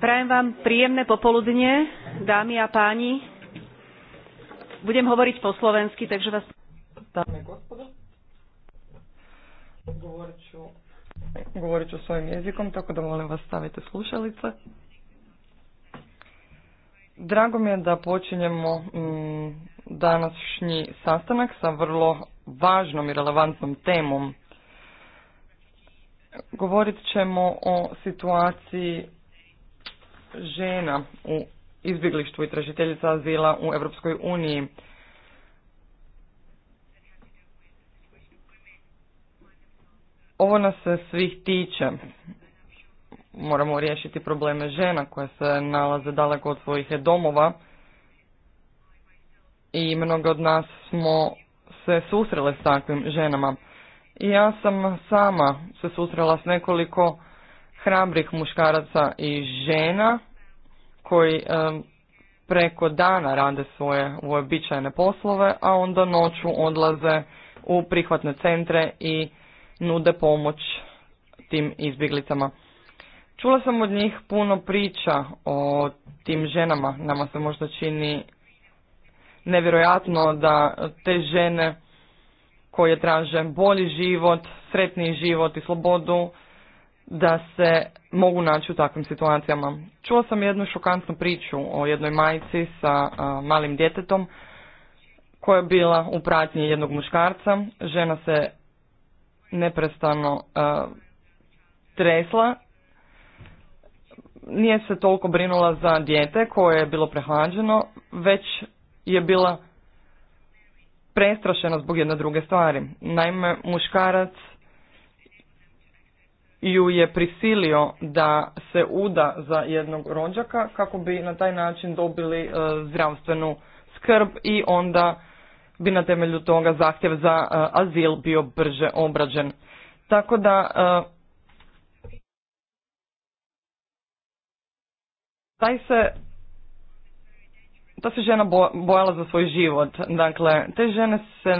Prajem vam prijemne popoludne, dámy a páni. Budem hovoriť po slovenski, takže vás... Dáme gospodo, Govoriť o svojim jezikom, tako da molim vas stavite slušalice. Drago mi je da počinjemo mm, današnji sastanak sa vrlo važnom i relevantnom temom. Govorit ćemo o situaciji žena u izbjeglištvu i tražiteljica azila u Europskoj uniji. Ovo nas se svih tiče. Moramo riješiti probleme žena koje se nalaze daleko od svojih domova i mnoge od nas smo se susrele s takvim ženama. I ja sam sama se susrela s nekoliko hrabrih muškaraca i žena koji preko dana rade svoje uobičajene poslove, a onda noću odlaze u prihvatne centre i nude pomoć tim izbjeglicama. Čula sam od njih puno priča o tim ženama. Nama se možda čini nevjerojatno da te žene koje traže bolji život, sretniji život i slobodu, da se mogu naći u takvim situacijama. Čuo sam jednu šokantnu priču o jednoj majci sa malim djetetom koja je bila u pratnji jednog muškarca. Žena se neprestano tresla. Nije se toliko brinula za dijete koje je bilo prehlađeno, već je bila prestrašena zbog jedne druge stvari. Naime, muškarac ju je prisilio da se uda za jednog rođaka kako bi na taj način dobili e, zdravstvenu skrb i onda bi na temelju toga zahtjev za e, azil bio brže obrađen. Tako da e, taj se ta se žena bojala za svoj život. Dakle, te žene se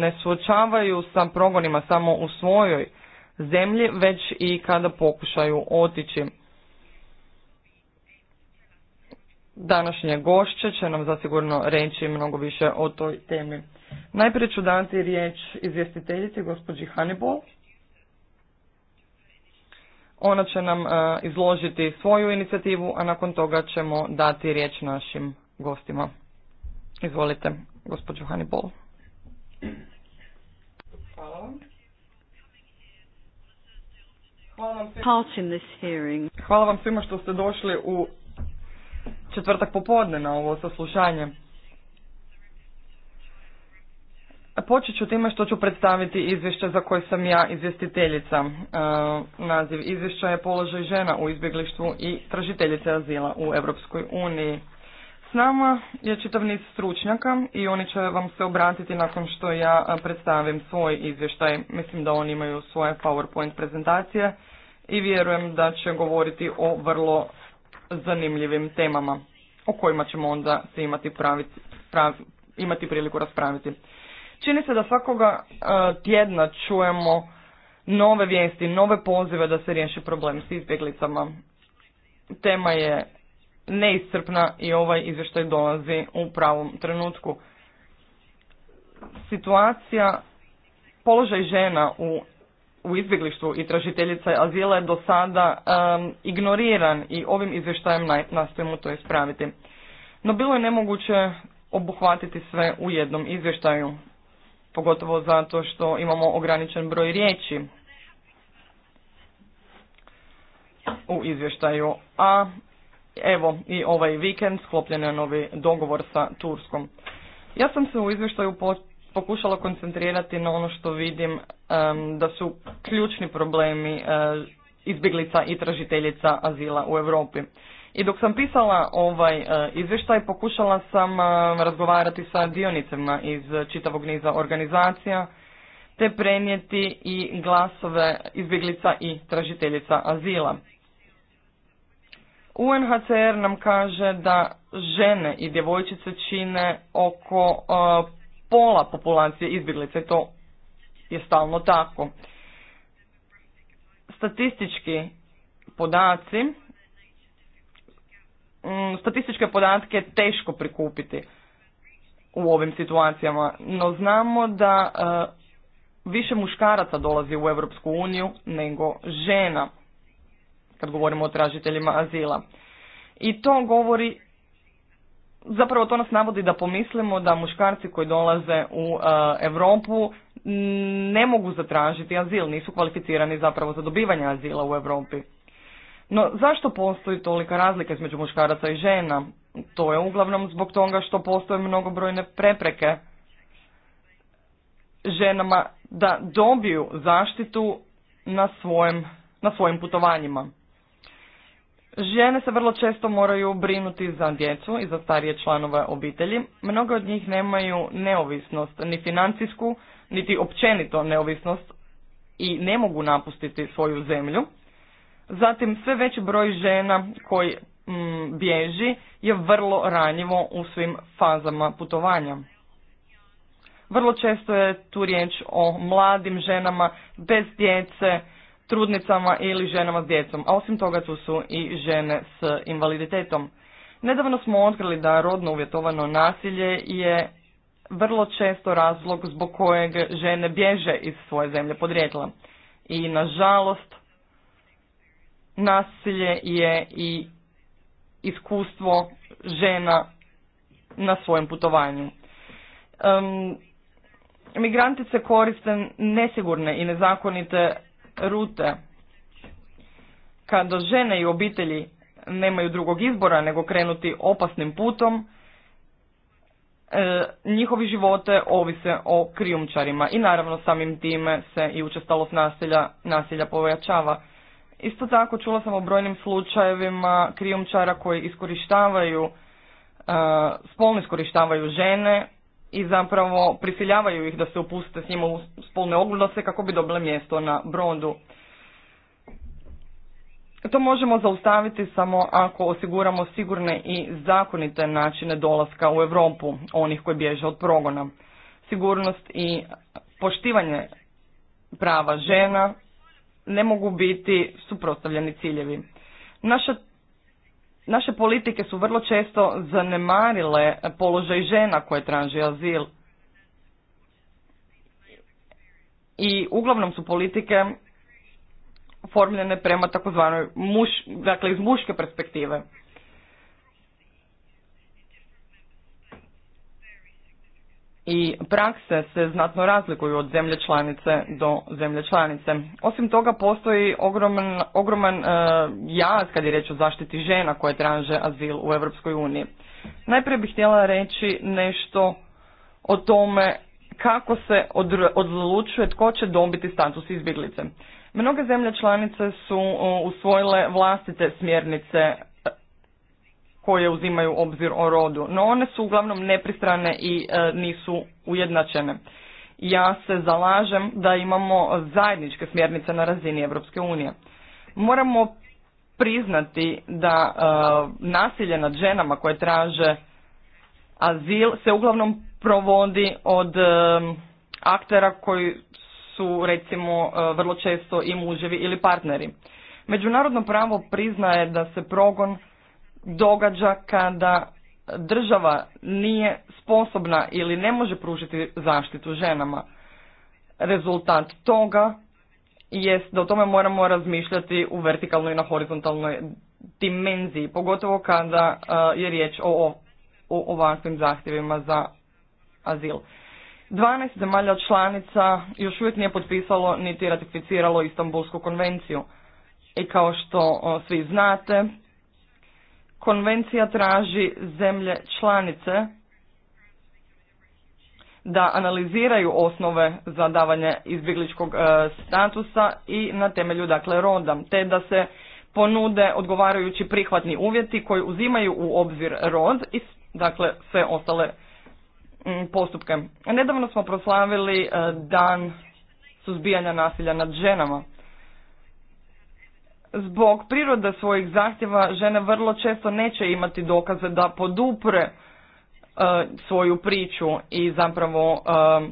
ne suočavaju sa progonima samo u svojoj zemlji, već i kada pokušaju otići. Današnje gošće će nam zasigurno reći mnogo više o toj temi. Najprije ću dati riječ izvjestiteljici gospođi Hannibal. Ona će nam e, izložiti svoju inicijativu, a nakon toga ćemo dati riječ našim gostima. Izvolite, gospođo Hannibal. Hvala vam. Hvala vam svima što ste došli u četvrtak popodne na ovo saslušanje. Počet ću time što ću predstaviti izvješće za koje sam ja izvjestiteljica. E, naziv izvješća je položaj žena u izbjeglištvu i tražiteljice azila u Europskoj uniji. S nama je čitav niz stručnjaka i oni će vam se obratiti nakon što ja predstavim svoj izvještaj. Mislim da oni imaju svoje PowerPoint prezentacije i vjerujem da će govoriti o vrlo zanimljivim temama o kojima ćemo onda se imati, praviti, imati priliku raspraviti. Čini se da svakoga tjedna čujemo nove vijesti, nove pozive da se riješi problem s izbjeglicama. Tema je neiscrpna i ovaj izvještaj dolazi u pravom trenutku. Situacija, položaj žena u, u izbjeglištvu i tražiteljica azila je do sada ignoriran i ovim izvještajem nastojimo to ispraviti. No bilo je nemoguće obuhvatiti sve u jednom izvještaju, pogotovo zato što imamo ograničen broj riječi u izvještaju, a Evo i ovaj vikend sklopljen je novi dogovor sa Turskom. Ja sam se u izvještaju pokušala koncentrirati na ono što vidim da su ključni problemi uh, izbjeglica i tražiteljica azila u Europi. I dok sam pisala ovaj e, izvještaj, pokušala sam e, razgovarati sa dionicama iz čitavog niza organizacija, te prenijeti i glasove izbjeglica i tražiteljica azila. UNHCR nam kaže da žene i djevojčice čine oko pola populacije izbjeglice. To je stalno tako. Statistički podaci, mm, statističke podatke je teško prikupiti u ovim situacijama, no znamo da više muškaraca dolazi u Europsku uniju nego žena kad govorimo o tražiteljima azila. I to govori, zapravo to nas navodi da pomislimo da muškarci koji dolaze u uh, Europu ne mogu zatražiti azil, nisu kvalificirani zapravo za dobivanje azila u Europi. No zašto postoji tolika razlika između muškaraca i žena? To je uglavnom zbog toga što postoje mnogobrojne prepreke ženama da dobiju zaštitu na svojim, na svojim putovanjima. Žene se vrlo često moraju brinuti za djecu i za starije članove obitelji. Mnoge od njih nemaju neovisnost, ni financijsku, niti općenito neovisnost i ne mogu napustiti svoju zemlju. Zatim sve veći broj žena koji m, mm, bježi je vrlo ranjivo u svim fazama putovanja. Vrlo često je tu riječ o mladim ženama bez djece, trudnicama ili ženama s djecom, a osim toga tu su i žene s invaliditetom. Nedavno smo otkrili da rodno uvjetovano nasilje je vrlo često razlog zbog kojeg žene bježe iz svoje zemlje podrijetla. I nažalost, nasilje je i iskustvo žena na svojem putovanju. Um, migrantice koriste nesigurne i nezakonite rute. Kada žene i obitelji nemaju drugog izbora nego krenuti opasnim putom, e, njihovi živote ovise o krijumčarima i naravno samim time se i učestalost nasilja, nasilja povećava. Isto tako čula sam o brojnim slučajevima krijumčara koji iskorištavaju, e, spolno iskorištavaju žene i zapravo prisiljavaju ih da se upuste s njima u spolne oglase kako bi dobile mjesto na brodu. To možemo zaustaviti samo ako osiguramo sigurne i zakonite načine dolaska u Europu onih koji bježe od progona. Sigurnost i poštivanje prava žena ne mogu biti suprotstavljeni ciljevi. Naša Naše politike su vrlo često zanemarile položaj žena koje traži azil. I uglavnom su politike formljene prema takozvanoj muš, dakle iz muške perspektive. i prakse se znatno razlikuju od zemlje članice do zemlje članice. Osim toga postoji ogroman, ogroman e, jaz kad je reč o zaštiti žena koje traže azil u Europskoj uniji. Najprije bih htjela reći nešto o tome kako se odlučuje tko će dobiti status izbjeglice. Mnoge zemlje članice su e, usvojile vlastite smjernice koje uzimaju obzir o rodu, no one su uglavnom nepristrane i e, nisu ujednačene. Ja se zalažem da imamo zajedničke smjernice na razini Europske unije. Moramo priznati da e, nasilje nad ženama koje traže azil se uglavnom provodi od e, aktera koji su recimo vrlo često i muževi ili partneri. Međunarodno pravo priznaje da se progon događa kada država nije sposobna ili ne može pružiti zaštitu ženama. Rezultat toga jest da o tome moramo razmišljati u vertikalnoj i na horizontalnoj dimenziji, pogotovo kada je riječ o, o ovakvim zahtjevima za azil. 12 zemalja članica još uvijek nije potpisalo niti ratificiralo Istanbulsku konvenciju. I kao što svi znate, Konvencija traži zemlje članice da analiziraju osnove za davanje izbjegličkog e, statusa i na temelju dakle roda, te da se ponude odgovarajući prihvatni uvjeti koji uzimaju u obzir rod i dakle sve ostale mm, postupke. Nedavno smo proslavili e, dan suzbijanja nasilja nad ženama zbog prirode svojih zahtjeva žene vrlo često neće imati dokaze da podupre e, svoju priču i zapravo e,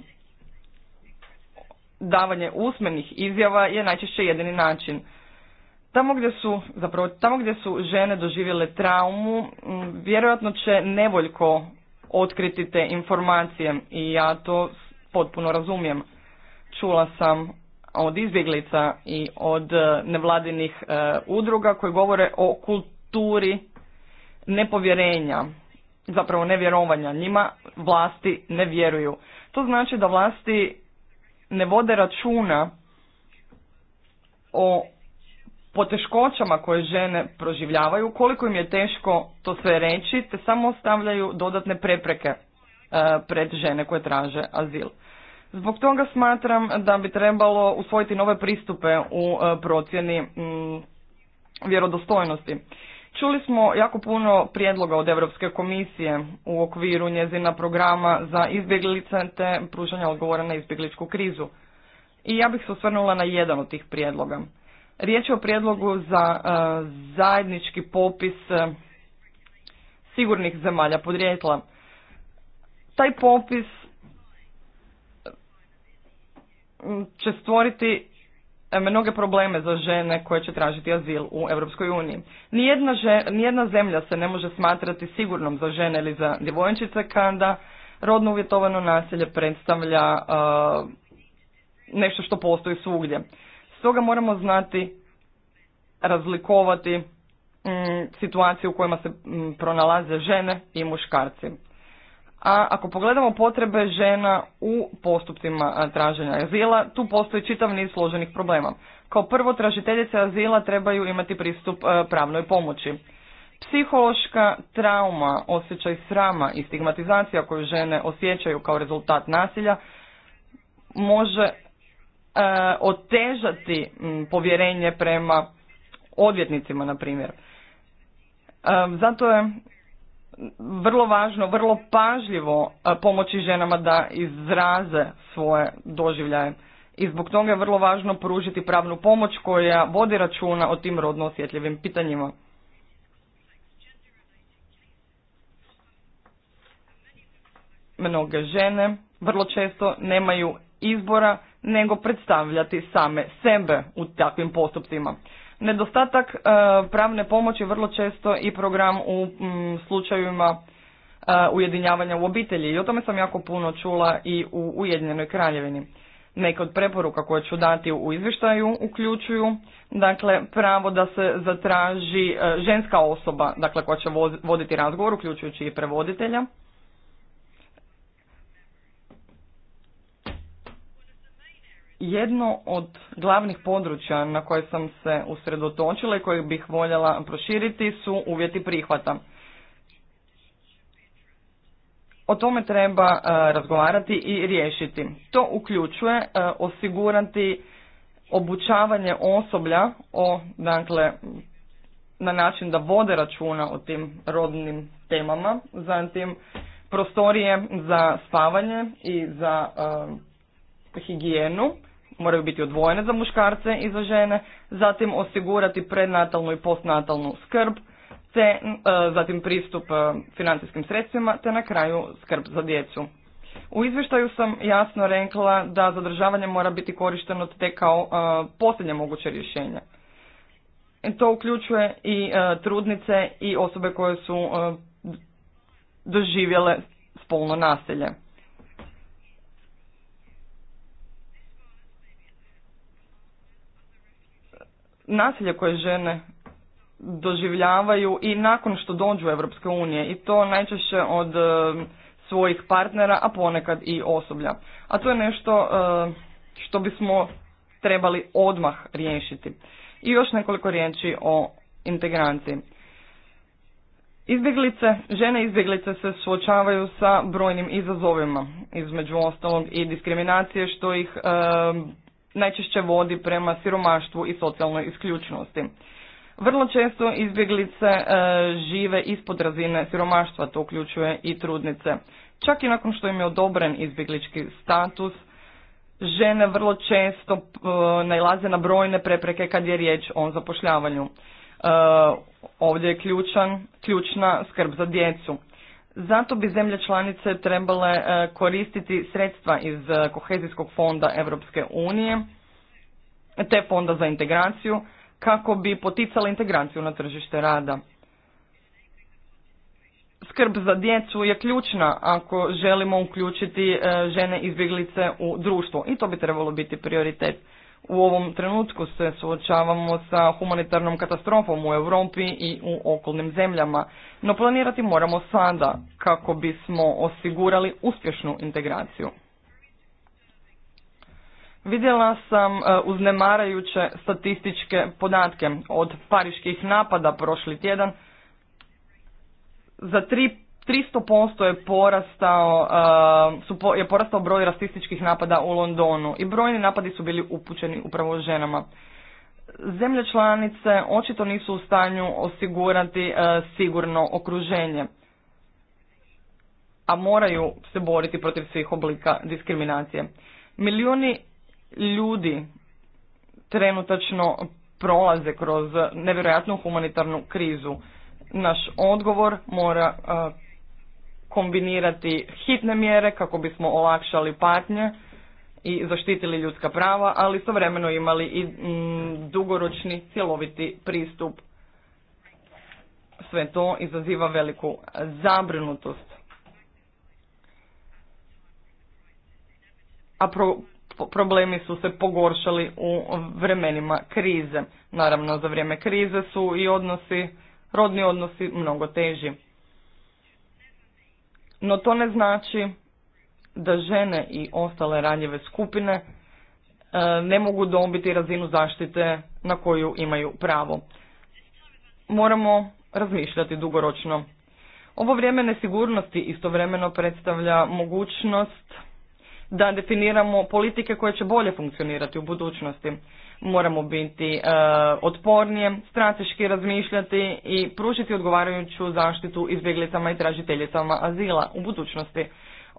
davanje usmenih izjava je najčešće jedini način. Tamo gdje su, zapravo tamo gdje su žene doživjele traumu, vjerojatno će nevoljko otkriti te informacije i ja to potpuno razumijem. Čula sam od izbjeglica i od e, nevladinih e, udruga koji govore o kulturi nepovjerenja, zapravo nevjerovanja njima, vlasti ne vjeruju. To znači da vlasti ne vode računa o poteškoćama koje žene proživljavaju, koliko im je teško to sve reći, te samo ostavljaju dodatne prepreke e, pred žene koje traže azil. Zbog toga smatram da bi trebalo usvojiti nove pristupe u e, procjeni mm, vjerodostojnosti. Čuli smo jako puno prijedloga od Europske komisije u okviru njezina programa za izbjeglice te pružanja odgovora na izbjegličku krizu. I ja bih se osvrnula na jedan od tih prijedloga. Riječ je o prijedlogu za e, zajednički popis e, sigurnih zemalja podrijetla. Taj popis će stvoriti e, mnoge probleme za žene koje će tražiti azil u Europskoj uniji. Nijedna, zemlja se ne može smatrati sigurnom za žene ili za djevojčice kada rodno uvjetovano nasilje predstavlja e, nešto što postoji svugdje. Stoga moramo znati razlikovati situacije u kojima se pronalaze žene i muškarci a ako pogledamo potrebe žena u postupcima traženja azila, tu postoji čitav niz složenih problema. Kao prvo, tražiteljice azila trebaju imati pristup pravnoj pomoći. Psihološka trauma, osjećaj srama i stigmatizacija koju žene osjećaju kao rezultat nasilja može otežati povjerenje prema odvjetnicima, na primjer. Zato je vrlo važno, vrlo pažljivo e, pomoći ženama da izraze svoje doživljaje. I zbog toga je vrlo važno pružiti pravnu pomoć koja vodi računa o tim rodno osjetljivim pitanjima. Mnoge žene vrlo često nemaju izbora nego predstavljati same sebe u takvim postupcima. Nedostatak e, pravne pomoći vrlo često i program u slučajevima e, ujedinjavanja u obitelji i o tome sam jako puno čula i u Ujedinjenoj kraljevini. Neke od preporuka koje ću dati u izvještaju uključuju dakle, pravo da se zatraži e, ženska osoba dakle, koja će voditi razgovor, uključujući i prevoditelja, Jedno od glavnih područja na koje sam se usredotočila i koje bih voljela proširiti su uvjeti prihvata. O tome treba e, razgovarati i riješiti. To uključuje e, osigurati obučavanje osoblja o, dakle, na način da vode računa o tim rodnim temama, zatim prostorije za spavanje i za e, higijenu, moraju biti odvojene za muškarce i za žene, zatim osigurati prenatalnu i postnatalnu skrb, te e, zatim pristup e, financijskim sredstvima, te na kraju skrb za djecu. U izvještaju sam jasno rekla da zadržavanje mora biti korišteno te kao e, posljednje moguće rješenje. E, to uključuje i trudnice i osobe koje su doživjele spolno nasilje. nasilje koje žene doživljavaju i nakon što dođu u Europske unije i to najčešće od e, svojih partnera, a ponekad i osoblja. A to je nešto e, što bismo trebali odmah riješiti. I još nekoliko riječi o integranciji. Izbjeglice, žene izbjeglice se suočavaju sa brojnim izazovima, između ostalog i diskriminacije što ih e, najčešće vodi prema siromaštvu i socijalnoj isključnosti. Vrlo često izbjeglice e, žive ispod razine siromaštva, to uključuje i trudnice. Čak i nakon što im je odobren izbjeglički status, žene vrlo često e, nailaze na brojne prepreke kad je riječ o zapošljavanju. E, ovdje je ključan, ključna skrb za djecu. Zato bi zemlje članice trebale e, koristiti sredstva iz e, kohezijskog fonda Europske unije te fonda za integraciju kako bi poticala integraciju na tržište rada. Skrb za djecu je ključna ako želimo uključiti e, žene izbjeglice u društvo i to bi trebalo biti prioritet. U ovom trenutku se suočavamo sa humanitarnom katastrofom u Europi i u okolnim zemljama, no planirati moramo sada kako bismo osigurali uspješnu integraciju. Vidjela sam e, uznemarajuće statističke podatke od pariških napada prošli tjedan. Za tri 300% je porastao, uh, su je porastao broj rasističkih napada u Londonu i brojni napadi su bili upućeni upravo ženama. Zemlje članice očito nisu u stanju osigurati uh, sigurno okruženje, a moraju se boriti protiv svih oblika diskriminacije. Milijuni ljudi trenutačno prolaze kroz nevjerojatnu humanitarnu krizu. Naš odgovor mora uh, kombinirati hitne mjere kako bismo olakšali patnje i zaštitili ljudska prava, ali istovremeno imali i mm, dugoročni cjeloviti pristup. Sve to izaziva veliku zabrinutost. A pro, problemi su se pogoršali u vremenima krize. Naravno, za vrijeme krize su i odnosi, rodni odnosi mnogo teži. No to ne znači da žene i ostale ranjive skupine e, ne mogu dobiti razinu zaštite na koju imaju pravo. Moramo razmišljati dugoročno. Ovo vrijeme nesigurnosti istovremeno predstavlja mogućnost da definiramo politike koje će bolje funkcionirati u budućnosti moramo biti e, otpornije, strateški razmišljati i pružiti odgovarajuću zaštitu izbjeglicama i tražiteljicama azila u budućnosti.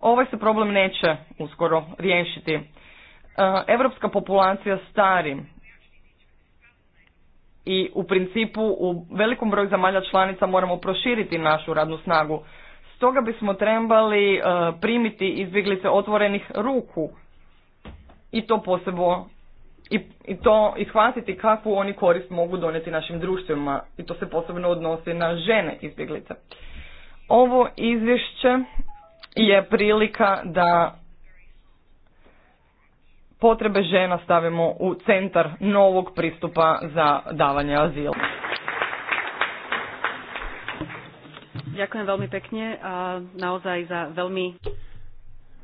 Ovaj se problem neće uskoro riješiti. E, evropska populacija stari i u principu u velikom broju zamalja članica moramo proširiti našu radnu snagu. Stoga bismo trebali e, primiti izbjeglice otvorenih ruku i to posebno i, i to i shvatiti kakvu oni korist mogu donijeti našim društvima i to se posebno odnosi na žene izbjeglice. Ovo izvješće je prilika da potrebe žena stavimo u centar novog pristupa za davanje azila. Ďakujem veľmi pekne a naozaj za veľmi...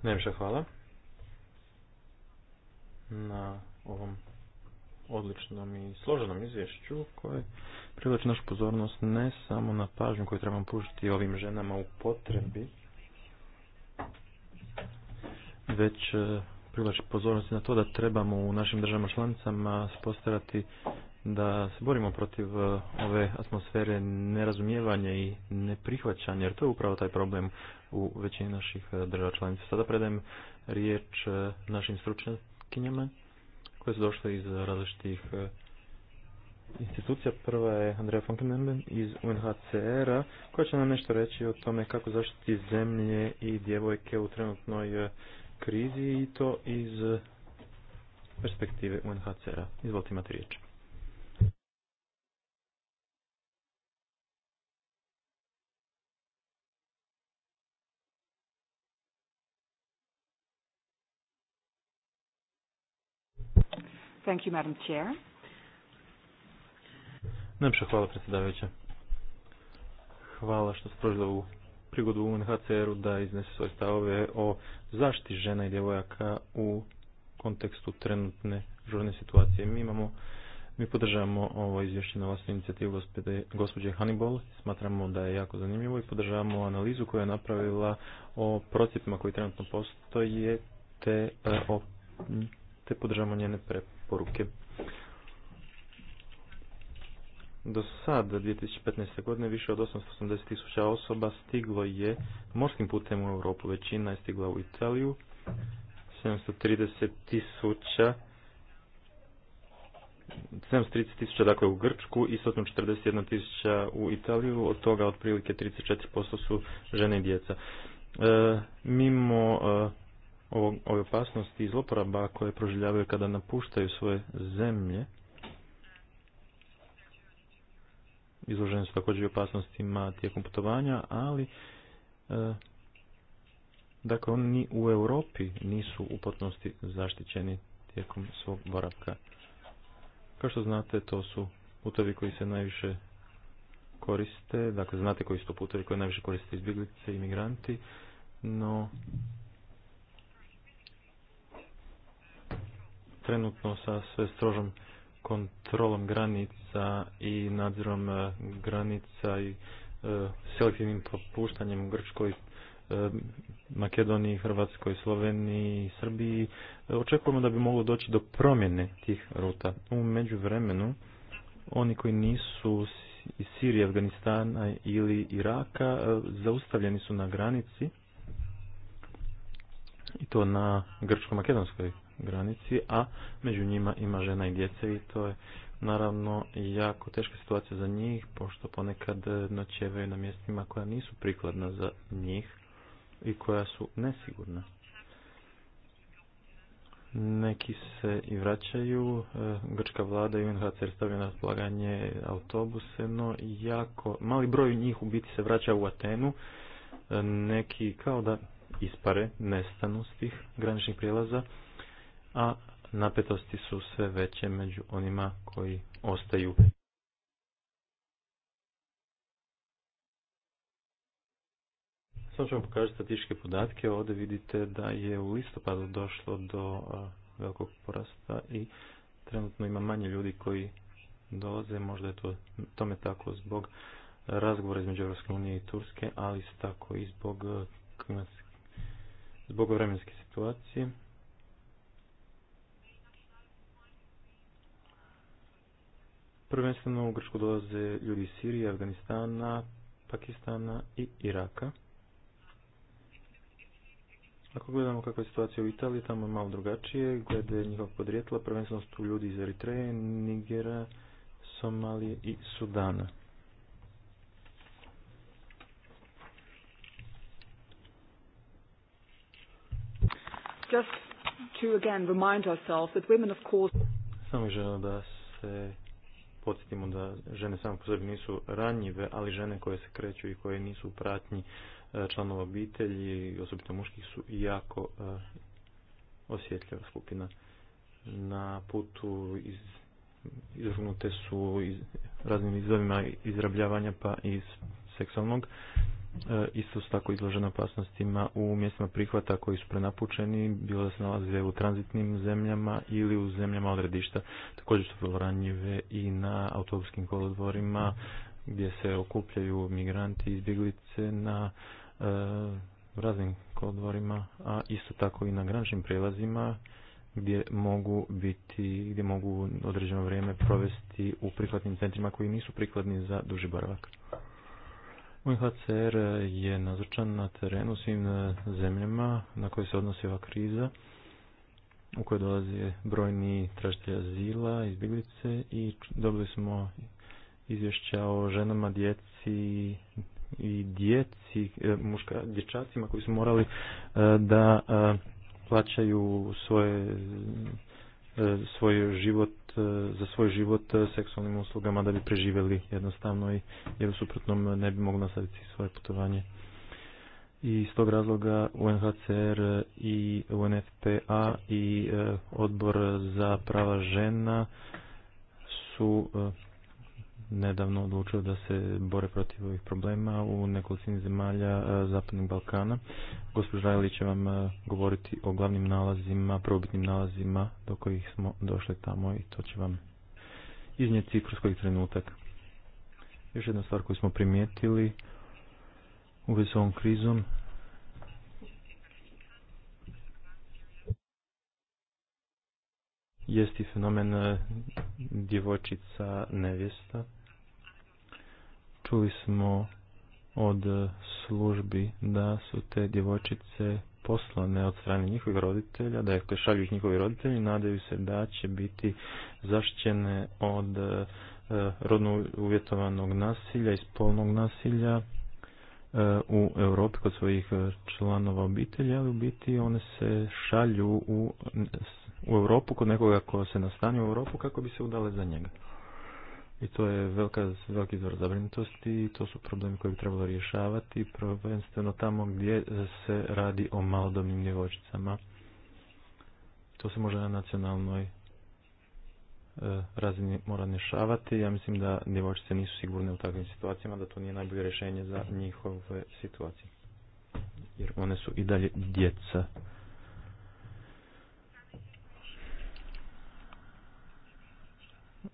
Najlepšia hvala. Na ovom odličnom i složenom izvješću koje privlači našu pozornost ne samo na pažnju koju trebamo puštiti ovim ženama u potrebi, već e, privlači pozornost na to da trebamo u našim državama članicama postarati da se borimo protiv e, ove atmosfere nerazumijevanja i neprihvaćanja, jer to je upravo taj problem u većini naših e, država članica. Sada predajem riječ našim stručnjakinjama koje su došle iz različitih e, institucija. Prva je Andreja Fonkenenben iz UNHCR-a koja će nam nešto reći o tome kako zaštiti zemlje i djevojke u trenutnoj e, krizi i to iz perspektive UNHCR-a. Izvolite imati riječ. Thank you, Madam Chair. Najpša hvala predsjedavajuća. Hvala što ste prožili ovu prigodu UNHCR-u da iznese svoje stavove o zaštiti žena i djevojaka u kontekstu trenutne žurne situacije. Mi imamo mi podržavamo ovo izvješće na vlastnu inicijativu gospođe Hannibal. Smatramo da je jako zanimljivo i podržavamo analizu koju je napravila o procipima koji trenutno postoje te eh, o te podržamo njene preporuke. Do sad, 2015. godine, više od 880 tisuća osoba stiglo je morskim putem u Europu. Većina je stigla u Italiju, 730 tisuća tisuća dakle u Grčku i 141 tisuća u Italiju, od toga otprilike 34% su žene i djeca. E, mimo e, ove opasnosti i zloporaba koje proživljavaju kada napuštaju svoje zemlje. Izloženi su također i opasnostima tijekom putovanja, ali e, dakle oni ni u Europi nisu u potpunosti zaštićeni tijekom svog boravka. Kao što znate, to su putovi koji se najviše koriste, dakle znate koji su to putovi koji najviše koriste izbjeglice i imigranti, no trenutno sa sve strožom kontrolom granica i nadzirom e, granica i e, selektivnim popuštanjem u Grčkoj, e, Makedoniji, Hrvatskoj, Sloveniji i Srbiji. Očekujemo da bi moglo doći do promjene tih ruta. U vremenu oni koji nisu iz Sirije, Afganistana ili Iraka zaustavljeni su na granici i to na grčko-makedonskoj granici, a među njima ima žena i djece i to je naravno jako teška situacija za njih, pošto ponekad e, noćevaju na mjestima koja nisu prikladna za njih i koja su nesigurna. Neki se i vraćaju, e, grčka vlada i UNHCR stavlja na raspolaganje autobuse, no jako, mali broj njih u biti se vraća u Atenu, e, neki kao da ispare, nestanu s tih graničnih prijelaza, a napetosti su sve veće među onima koji ostaju. Samo ću vam pokažiti statističke podatke. Ovdje vidite da je u listopadu došlo do velikog porasta i trenutno ima manje ljudi koji dolaze. Možda je to tome tako zbog razgovora između EU unije i Turske, ali tako i zbog, zbog vremenske situacije. Prvenstveno u Grčku dolaze ljudi iz Sirije, Afganistana, Pakistana i Iraka. Ako gledamo kakva je situacija u Italiji, tamo je malo drugačije. Glede njihovog podrijetla, prvenstveno su ljudi iz Eritreje, Nigera, Somalije i Sudana. Just to again remind ourselves that women of course... Samo želim da se podsjetimo da žene samo po sebi nisu ranjive, ali žene koje se kreću i koje nisu pratnji e, članova obitelji, osobito muških, su jako e, osjetljiva skupina. Na putu iz, izvrgnute su iz, raznim izazovima izrabljavanja pa i seksualnog E, isto tako izložene opasnostima u mjestima prihvata koji su prenapučeni, bilo da se nalaze u tranzitnim zemljama ili u zemljama odredišta. Također su vrlo ranjive i na autobuskim kolodvorima gdje se okupljaju migranti i izbjeglice na e, raznim kolodvorima, a isto tako i na graničnim prijelazima gdje mogu biti, gdje mogu određeno vrijeme provesti u prihvatnim centrima koji nisu prikladni za duži boravak. UNHCR je nazočan na terenu svim e, zemljama na koje se odnosi ova kriza u kojoj dolazi brojni tražitelji azila, izbjeglice i dobili smo izvješća o ženama, djeci i djeci, e, muška, dječacima koji su morali e, da plaćaju svoje svoj život E, za svoj život e, seksualnim uslugama da bi preživjeli jednostavno i jer u suprotnom ne bi mogli nastaviti svoje putovanje. I iz tog razloga UNHCR i UNFPA i e, odbor za prava žena su nedavno odlučio da se bore protiv ovih problema u nekolicini zemalja e, Zapadnog Balkana. Gospođa Rajeli će vam e, govoriti o glavnim nalazima, probitnim nalazima do kojih smo došli tamo i to će vam iznijeti kroz koji trenutak. Još jedna stvar koju smo primijetili u vezi s ovom krizom Jesti i fenomen e, djevojčica nevjesta Čuli smo od službi da su te djevojčice poslane od strane njihovih roditelja, da je šalju ih njihovi roditelji, nadaju se da će biti zaštićene od e, rodno uvjetovanog nasilja i spolnog nasilja e, u Europi kod svojih članova obitelji, ali u biti one se šalju u, u Europu kod nekoga ko se nastani u Europu kako bi se udale za njega i to je velika, veliki izvor zabrinutosti i to su problemi koje bi trebalo rješavati, prvenstveno tamo gdje se radi o malodobnim djevojčicama. To se može na nacionalnoj e, razini mora rješavati. Ja mislim da djevojčice nisu sigurne u takvim situacijama, da to nije najbolje rješenje za njihove situacije. Jer one su i dalje djeca.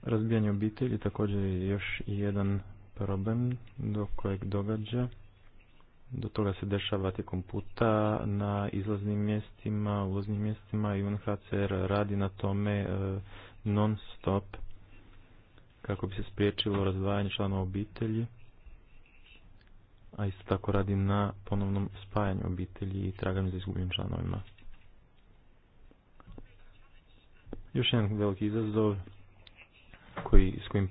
razbijanje obitelji također je još jedan problem do kojeg događa. Do toga se dešava tijekom puta na izlaznim mjestima, ulaznim mjestima i UNHCR radi na tome e, non stop kako bi se spriječilo razdvajanje članova obitelji a isto tako radi na ponovnom spajanju obitelji i traganju za izgubljenim članovima. Još jedan veliki izazov koji, s kojim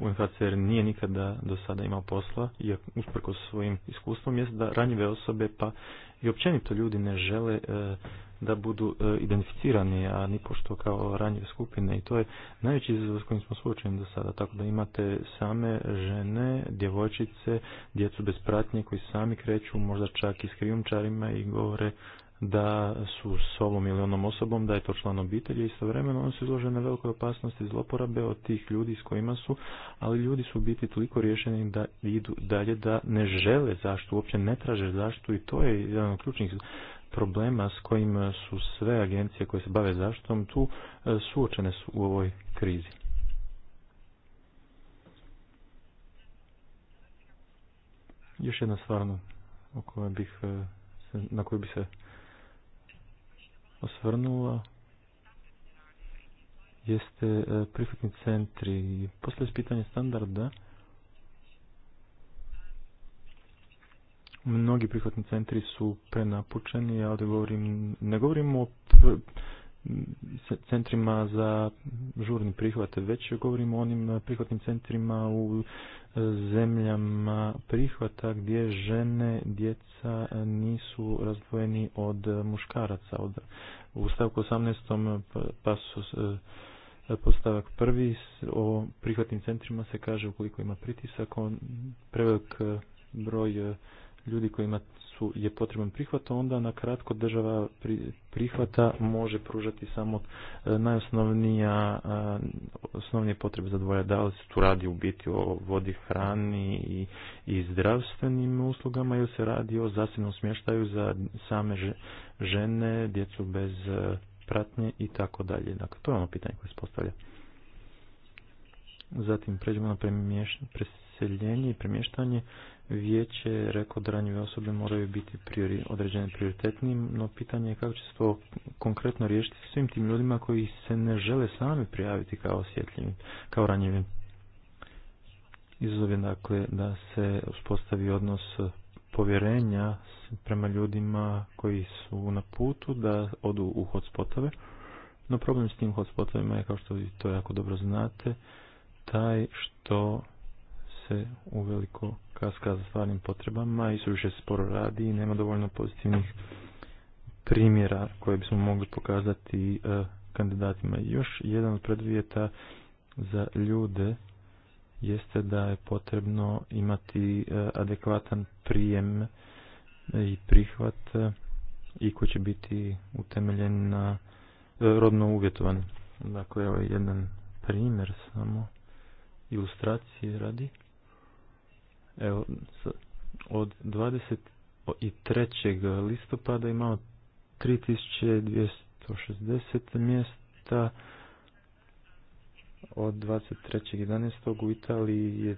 UNHCR nije nikada do sada imao posla, i usprko svojim iskustvom, jest da ranjive osobe pa i općenito ljudi ne žele e, da budu e, identificirani, a nipošto kao ranjive skupine. I to je najveći izazov s kojim smo suočeni do sada. Tako da imate same žene, djevojčice, djecu bez pratnje koji sami kreću, možda čak i s krijumčarima i govore da su s ovom ili onom osobom, da je to član obitelji, istovremeno on su izložene velikoj opasnosti zloporabe od tih ljudi s kojima su, ali ljudi su biti toliko rješeni da idu dalje, da ne žele zaštu uopće ne traže zaštu i to je jedan od ključnih problema s kojim su sve agencije koje se bave zaštitom tu e, suočene su u ovoj krizi. Još jedna stvarno kojoj bih e, na koju bi se osvrnuo jeste e, prihvatni centri. Poslije pitanje standarda. Mnogi prihvatni centri su prenapučeni, ja ovdje govorim, ne govorim o centrima za žurni prihvat, već govorimo o onim prihvatnim centrima u e, zemljama prihvata gdje žene, djeca nisu razdvojeni od muškaraca. u stavku 18. pasus pa e, postavak prvi o prihvatnim centrima se kaže ukoliko ima pritisak, on prevelik e, broj ljudi koji kojima su, je potreban prihvat, onda na kratko država prihvata može pružati samo e, najosnovnija e, osnovnije potrebe dvoje Da li se tu radi u biti o vodi, hrani i, i zdravstvenim uslugama ili se radi o zasebnom smještaju za same žene, djecu bez e, pratnje i tako dalje. Dakle, to je ono pitanje koje se postavlja. Zatim pređemo na preseljenje i premještanje vijeće je rekao da ranjive osobe moraju biti priori, određene prioritetnim, no pitanje je kako će se to konkretno riješiti svim tim ljudima koji se ne žele sami prijaviti kao osjetljivi, kao ranjivi. Izazov je dakle da se uspostavi odnos povjerenja prema ljudima koji su na putu da odu u hotspotove. No problem s tim hotspotovima je, kao što vi to jako dobro znate, taj što se uveliko kaska za stvarnim potrebama i suviše sporo radi i nema dovoljno pozitivnih primjera koje bismo mogli pokazati e, kandidatima. Još jedan od predvijeta za ljude jeste da je potrebno imati e, adekvatan prijem i prihvat e, i koji će biti utemeljen na rodno uvjetovan. Dakle, ovo je jedan primjer samo ilustracije radi. Evo, od 23. listopada imamo 3260 mjesta, od 23.11. u Italiji je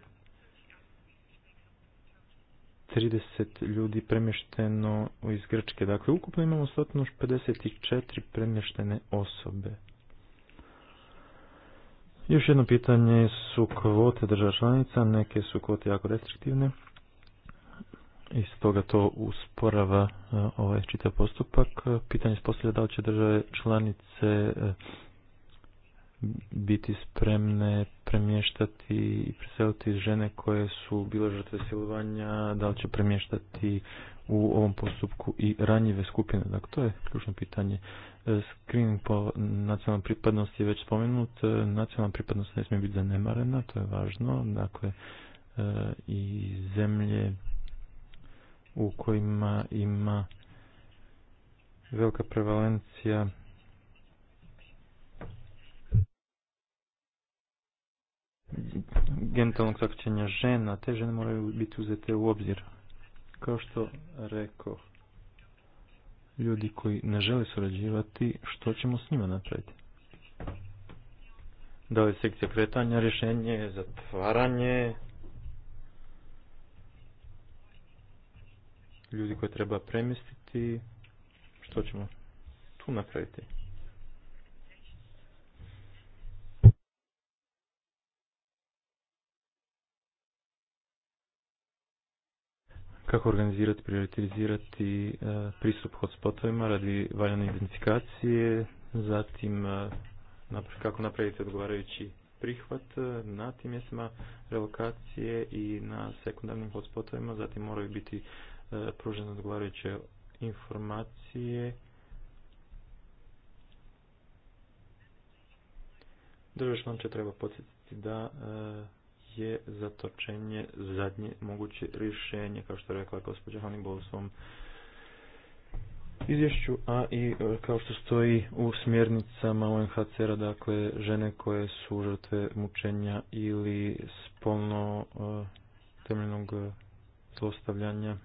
30 ljudi premješteno iz Grčke. Dakle, ukupno imamo 154 premještene osobe. Još jedno pitanje su kvote država članica, neke su kvote jako restriktivne i stoga to usporava e, ovaj čitav postupak. Pitanje je da li će države članice e, biti spremne premještati i preseliti žene koje su bile žrtve silovanja, da li će premještati u ovom postupku i ranjive skupine. Dakle, to je ključno pitanje. Screening po nacionalnoj pripadnosti je već spomenut. Nacionalna pripadnost ne smije biti zanemarena, to je važno. Dakle, eh, i zemlje u kojima ima velika prevalencija genitalnog sakćenja žena, te žene moraju biti uzete u obzir. Kao što rekao, ljudi koji ne žele surađivati, što ćemo s njima napraviti? Da li sekcija kretanja, rješenje, zatvaranje? Ljudi koje treba premjestiti, što ćemo tu napraviti? kako organizirati, prioritizirati e, pristup hotspotovima radi valjane identifikacije, zatim e, kako napraviti odgovarajući prihvat e, na tim mjestima relokacije i na sekundarnim hotspotovima, zatim moraju biti pružene odgovarajuće informacije vam će treba podsjetiti da je zatočenje zadnje moguće rješenje, kao što je rekla gospođa Hannibal u izvješću, a i e, kao što stoji u smjernicama UNHCR-a, dakle, žene koje su žrtve mučenja ili spolno e, temeljnog e, zlostavljanja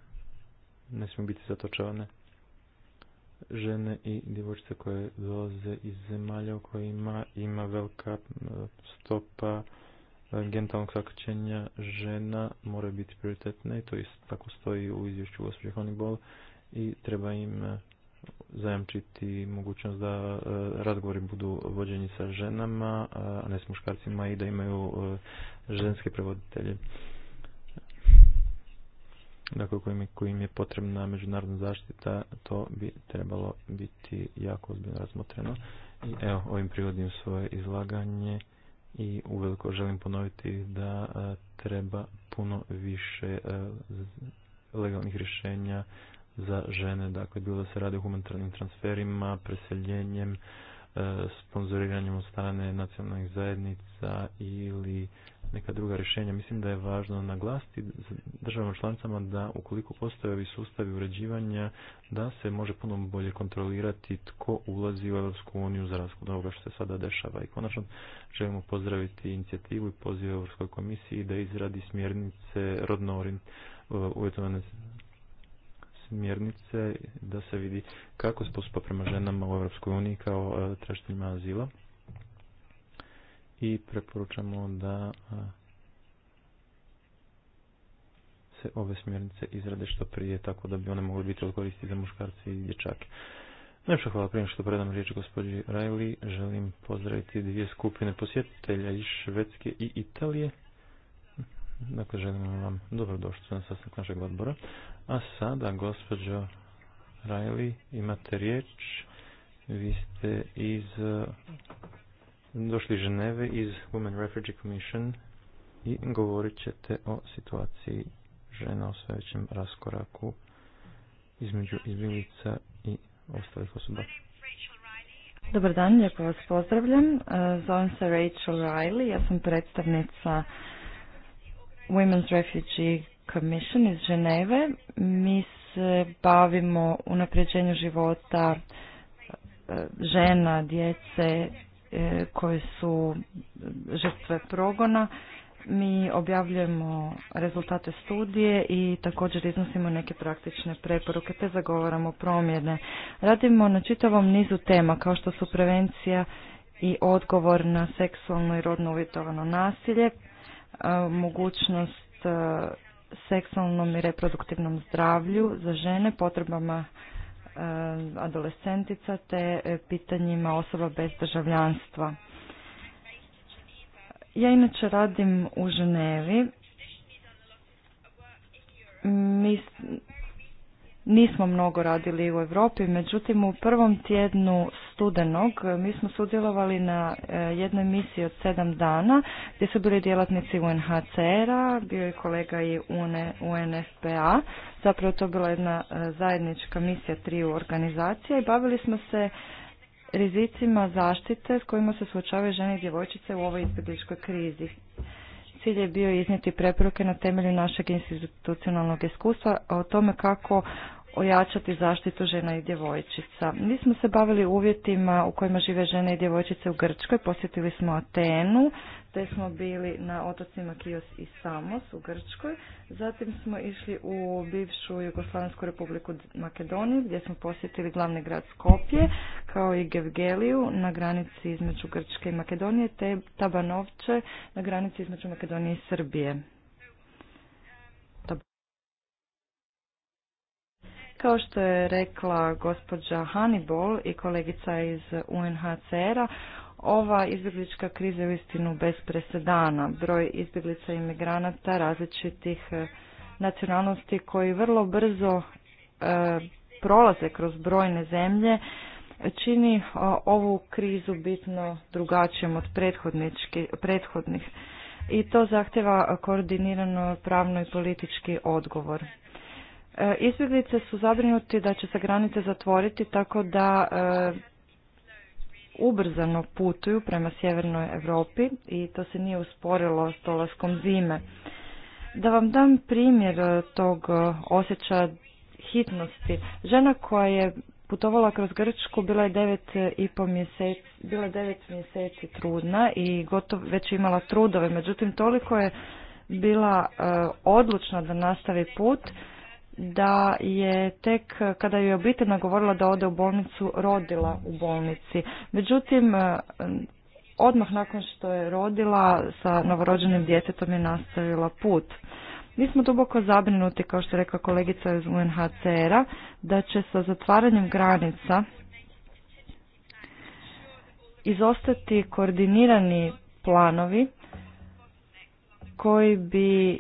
ne smiju biti zatočavane žene i djevojčice koje dolaze iz zemalja u kojima ima velika stopa gentalnog zaključenja žena moraju biti prioritetne i to isto tako stoji u izvješću gospođe Honeyball i treba im e, zajamčiti mogućnost da e, razgovori budu vođeni sa ženama, a ne s muškarcima i da imaju e, ženske prevoditelje. Dakle, kojim, je potrebna međunarodna zaštita, to bi trebalo biti jako ozbiljno razmotreno. I evo, ovim privodim svoje izlaganje i uveliko želim ponoviti da e, treba puno više e, legalnih rješenja za žene, dakle bilo da se radi o humanitarnim transferima, preseljenjem, e, sponzoriranjem od strane nacionalnih zajednica ili neka druga rješenja. Mislim da je važno naglasiti državama članicama da ukoliko postoje ovi sustavi uređivanja, da se može puno bolje kontrolirati tko ulazi u Europsku uniju za razliku ovoga što se sada dešava. I konačno želimo pozdraviti inicijativu i poziv Europskoj komisiji da izradi smjernice rodno uvjetovane smjernice da se vidi kako se postupa prema ženama u Europskoj uniji kao e, tražiteljima azila i preporučamo da se ove smjernice izrade što prije tako da bi one mogli biti koristi za muškarce i dječake. Najpša hvala prije što predam riječ gospođi Rajli. Želim pozdraviti dvije skupine posjetitelja iz Švedske i Italije. Dakle, želim vam dobrodošlicu na sastanak našeg odbora. A sada, gospođo Rajli, imate riječ. Vi ste iz došli iz Ženeve iz Women Refugee Commission i govorit ćete o situaciji žena u sve raskoraku između izbjeglica i ostalih osoba. Dobar dan, lijepo vas pozdravljam. E, zovem se Rachel Riley, ja sam predstavnica Women's Refugee Commission iz Ženeve. Mi se bavimo unapređenju života e, žena, djece E, koje su žrtve progona. Mi objavljujemo rezultate studije i također iznosimo neke praktične preporuke te zagovaramo promjene. Radimo na čitavom nizu tema kao što su prevencija i odgovor na seksualno i rodno uvjetovano nasilje, e, mogućnost e, seksualnom i reproduktivnom zdravlju za žene, potrebama Eh, adolescentica te eh, pitanjima osoba bez državljanstva. Ja inače radim u Ženevi nismo mnogo radili u Europi, međutim u prvom tjednu studenog eh, mi smo sudjelovali na eh, jednoj misiji od sedam dana gdje su bili djelatnici UNHCR-a, bio je kolega i UNFPA, e, zapravo to bila jedna eh, zajednička misija triju organizacija i bavili smo se rizicima zaštite s kojima se suočavaju žene i djevojčice u ovoj izbjegličkoj krizi. Cilj je bio iznijeti preporuke na temelju našeg institucionalnog iskustva o tome kako ojačati zaštitu žena i djevojčica. Mi smo se bavili uvjetima u kojima žive žene i djevojčice u Grčkoj, posjetili smo Atenu, te smo bili na otocima Kios i Samos u Grčkoj, zatim smo išli u bivšu Jugoslavensku republiku Makedoniju gdje smo posjetili glavni grad Skopje kao i Gevgeliju na granici između Grčke i Makedonije te Tabanovče na granici između Makedonije i Srbije. Kao što je rekla gospođa Hannibal i kolegica iz UNHCR-a, ova izbjeglička kriza je uistinu bez presedana. Broj izbjeglica i migranata različitih eh, nacionalnosti koji vrlo brzo eh, prolaze kroz brojne zemlje čini eh, ovu krizu bitno drugačijom od prethodnih i to zahtjeva koordinirano pravno i politički odgovor. E, izbjeglice su zabrinuti da će se granice zatvoriti tako da e, ubrzano putuju prema sjevernoj Europi i to se nije usporilo s tolaskom zime. Da vam dam primjer e, tog osjećaja hitnosti. Žena koja je putovala kroz Grčku bila je devet i po mjeseci, bila je devet mjeseci trudna i gotovo već imala trudove, međutim toliko je bila odlučna da nastavi put da je tek kada je obitelj nagovorila da ode u bolnicu, rodila u bolnici. Međutim, e, odmah nakon što je rodila sa novorođenim djetetom je nastavila put. Mi smo duboko zabrinuti, kao što je rekla kolegica iz UNHCR-a, da će sa zatvaranjem granica izostati koordinirani planovi koji bi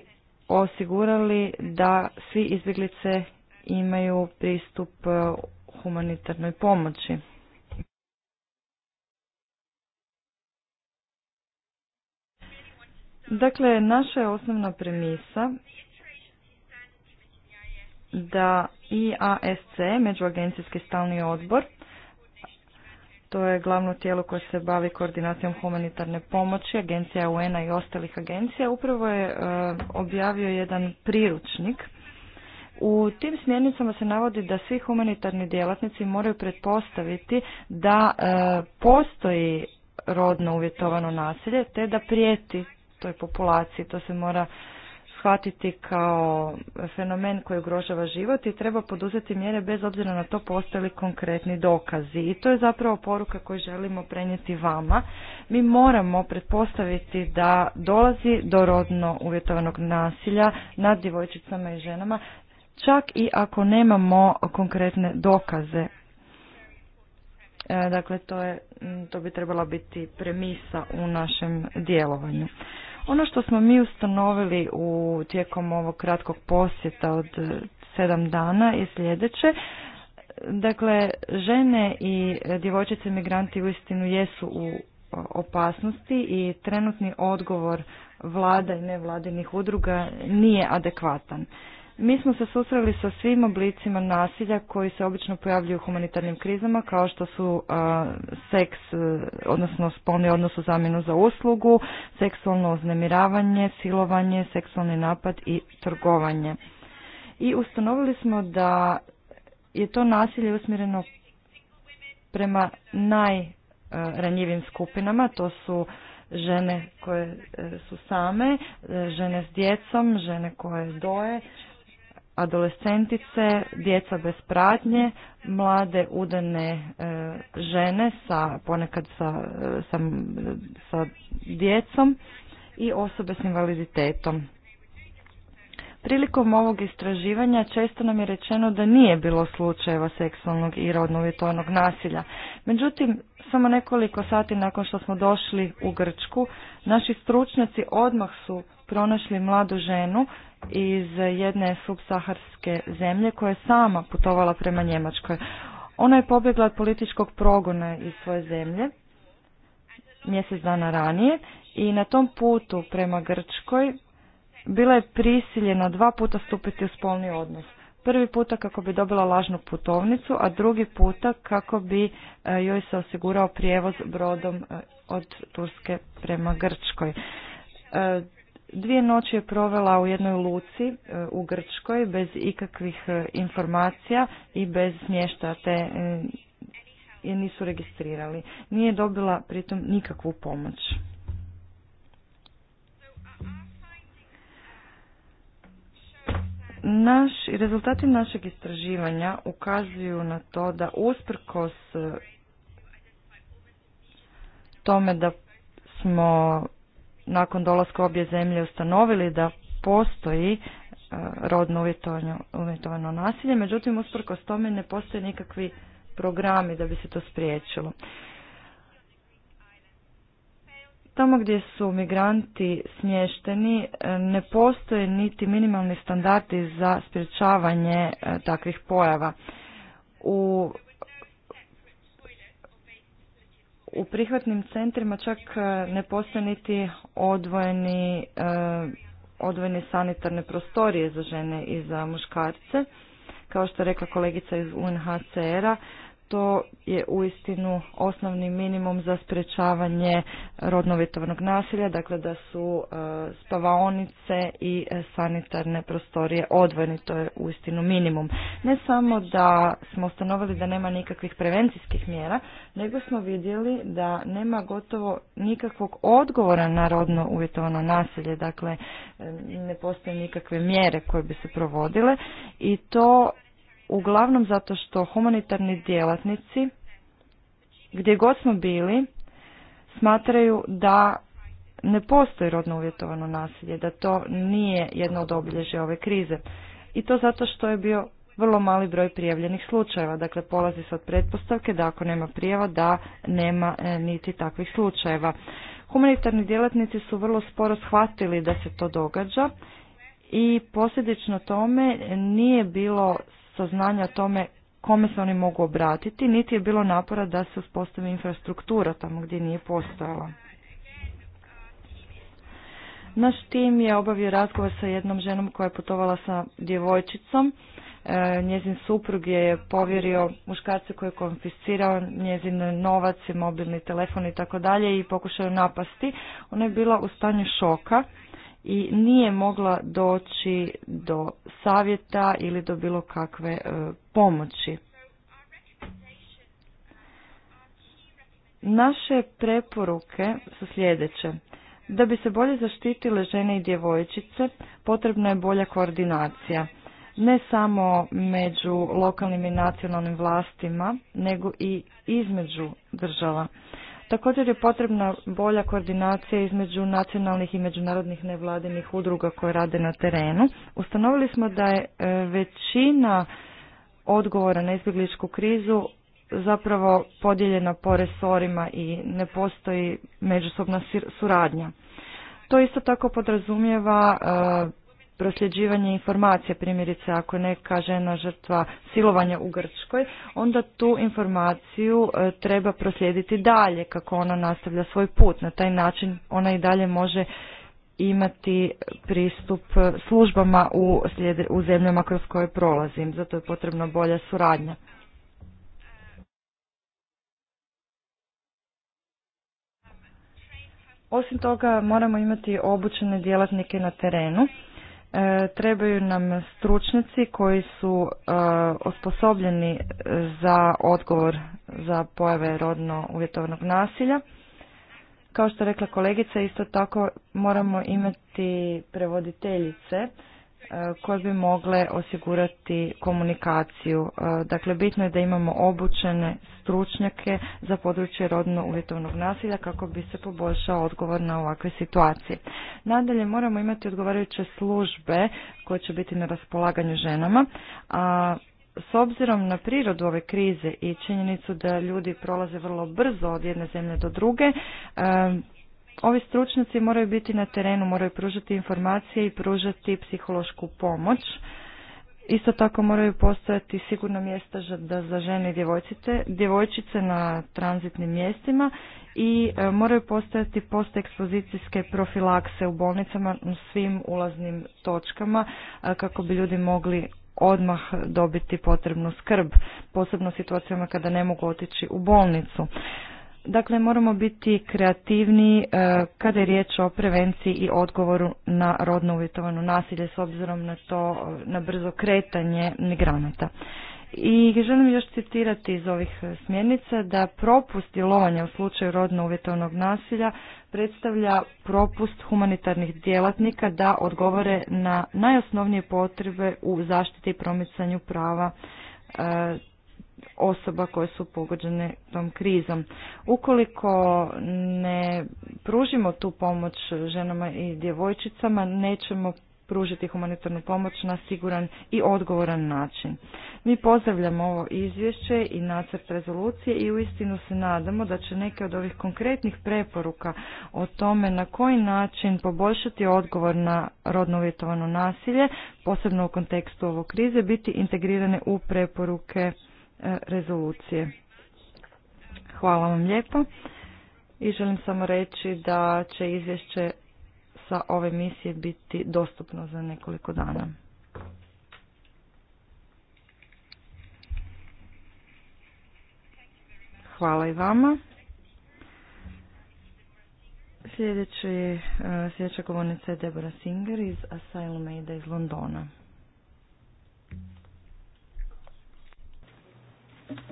osigurali da svi izbjeglice imaju pristup e, humanitarnoj pomoći. Dakle, naša je osnovna premisa da IASC, Međuagencijski stalni odbor, to je glavno tijelo koje se bavi koordinacijom humanitarne pomoći, agencija UN-a i ostalih agencija. Upravo je e, objavio jedan priručnik. U tim smjernicama se navodi da svi humanitarni djelatnici moraju pretpostaviti da e, postoji rodno uvjetovano nasilje te da prijeti toj populaciji. To se mora shvatiti kao fenomen koji ugrožava život i treba poduzeti mjere bez obzira na to postoje konkretni dokazi. I to je zapravo poruka koju želimo prenijeti vama. Mi moramo pretpostaviti da dolazi do rodno uvjetovanog nasilja nad djevojčicama i ženama, čak i ako nemamo konkretne dokaze. E, dakle, to, je, to bi trebala biti premisa u našem djelovanju. Ono što smo mi ustanovili u tijekom ovog kratkog posjeta od eh, sedam dana je sljedeće. Dakle, žene i djevojčice migranti uistinu jesu u eh, opasnosti i trenutni odgovor vlada i nevladinih udruga nije adekvatan. Mi smo se susreli sa svim oblicima nasilja koji se obično pojavljuju u humanitarnim krizama kao što su uh, seks, uh, odnosno spolni odnos u zamjenu za uslugu, seksualno uznemiravanje, silovanje, seksualni napad i trgovanje. I ustanovili smo da je to nasilje usmjereno prema najranjivim skupinama, to su žene koje uh, su same, žene s djecom, žene koje doje, adolescentice, djeca bez pratnje, mlade udane e, žene sa ponekad e, sa, sa, djecom i osobe s invaliditetom. Prilikom ovog istraživanja često nam je rečeno da nije bilo slučajeva seksualnog i rodno nasilja. Međutim, samo nekoliko sati nakon što smo došli u Grčku, naši stručnjaci odmah su pronašli mladu ženu iz jedne subsaharske zemlje koja je sama putovala prema Njemačkoj. Ona je pobjegla od političkog progona iz svoje zemlje mjesec dana ranije i na tom putu prema Grčkoj bila je prisiljena dva puta stupiti u spolni odnos. Prvi puta kako bi dobila lažnu putovnicu, a drugi puta kako bi e, joj se osigurao prijevoz brodom e, od Turske prema Grčkoj. E, Dvije noći je provela u jednoj luci e, u Grčkoj bez ikakvih e, informacija i bez smještaja te e, je nisu registrirali. Nije dobila pritom nikakvu pomoć. Naš, rezultati našeg istraživanja ukazuju na to da usprkos tome da smo nakon dolaska obje zemlje ustanovili da postoji e, rodno uvjetovano nasilje, međutim usprkos tome ne postoje nikakvi programi da bi se to spriječilo. Tamo gdje su migranti smješteni e, ne postoje niti minimalni standardi za sprječavanje e, takvih pojava. U u prihvatnim centrima čak e, ne postoje niti odvojeni, e, odvojene sanitarne prostorije za žene i za muškarce. Kao što je rekla kolegica iz UNHCR-a, to je uistinu osnovni minimum za sprečavanje rodnovjetovnog nasilja, dakle da su e, spavaonice i e, sanitarne prostorije odvojeni, to je uistinu minimum. Ne samo da smo ustanovili da nema nikakvih prevencijskih mjera, nego smo vidjeli da nema gotovo nikakvog odgovora na rodno uvjetovano nasilje, dakle e, ne postoje nikakve mjere koje bi se provodile i to uglavnom zato što humanitarni djelatnici gdje god smo bili smatraju da ne postoji rodno uvjetovano nasilje, da to nije jedno od obilježja ove krize. I to zato što je bio vrlo mali broj prijavljenih slučajeva, dakle polazi se od pretpostavke da ako nema prijava da nema e, niti takvih slučajeva. Humanitarni djelatnici su vrlo sporo shvatili da se to događa i posljedično tome nije bilo saznanja o tome kome se oni mogu obratiti, niti je bilo napora da se uspostavi infrastruktura tamo gdje nije postojala. Naš tim je obavio razgovor sa jednom ženom koja je putovala sa djevojčicom. E, njezin suprug je povjerio muškarcu koji je konfiscirao njezin novac mobilni telefon i tako dalje i pokušao napasti. Ona je bila u stanju šoka i nije mogla doći do savjeta ili do bilo kakve e, pomoći. Naše preporuke su sljedeće. Da bi se bolje zaštitile žene i djevojčice, potrebna je bolja koordinacija. Ne samo među lokalnim i nacionalnim vlastima, nego i između država. Također je potrebna bolja koordinacija između nacionalnih i međunarodnih nevladinih udruga koje rade na terenu. Ustanovili smo da je e, većina odgovora na izbjegličku krizu zapravo podijeljena po resorima i ne postoji međusobna suradnja. To isto tako podrazumijeva e, prosljeđivanje informacije, primjerice ako neka žena žrtva silovanja u Grčkoj, onda tu informaciju e, treba proslijediti dalje kako ona nastavlja svoj put. Na taj način ona i dalje može imati pristup službama u, u zemljama kroz koje prolazim. Zato je potrebna bolja suradnja. Osim toga moramo imati obučene djelatnike na terenu E, trebaju nam stručnjaci koji su e, osposobljeni za odgovor za pojave rodno uvjetovnog nasilja. Kao što rekla kolegica, isto tako moramo imati prevoditeljice E, koje bi mogle osigurati komunikaciju. E, dakle, bitno je da imamo obučene stručnjake za područje rodno uvjetovnog nasilja kako bi se poboljšao odgovor na ovakve situacije. Nadalje, moramo imati odgovarajuće službe koje će biti na raspolaganju ženama, a s obzirom na prirodu ove krize i činjenicu da ljudi prolaze vrlo brzo od jedne zemlje do druge, e, ovi stručnjaci moraju biti na terenu, moraju pružati informacije i pružati psihološku pomoć. Isto tako moraju postojati sigurno mjesta za žene i djevojčice, djevojčice na tranzitnim mjestima i e, moraju postojati postekspozicijske profilakse u bolnicama u svim ulaznim točkama e, kako bi ljudi mogli odmah dobiti potrebnu skrb, posebno u situacijama kada ne mogu otići u bolnicu. Dakle, moramo biti kreativni e, kada je riječ o prevenciji i odgovoru na rodno uvjetovano nasilje s obzirom na to, e, na brzo kretanje migranata. I želim još citirati iz ovih e, smjernica da propust djelovanja u slučaju rodno uvjetovanog nasilja predstavlja propust humanitarnih djelatnika da odgovore na najosnovnije potrebe u zaštiti i promicanju prava osoba koje su pogođene tom krizom. Ukoliko ne pružimo tu pomoć ženama i djevojčicama, nećemo pružiti humanitarnu pomoć na siguran i odgovoran način. Mi pozdravljamo ovo izvješće i nacrt rezolucije i uistinu se nadamo da će neke od ovih konkretnih preporuka o tome na koji način poboljšati odgovor na rodno uvjetovano nasilje, posebno u kontekstu ovo krize, biti integrirane u preporuke E, rezolucije. Hvala vam lijepo i želim samo reći da će izvješće sa ove misije biti dostupno za nekoliko dana. Hvala i vama. E, sljedeća govornica je Deborah Singer iz Asylum Aida iz Londona. duga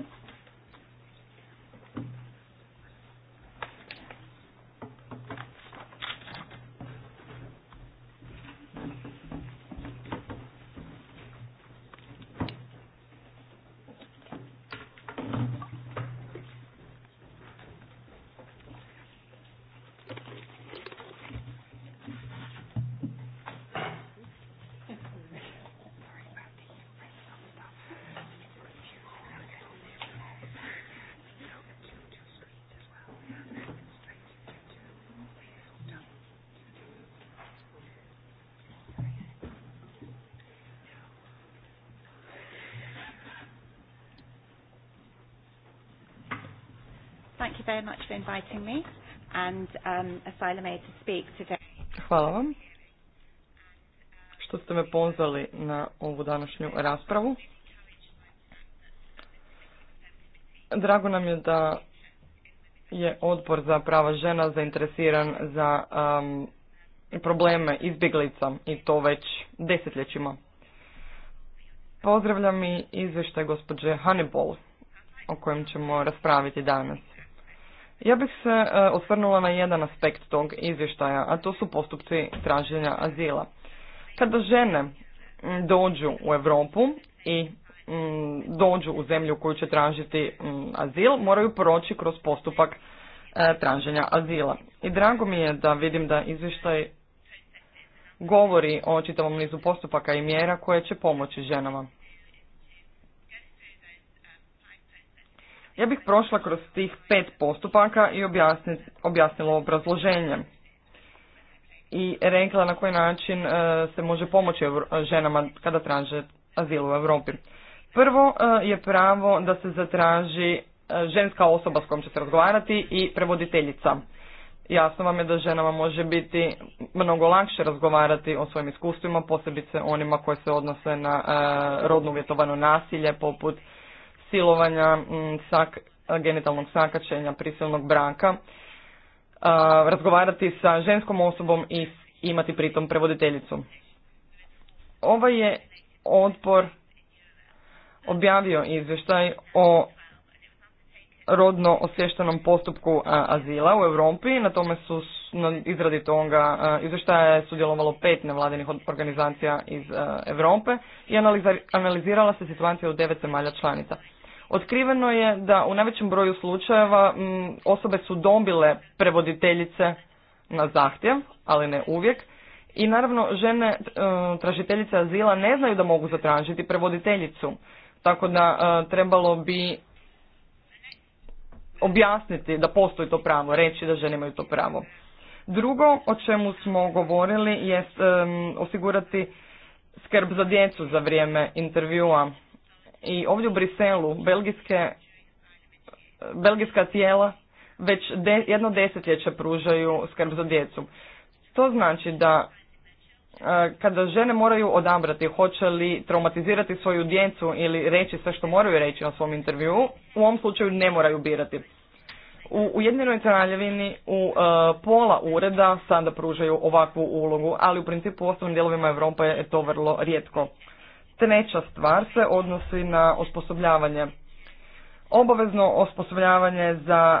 Hvala vam što ste me pozvali na ovu današnju raspravu. Drago nam je da je odbor za prava žena zainteresiran za um, probleme izbjeglica i to već desetljećima. Pozdravljam i izvještaj gospođe Hannibal o kojem ćemo raspraviti danas. Ja bih se e, osvrnula na jedan aspekt tog izvještaja, a to su postupci traženja azila. Kada žene dođu u Europu i dođu u zemlju koju će tražiti azil, moraju proći kroz postupak e, traženja azila. I drago mi je da vidim da izvještaj govori o čitavom nizu postupaka i mjera koje će pomoći ženama. Ja bih prošla kroz tih pet postupaka i objasnila obrazloženje i rekla na koji način e, se može pomoći e, ženama kada traže azil u Europi. Prvo e, je pravo da se zatraži ženska osoba s kojom će se razgovarati i prevoditeljica. Jasno vam je da ženama može biti mnogo lakše razgovarati o svojim iskustvima, posebice onima koje se odnose na rodno uvjetovano nasilje poput silovanja, mm, sak, genitalnog sakačenja, prisilnog braka, razgovarati sa ženskom osobom i imati pritom prevoditeljicu. Ovaj je odbor objavio izvještaj o rodno osvještenom postupku azila u Europi. Na tome su na izradi toga izvještaja je sudjelovalo pet nevladinih organizacija iz Europe i analizirala se situacija u devet zemalja članica. Otkriveno je da u najvećem broju slučajeva mm, osobe su dobile prevoditeljice na zahtjev, ali ne uvijek. I naravno žene e, tražiteljice azila ne znaju da mogu zatražiti prevoditeljicu. Tako da e, trebalo bi objasniti da postoji to pravo, reći da žene imaju to pravo. Drugo o čemu smo govorili jest osigurati skrb za djecu za vrijeme intervjua i ovdje u Briselu belgijske, belgijska tijela već de, jedno desetljeće pružaju skrb za djecu. To znači da e, kada žene moraju odabrati hoće li traumatizirati svoju djecu ili reći sve što moraju reći na svom intervju, u ovom slučaju ne moraju birati. U Ujedinjenoj kraljevini u e, pola ureda sada pružaju ovakvu ulogu, ali u principu u ostalim dijelovima Europe je to vrlo rijetko. Treća stvar se odnosi na osposobljavanje. Obavezno osposobljavanje za e,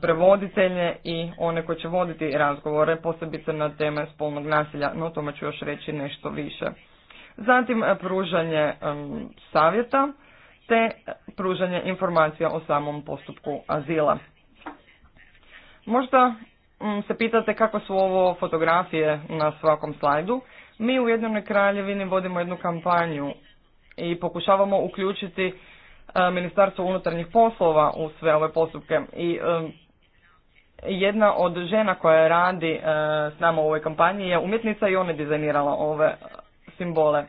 prevoditelje i one koji će voditi razgovore, posebice na teme spolnog nasilja, no o tome ću još reći nešto više. Zatim e, pružanje e, savjeta te pružanje informacija o samom postupku azila. Možda se pitate kako su ovo fotografije na svakom slajdu. Mi u ujedinjenoj kraljevini vodimo jednu kampanju i pokušavamo uključiti e, Ministarstvo unutarnjih poslova u sve ove postupke i e, jedna od žena koja radi e, s nama u ovoj kampanji je umjetnica i ona je dizajnirala ove simbole.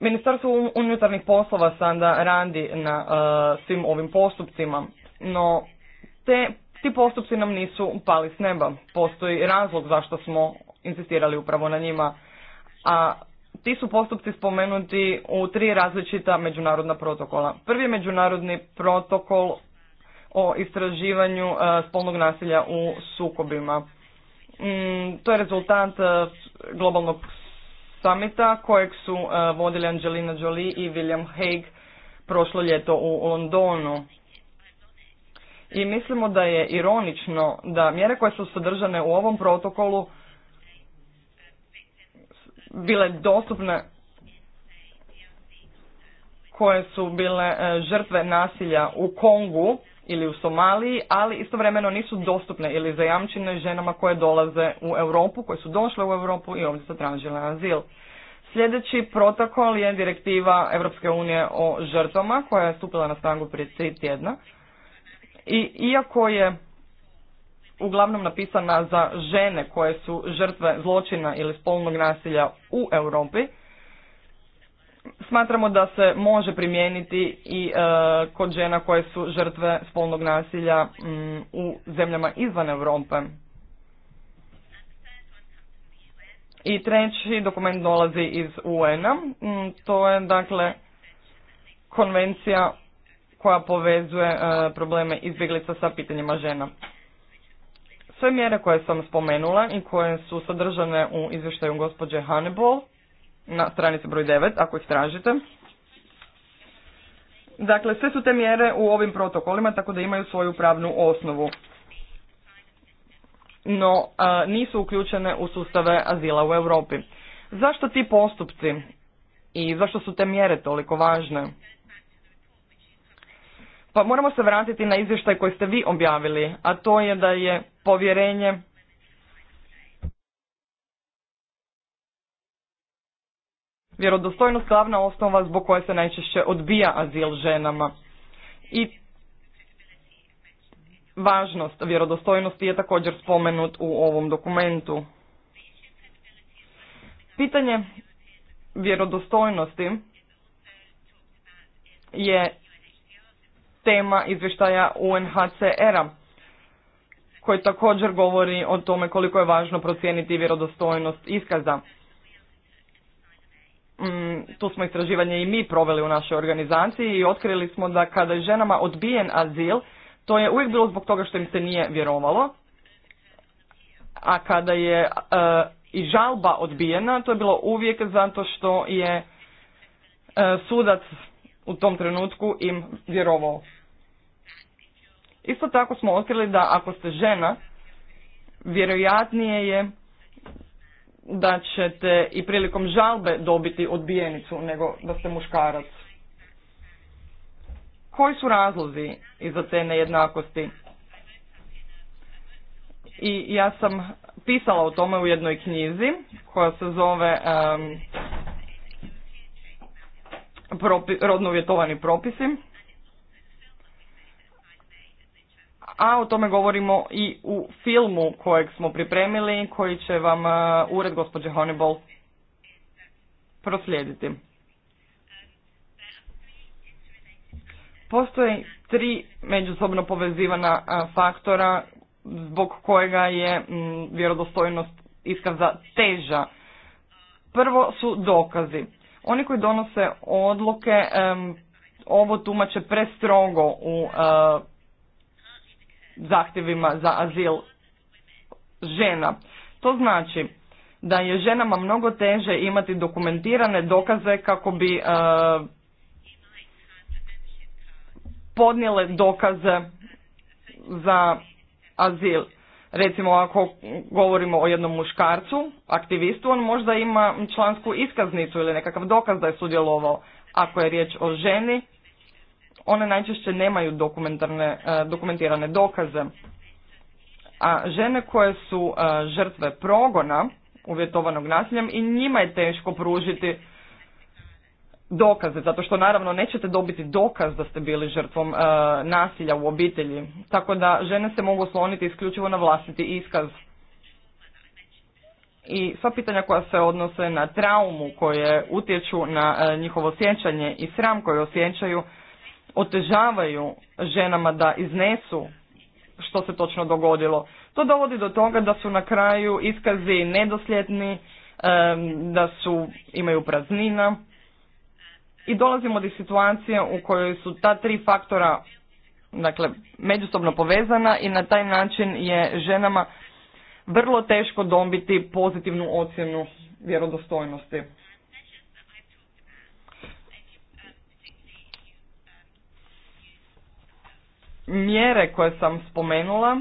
Ministarstvo unutarnjih poslova sada radi na svim ovim postupcima, no te, ti postupci nam nisu pali s neba. Postoji razlog zašto smo insistirali upravo na njima. A ti su postupci spomenuti u tri različita međunarodna protokola. Prvi je međunarodni protokol o istraživanju e, spolnog nasilja u sukobima. Mm, to je rezultat e, globalnog samita kojeg su e, vodili Angelina Jolie i William Haig prošlo ljeto u Londonu. I mislimo da je ironično da mjere koje su sadržane u ovom protokolu bile dostupne koje su bile e, žrtve nasilja u Kongu ili u Somaliji, ali istovremeno nisu dostupne ili zajamčene ženama koje dolaze u Europu, koje su došle u Europu i ovdje su tražile azil. Sljedeći protokol je direktiva Europske unije o žrtvama koja je stupila na snagu prije tri tjedna. I iako je uglavnom napisana za žene koje su žrtve zločina ili spolnog nasilja u Europi. Smatramo da se može primijeniti i e, kod žena koje su žrtve spolnog nasilja mm, u zemljama izvan Europe. I treći dokument dolazi iz UN-a, mm, to je dakle konvencija koja povezuje e, probleme izbjeglica sa pitanjima žena. Sve mjere koje sam spomenula i koje su sadržane u izvještaju gospođe Hannibal na stranici broj 9, ako ih tražite. Dakle, sve su te mjere u ovim protokolima, tako da imaju svoju pravnu osnovu. No, a, nisu uključene u sustave azila u Europi. Zašto ti postupci i zašto su te mjere toliko važne? Pa moramo se vratiti na izvještaj koji ste vi objavili, a to je da je povjerenje vjerodostojnost glavna osnova zbog koje se najčešće odbija azil ženama. I važnost vjerodostojnosti je također spomenut u ovom dokumentu. Pitanje vjerodostojnosti je tema izvještaja UNHCR-a koji također govori o tome koliko je važno procijeniti vjerodostojnost iskaza. Mm, tu smo istraživanje i mi proveli u našoj organizaciji i otkrili smo da kada je ženama odbijen azil, to je uvijek bilo zbog toga što im se nije vjerovalo, a kada je e, i žalba odbijena, to je bilo uvijek zato što je e, sudac u tom trenutku im vjerovao. Isto tako smo otkrili da ako ste žena, vjerojatnije je da ćete i prilikom žalbe dobiti odbijenicu nego da ste muškarac. Koji su razlozi iza te nejednakosti? I ja sam pisala o tome u jednoj knjizi koja se zove propi, rodno uvjetovani propisi. a o tome govorimo i u filmu kojeg smo pripremili, koji će vam e, ured gospođe Honeyball proslijediti. Postoje tri međusobno povezivana e, faktora zbog kojega je vjerodostojnost iskaza teža. Prvo su dokazi. Oni koji donose odluke ovo tumače prestrogo u e, zahtjevima za azil žena. To znači da je ženama mnogo teže imati dokumentirane dokaze kako bi e, podnijele dokaze za azil. Recimo ako govorimo o jednom muškarcu, aktivistu, on možda ima člansku iskaznicu ili nekakav dokaz da je sudjelovao. Ako je riječ o ženi, one najčešće nemaju dokumentarne, e, dokumentirane dokaze. A žene koje su e, žrtve progona uvjetovanog nasiljem i njima je teško pružiti dokaze, zato što naravno nećete dobiti dokaz da ste bili žrtvom e, nasilja u obitelji. Tako da žene se mogu osloniti isključivo na vlastiti iskaz. I sva pitanja koja se odnose na traumu koje utječu na njihovo osjećanje i sram koje osjećaju otežavaju ženama da iznesu što se točno dogodilo. To dovodi do toga da su na kraju iskazi nedosljedni, da su imaju praznina i dolazimo do situacije u kojoj su ta tri faktora dakle međusobno povezana i na taj način je ženama vrlo teško dobiti pozitivnu ocjenu vjerodostojnosti. mjere koje sam spomenula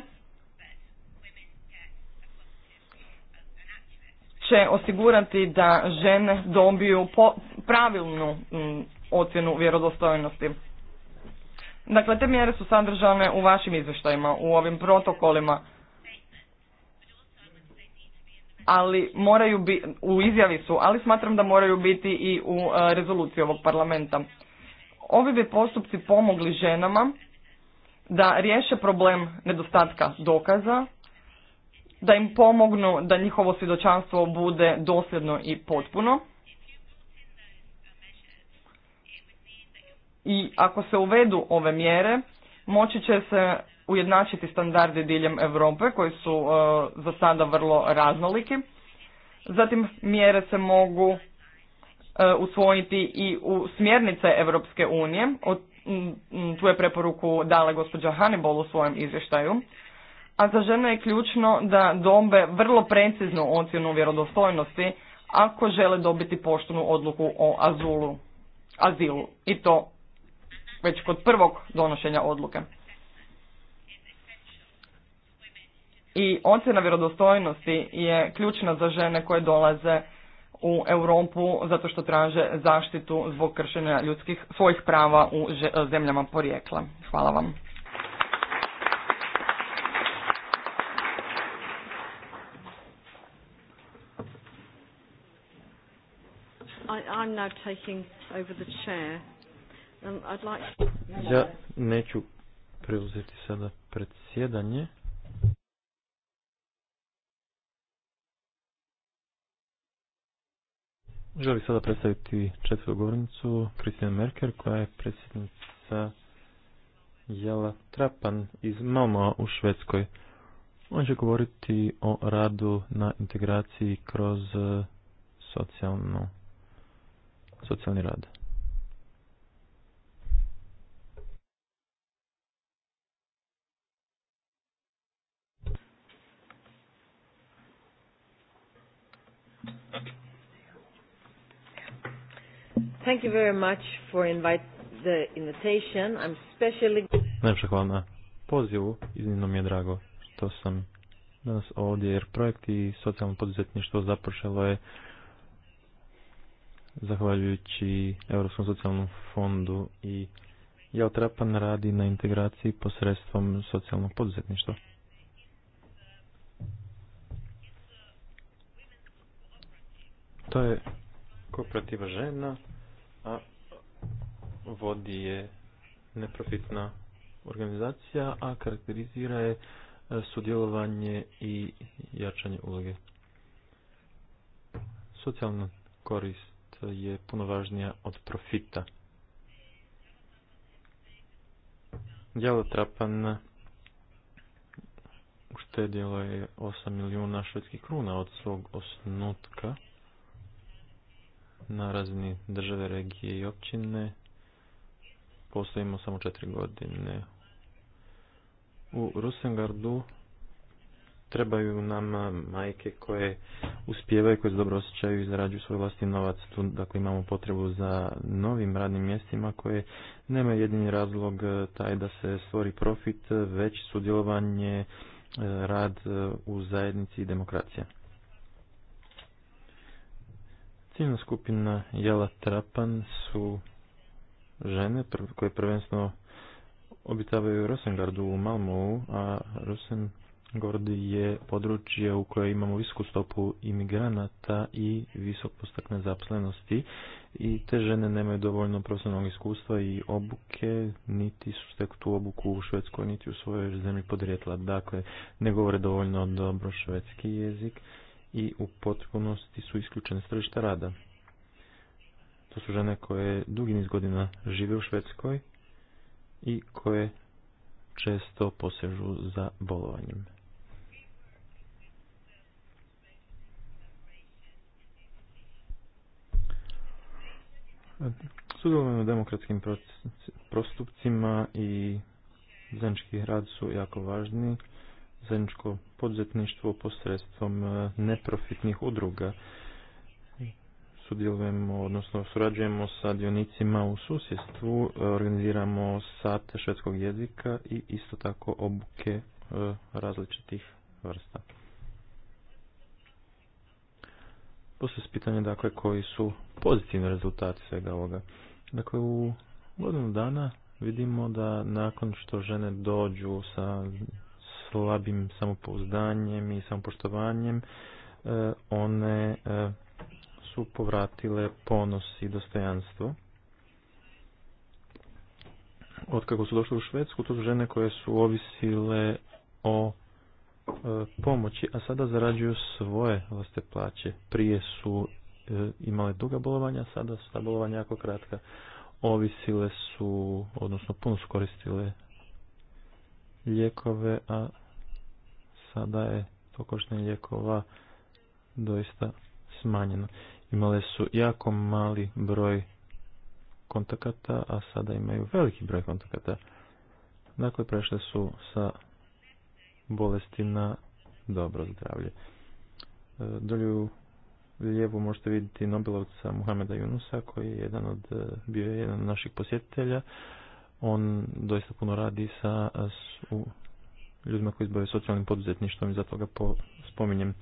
će osigurati da žene dobiju po pravilnu mm, ocjenu vjerodostojnosti. Dakle, te mjere su sadržane u vašim izvještajima, u ovim protokolima, ali moraju biti, u izjavi su, ali smatram da moraju biti i u e, rezoluciji ovog parlamenta. Ovi bi postupci pomogli ženama da riješe problem nedostatka dokaza, da im pomognu da njihovo svjedočanstvo bude dosljedno i potpuno. I ako se uvedu ove mjere, moći će se ujednačiti standardi diljem Europe koji su e, za sada vrlo raznoliki. Zatim mjere se mogu e, usvojiti i u smjernice Europske unije od Mm, mm, tu je preporuku dala gospođa Hannibal u svojem izvještaju, a za žene je ključno da dombe vrlo preciznu ocjenu vjerodostojnosti ako žele dobiti poštenu odluku o azulu, azilu i to već kod prvog donošenja odluke. I ocjena vjerodostojnosti je ključna za žene koje dolaze u Europu zato što traže zaštitu zbog kršenja ljudskih svojih prava u zemljama porijekla. Hvala vam. Ja neću preuzeti sada predsjedanje. Želim sada predstaviti četvrtu govornicu, Kristina Merker, koja je predsjednica Jela Trapan iz mama u Švedskoj. On će govoriti o radu na integraciji kroz e, socijalnu, socijalni rad. Thank you very much for invite, the invitation. I'm specially... hvala na pozivu. Iznimno mi je drago što sam danas ovdje, jer projekt i socijalno poduzetništvo započelo je zahvaljujući Europskom socijalnom fondu i Jel Trapan radi na integraciji posredstvom socijalnog poduzetništva. To je kooperativa žena a vodi je neprofitna organizacija, a karakterizira je e, sudjelovanje i jačanje uloge. Socijalna korist je puno važnija od profita. Djelo Trapan uštedjelo je 8 milijuna švedskih kruna od svog osnutka na razini države, regije i općine. Postojimo samo četiri godine. U Rusengardu trebaju nam majke koje uspijevaju, koje se dobro osjećaju i zarađuju svoj vlastni novac. Tu, dakle, imamo potrebu za novim radnim mjestima koje nema jedini razlog e, taj da se stvori profit, već sudjelovanje, e, rad e, u zajednici i demokracija. Ciljna skupina Jela Trapan su žene koje prvenstveno obitavaju u Rosengardu u Malmou, a Rosengard je područje u kojoj imamo visoku stopu imigranata i visok postak nezaposlenosti i te žene nemaju dovoljno profesionalnog iskustva i obuke, niti su steku tu obuku u Švedskoj, niti u svojoj zemlji podrijetla. Dakle, ne govore dovoljno dobro švedski jezik i u potpunosti su isključene s rada. To su žene koje dugi niz godina žive u Švedskoj i koje često posežu za bolovanjem. Sudjelujemo u demokratskim prostupcima i zajednički rad su jako važni. Zajedničko poduzetništvo posredstvom e, neprofitnih udruga. Sudjelujemo, odnosno surađujemo sa dionicima u susjedstvu, e, organiziramo sate švedskog jezika i isto tako obuke e, različitih vrsta. Poslije pitanje dakle koji su pozitivni rezultati svega ovoga. Dakle u godinu dana vidimo da nakon što žene dođu sa slabim samopouzdanjem i samopoštovanjem e, one e, su povratile ponos i dostojanstvo. Od kako su došle u Švedsku, to su žene koje su ovisile o e, pomoći, a sada zarađuju svoje vlaste plaće. Prije su imale duga bolovanja, sada su ta bolovanja jako kratka. Ovisile su, odnosno puno su koristile lijekove, a sada je to koštanje lijekova doista smanjeno. Imale su jako mali broj kontakata, a sada imaju veliki broj kontakata. Dakle, prešle su sa bolesti na dobro zdravlje. E, u lijevu možete vidjeti Nobelovca Muhameda Junusa koji je jedan od, e, bio jedan od naših posjetitelja. On doista puno radi sa, u ljudima koji izbave socijalnim poduzetništvom i zato ga po, spominjem.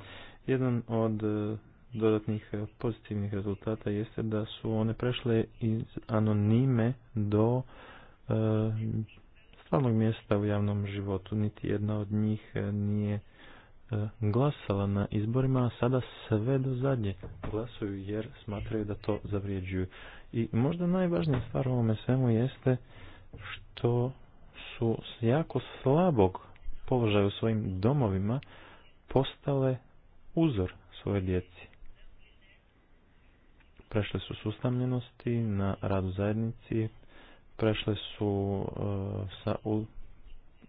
Jedan od e, dodatnih e, pozitivnih rezultata jeste da su one prešle iz anonime do e, mjesta u javnom životu. Niti jedna od njih e, nije e, glasala na izborima, a sada sve do zadnje glasuju jer smatraju da to zavrijeđuju. I možda najvažnija stvar u ovome svemu jeste što su jako slabog položaju u svojim domovima postale uzor svoje djeci. Prešle su sustavljenosti na radu zajednici, prešle su e, sa u,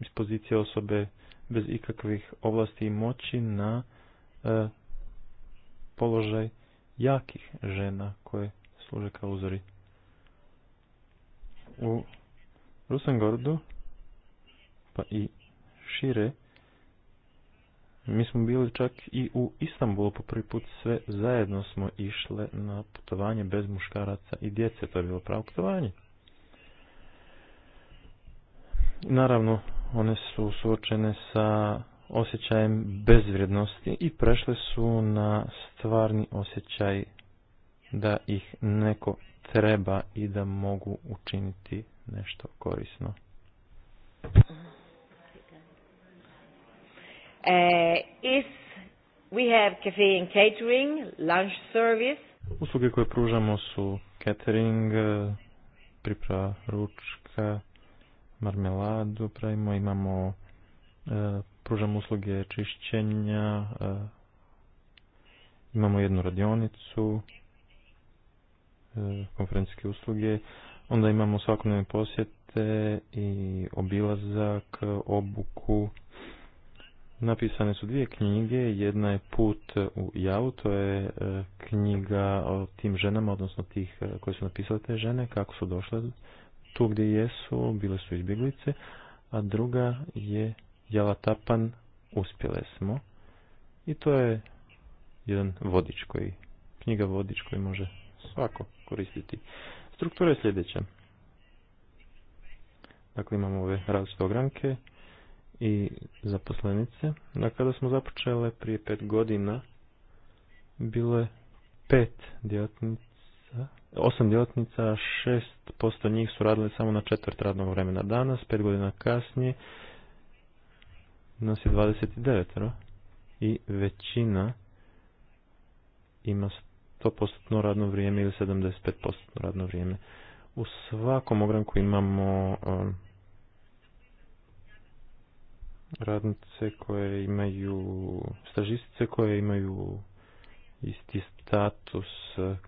iz pozicije osobe bez ikakvih ovlasti i moći na e, položaj jakih žena koje služe kao uzori. U Rusengordu pa i šire, mi smo bili čak i u Istanbulu po prvi put sve zajedno smo išle na putovanje bez muškaraca i djece. To je bilo pravo putovanje. Naravno, one su suočene sa osjećajem bezvrijednosti i prešle su na stvarni osjećaj da ih neko treba i da mogu učiniti nešto korisno. Eh, is we have cafe and catering, lunch service. Usluge koje pružamo su catering, eh, priprava ručka, marmeladu pravimo, imamo eh, pružamo usluge čišćenja, imamo jednu radionicu, konferencijske usluge, onda imamo svakodnevne posjete i obilazak, obuku, Napisane su dvije knjige, jedna je Put u javu, to je e, knjiga o tim ženama, odnosno tih e, koje su napisale te žene, kako su došle tu gdje jesu, bile su izbjeglice, a druga je Jalatapan, uspjele smo. I to je jedan vodič koji, knjiga vodič koji može svako koristiti. Struktura je sljedeća. Dakle, imamo ove različite ogranke, i zaposlenice. na kada smo započele prije pet godina, bilo je pet djelatnica, osam djelatnica, šest posto njih su radili samo na četvrt radnog vremena danas, pet godina kasnije nas je 29 i većina ima 100% radno vrijeme ili 75% radno vrijeme. U svakom ogranku imamo um, radnice koje imaju, stažistice koje imaju isti status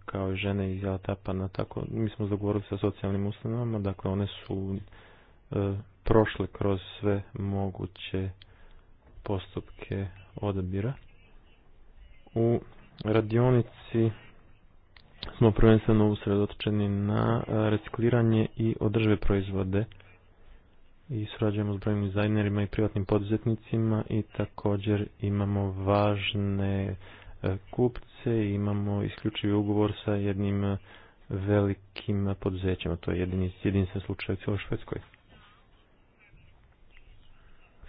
kao i žene iz Altapana. Tako, mi smo dogovorili sa socijalnim ustanovama, dakle one su e, prošle kroz sve moguće postupke odabira. U radionici smo prvenstveno usredotočeni na e, recikliranje i održive proizvode i surađujemo s brojnim dizajnerima i privatnim poduzetnicima i također imamo važne e, kupce i imamo isključivi ugovor sa jednim e, velikim poduzećima. To je jedini, se slučaj u cijeloj Švedskoj.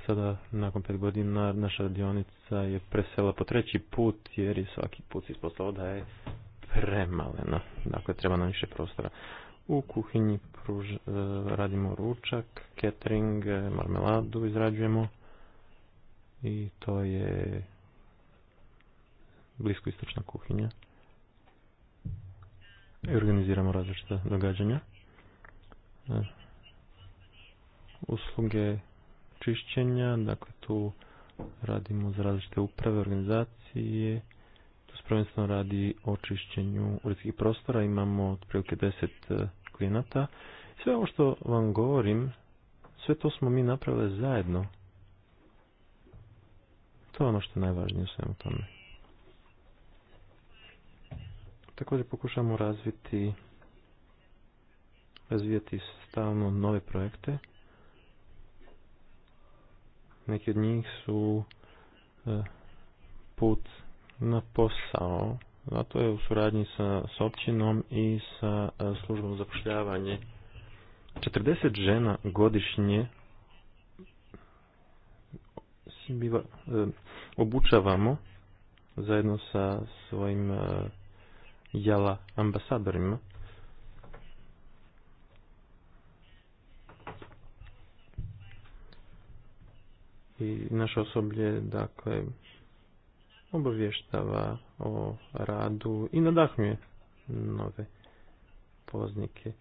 Sada, nakon pet godina, naša radionica je presela po treći put, jer je svaki put se da je premalena. Dakle, treba nam više prostora. U kuhinji e, radimo ručak, catering, e, marmeladu izrađujemo i to je blisko istočna kuhinja. I organiziramo različite događanja. E, usluge čišćenja, dakle tu radimo za različite uprave, organizacije, prvenstveno radi o čišćenju prostora, imamo otprilike deset e, klijenata. Sve ovo što vam govorim, sve to smo mi napravili zajedno. To je ono što je najvažnije u svemu tome. Također pokušamo razviti razvijati stalno nove projekte. Neki od njih su e, put na posao. Zato je u suradnji sa, s općinom i sa e, službom zapošljavanje 40 žena godišnje biva, e, obučavamo zajedno sa svojim e, jala ambasadorima. I naše osoblje, dakle, obavještava o radu i nadahnuje nove poznike.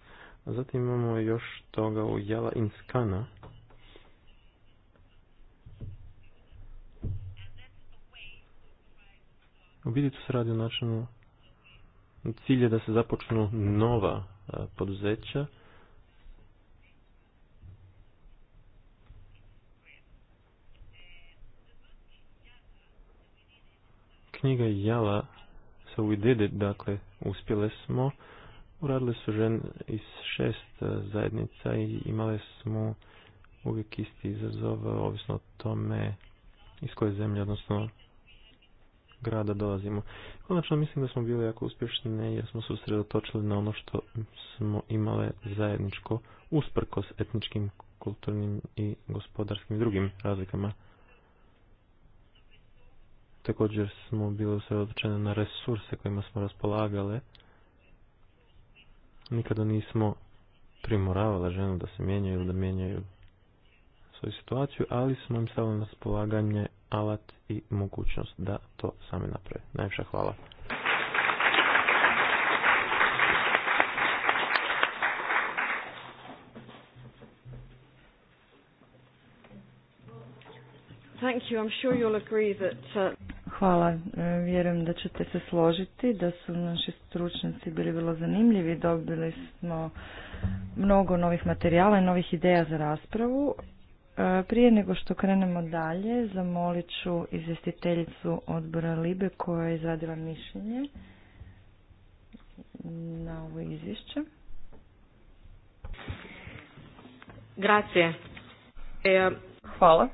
Zatim imamo još toga u Jala Inskana. U tu se radi o načinu cilje da se započnu nova e, poduzeća knjiga Jala So We Did It, dakle, uspjele smo. uradili su žene iz šest e, zajednica i imale smo uvijek isti izazov, e, ovisno o tome iz koje zemlje, odnosno grada dolazimo. Konačno mislim da smo bili jako uspješni jer smo se usredotočili na ono što smo imale zajedničko usprkos etničkim, kulturnim i gospodarskim drugim razlikama. Također smo bili usredotočeni na resurse kojima smo raspolagale. Nikada nismo primoravali ženu da se mijenjaju ili da mijenjaju svoju situaciju, ali smo im stavili na raspolaganje alat i mogućnost da to sami naprave. Najpša hvala. Thank you. I'm sure you'll agree that, uh, Hvala. E, vjerujem da ćete se složiti da su naši stručnjaci bili vrlo zanimljivi. Dobili smo mnogo novih materijala i novih ideja za raspravu. E, prije nego što krenemo dalje, zamolit ću izvjestiteljicu odbora Libe koja je izradila mišljenje na ovo izvješće. Grazie. E, Hvala.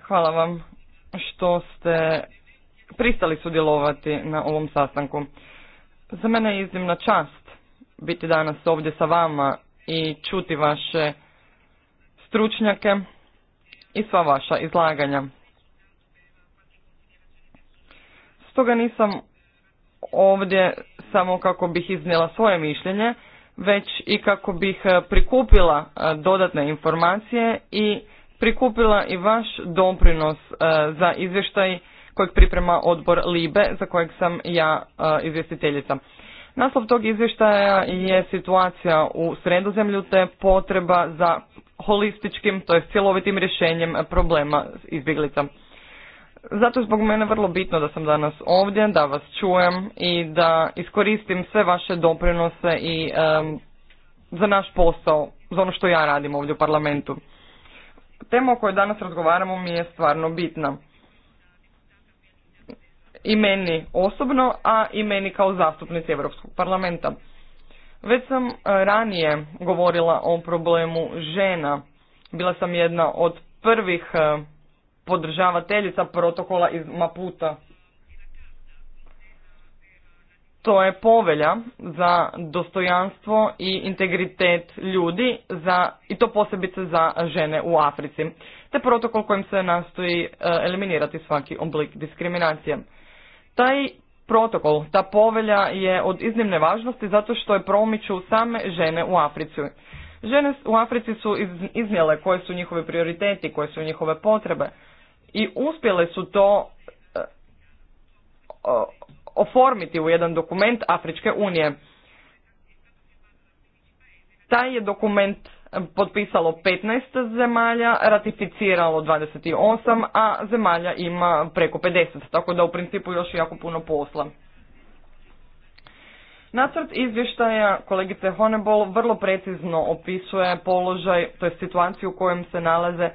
Hvala vam što ste pristali sudjelovati na ovom sastanku. Za mene je iznimna čast biti danas ovdje sa vama i čuti vaše stručnjake i sva vaša izlaganja. Stoga nisam ovdje samo kako bih iznijela svoje mišljenje, već i kako bih prikupila e, dodatne informacije i prikupila i vaš doprinos e, za izvještaj kojeg priprema odbor LIBE, za kojeg sam ja e, izvjestiteljica. Naslov tog izvještaja je situacija u sredozemlju te potreba za holističkim, to je cjelovitim rješenjem problema izbjeglica. Zato je zbog mene vrlo bitno da sam danas ovdje, da vas čujem i da iskoristim sve vaše doprinose i za naš posao, za ono što ja radim ovdje u parlamentu tema o kojoj danas razgovaramo mi je stvarno bitna. I meni osobno, a i meni kao zastupnici Europskog parlamenta. Već sam e, ranije govorila o problemu žena. Bila sam jedna od prvih e, podržavateljica protokola iz Maputa to je povelja za dostojanstvo i integritet ljudi za, i to posebice za žene u Africi, te protokol kojim se nastoji e, eliminirati svaki oblik diskriminacije. Taj protokol, ta povelja je od iznimne važnosti zato što je promiču same žene u Africi. Žene u Africi su iznijele koje su njihovi prioriteti, koje su njihove potrebe i uspjele su to e, oformiti u jedan dokument Afričke unije. Taj je dokument potpisalo 15 zemalja, ratificiralo 28, a zemalja ima preko 50, tako da u principu još jako puno posla. Nacrt izvještaja kolegice Honebol vrlo precizno opisuje položaj, to je situaciju u kojem se nalaze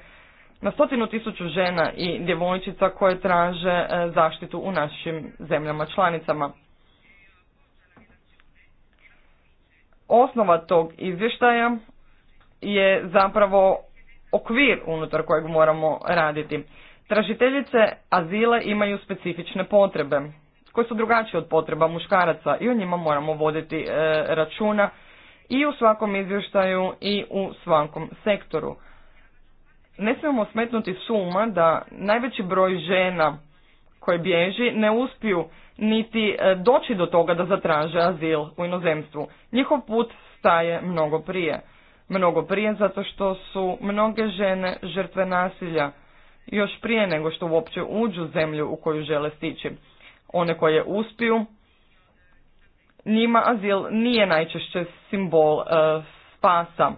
na stotinu tisuću žena i djevojčica koje traže e, zaštitu u našim zemljama članicama. Osnova tog izvještaja je zapravo okvir unutar kojeg moramo raditi. Tražiteljice azile imaju specifične potrebe koje su drugačije od potreba muškaraca i o njima moramo voditi e, računa i u svakom izvještaju i u svakom sektoru ne smijemo smetnuti suma da najveći broj žena koje bježi ne uspiju niti e, doći do toga da zatraže azil u inozemstvu. Njihov put staje mnogo prije. Mnogo prije zato što su mnoge žene žrtve nasilja još prije nego što uopće uđu zemlju u koju žele stići. One koje uspiju, njima azil nije najčešće simbol e, spasa.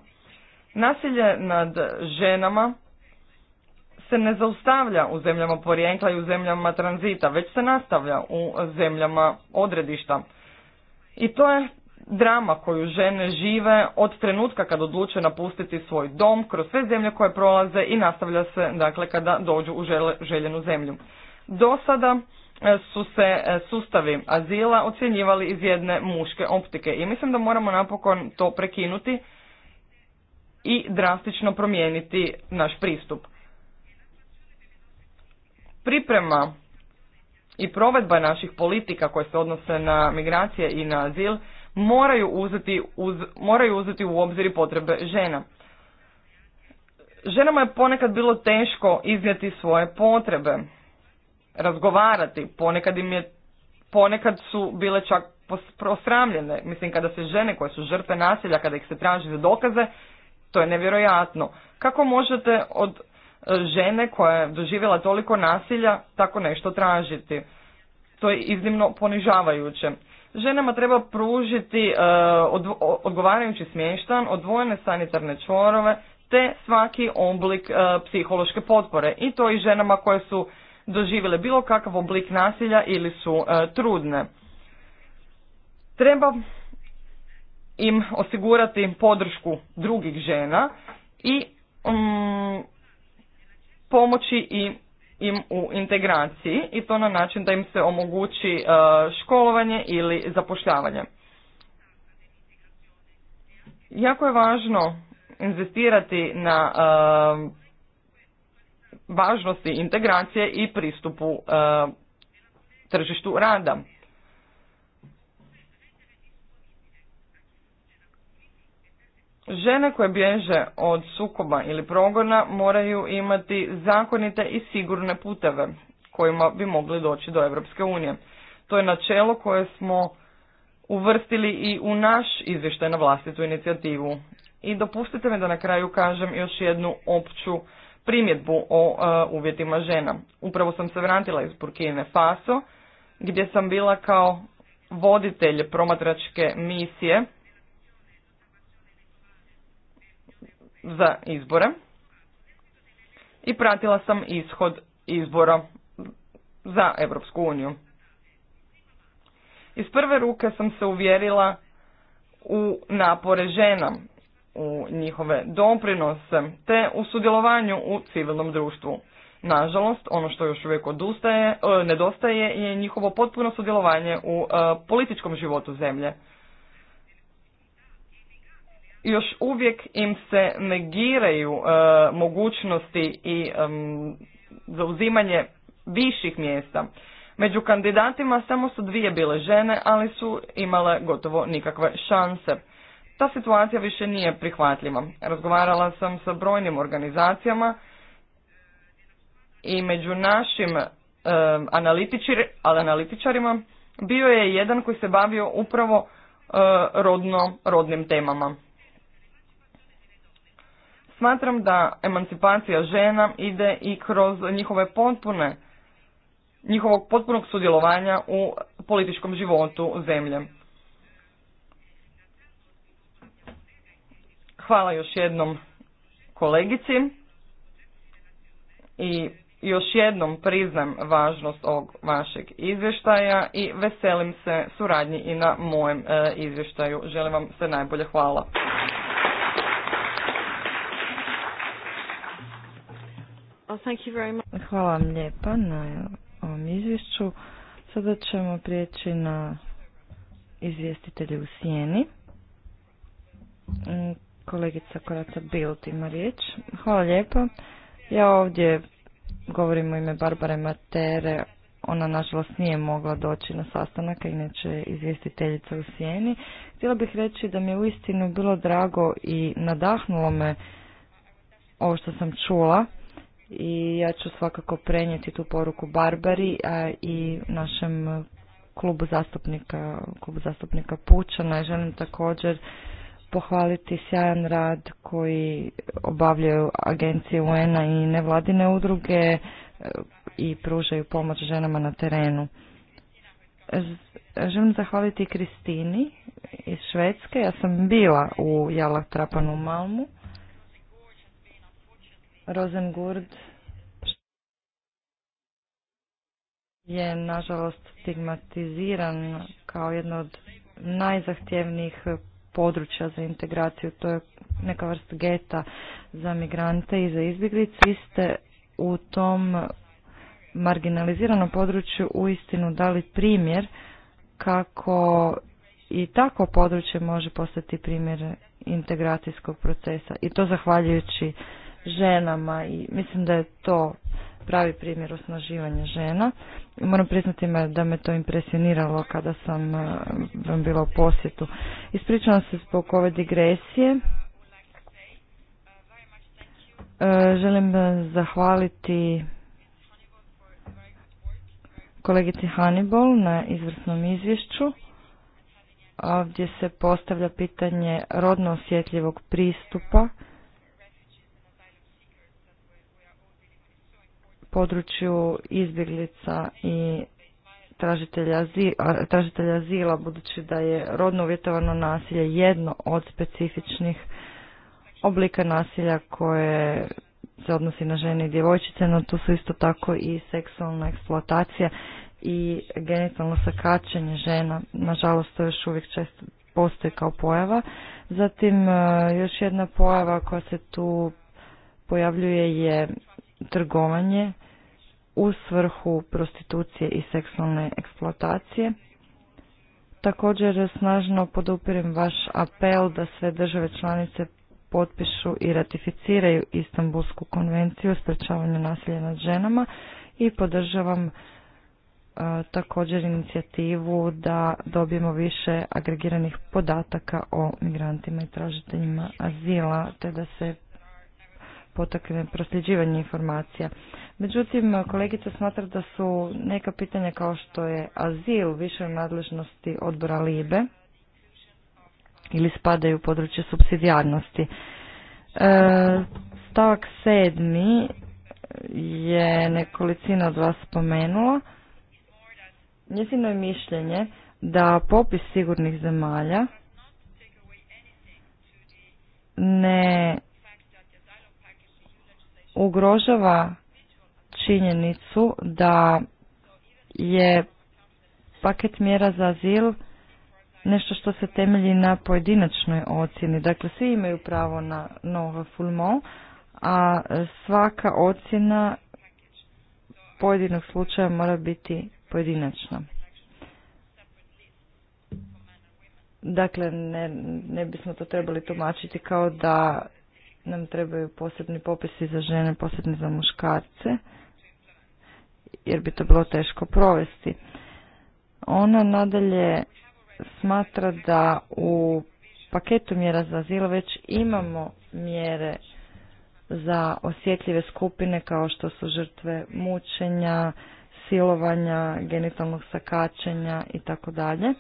Nasilje nad ženama se ne zaustavlja u zemljama porijekla i u zemljama tranzita, već se nastavlja u zemljama odredišta. I to je drama koju žene žive od trenutka kad odluče napustiti svoj dom, kroz sve zemlje koje prolaze i nastavlja se dakle kada dođu u željenu zemlju. Do sada e, su se e, sustavi azila ocjenjivali iz jedne muške optike i mislim da moramo napokon to prekinuti i drastično promijeniti naš pristup priprema i provedba naših politika koje se odnose na migracije i na azil moraju uzeti, uz, moraju uzeti u obzir i potrebe žena. Ženama je ponekad bilo teško iznijeti svoje potrebe, razgovarati, ponekad im je ponekad su bile čak prosramljene. Mislim, kada se žene koje su žrtve nasilja, kada ih se traži za dokaze, to je nevjerojatno. Kako možete od žene koja je doživjela toliko nasilja tako nešto tražiti. To je iznimno ponižavajuće. Ženama treba pružiti e, odgovarajući smještan, odvojene sanitarne čvorove te svaki oblik e, psihološke potpore i to i ženama koje su doživjele bilo kakav oblik nasilja ili su e, trudne. Treba im osigurati podršku drugih žena i mm, pomoći im u integraciji i to na način da im se omogući e, školovanje ili zapošljavanje. Jako je važno investirati na e, važnosti integracije i pristupu e, tržištu rada. Žene koje bježe od sukoba ili progona moraju imati zakonite i sigurne puteve kojima bi mogli doći do Europske unije. To je načelo koje smo uvrstili i u naš izvještaj na vlastitu inicijativu. I dopustite mi da na kraju kažem još jednu opću primjedbu o e, uvjetima žena. Upravo sam se vratila iz Burkine Faso gdje sam bila kao voditelj promatračke misije za izbore i pratila sam ishod izbora za Europsku uniju. Iz prve ruke sam se uvjerila u napore žena, u njihove doprinose, te u sudjelovanju u civilnom društvu. Nažalost, ono što još uvijek odustaje, e, nedostaje je njihovo potpuno sudjelovanje u e, političkom životu zemlje još uvijek im se negiraju e, mogućnosti i zauzimanje viših mjesta. Među kandidatima samo su dvije bile žene, ali su imale gotovo nikakve šanse. Ta situacija više nije prihvatljiva. Razgovarala sam sa brojnim organizacijama i među našim e, analitičarima bio je jedan koji se bavio upravo e, rodno, rodnim temama. Smatram da emancipacija žena ide i kroz njihove potpune, njihovog potpunog sudjelovanja u političkom životu zemlje. Hvala još jednom kolegici i još jednom priznam važnost ovog vašeg izvještaja i veselim se suradnji i na mojem e, izvještaju. Želim vam sve najbolje. Hvala. Hvala vam lijepa na ovom izvješću. Sada ćemo prijeći na izvjestitelje u sjeni. Mm, kolegica Korata Bild ima riječ. Hvala lijepa Ja ovdje govorim u ime Barbare Matere. Ona nažalost nije mogla doći na sastanak, inače izvjestiteljica u sjeni. Htjela bih reći da mi je uistinu bilo drago i nadahnulo me ovo što sam čula i ja ću svakako prenijeti tu poruku Barbari a i našem klubu zastupnika, klubu zastupnika Pučana. Želim također pohvaliti sjajan rad koji obavljaju agencije UN-a i nevladine udruge e, i pružaju pomoć ženama na terenu. Želim zahvaliti Kristini iz Švedske. Ja sam bila u Jalak Trapanu u Malmu Rosengurd je nažalost stigmatiziran kao jedno od najzahtjevnijih područja za integraciju. To je neka vrsta geta za migrante i za izbjeglice. Vi ste u tom marginaliziranom području uistinu dali primjer kako i tako područje može postati primjer integracijskog procesa i to zahvaljujući ženama i mislim da je to pravi primjer osnaživanja žena. Moram priznati me da me to impresioniralo kada sam eh, vam bila u posjetu. Ispričavam se zbog ove digresije. Eh, želim eh, zahvaliti kolegici Hannibal na izvrsnom izvješću. Ovdje se postavlja pitanje rodno osjetljivog pristupa području izbjeglica i tražitelja azila, budući da je rodno uvjetovano nasilje jedno od specifičnih oblika nasilja koje se odnosi na žene i djevojčice, no tu su isto tako i seksualna eksploatacija i genitalno sakačenje žena. Nažalost, to još uvijek često postoji kao pojava. Zatim, e, još jedna pojava koja se tu pojavljuje je trgovanje u svrhu prostitucije i seksualne eksploatacije. Također snažno podupirem vaš apel da sve države članice potpišu i ratificiraju Istanbulsku konvenciju o sprečavanju nasilja nad ženama i podržavam e, također inicijativu da dobijemo više agregiranih podataka o migrantima i tražiteljima azila te da se potakne prosljeđivanje informacija. Međutim, kolegica smatra da su neka pitanja kao što je azil više u nadležnosti odbora LIBE ili spadaju u područje subsidijarnosti. E, stavak sedmi je nekolicina od vas spomenula. Njezino je mišljenje da popis sigurnih zemalja ne ugrožava činjenicu da je paket mjera za azil nešto što se temelji na pojedinačnoj ocjeni. Dakle, svi imaju pravo na nova fulmo, a svaka ocjena pojedinog slučaja mora biti pojedinačna. Dakle, ne, ne bismo to trebali tumačiti kao da nam trebaju posebni popisi za žene, posebni za muškarce, jer bi to bilo teško provesti. Ona nadalje smatra da u paketu mjera za azil već imamo mjere za osjetljive skupine kao što su žrtve mučenja, silovanja, genitalnog sakačenja i tako dalje.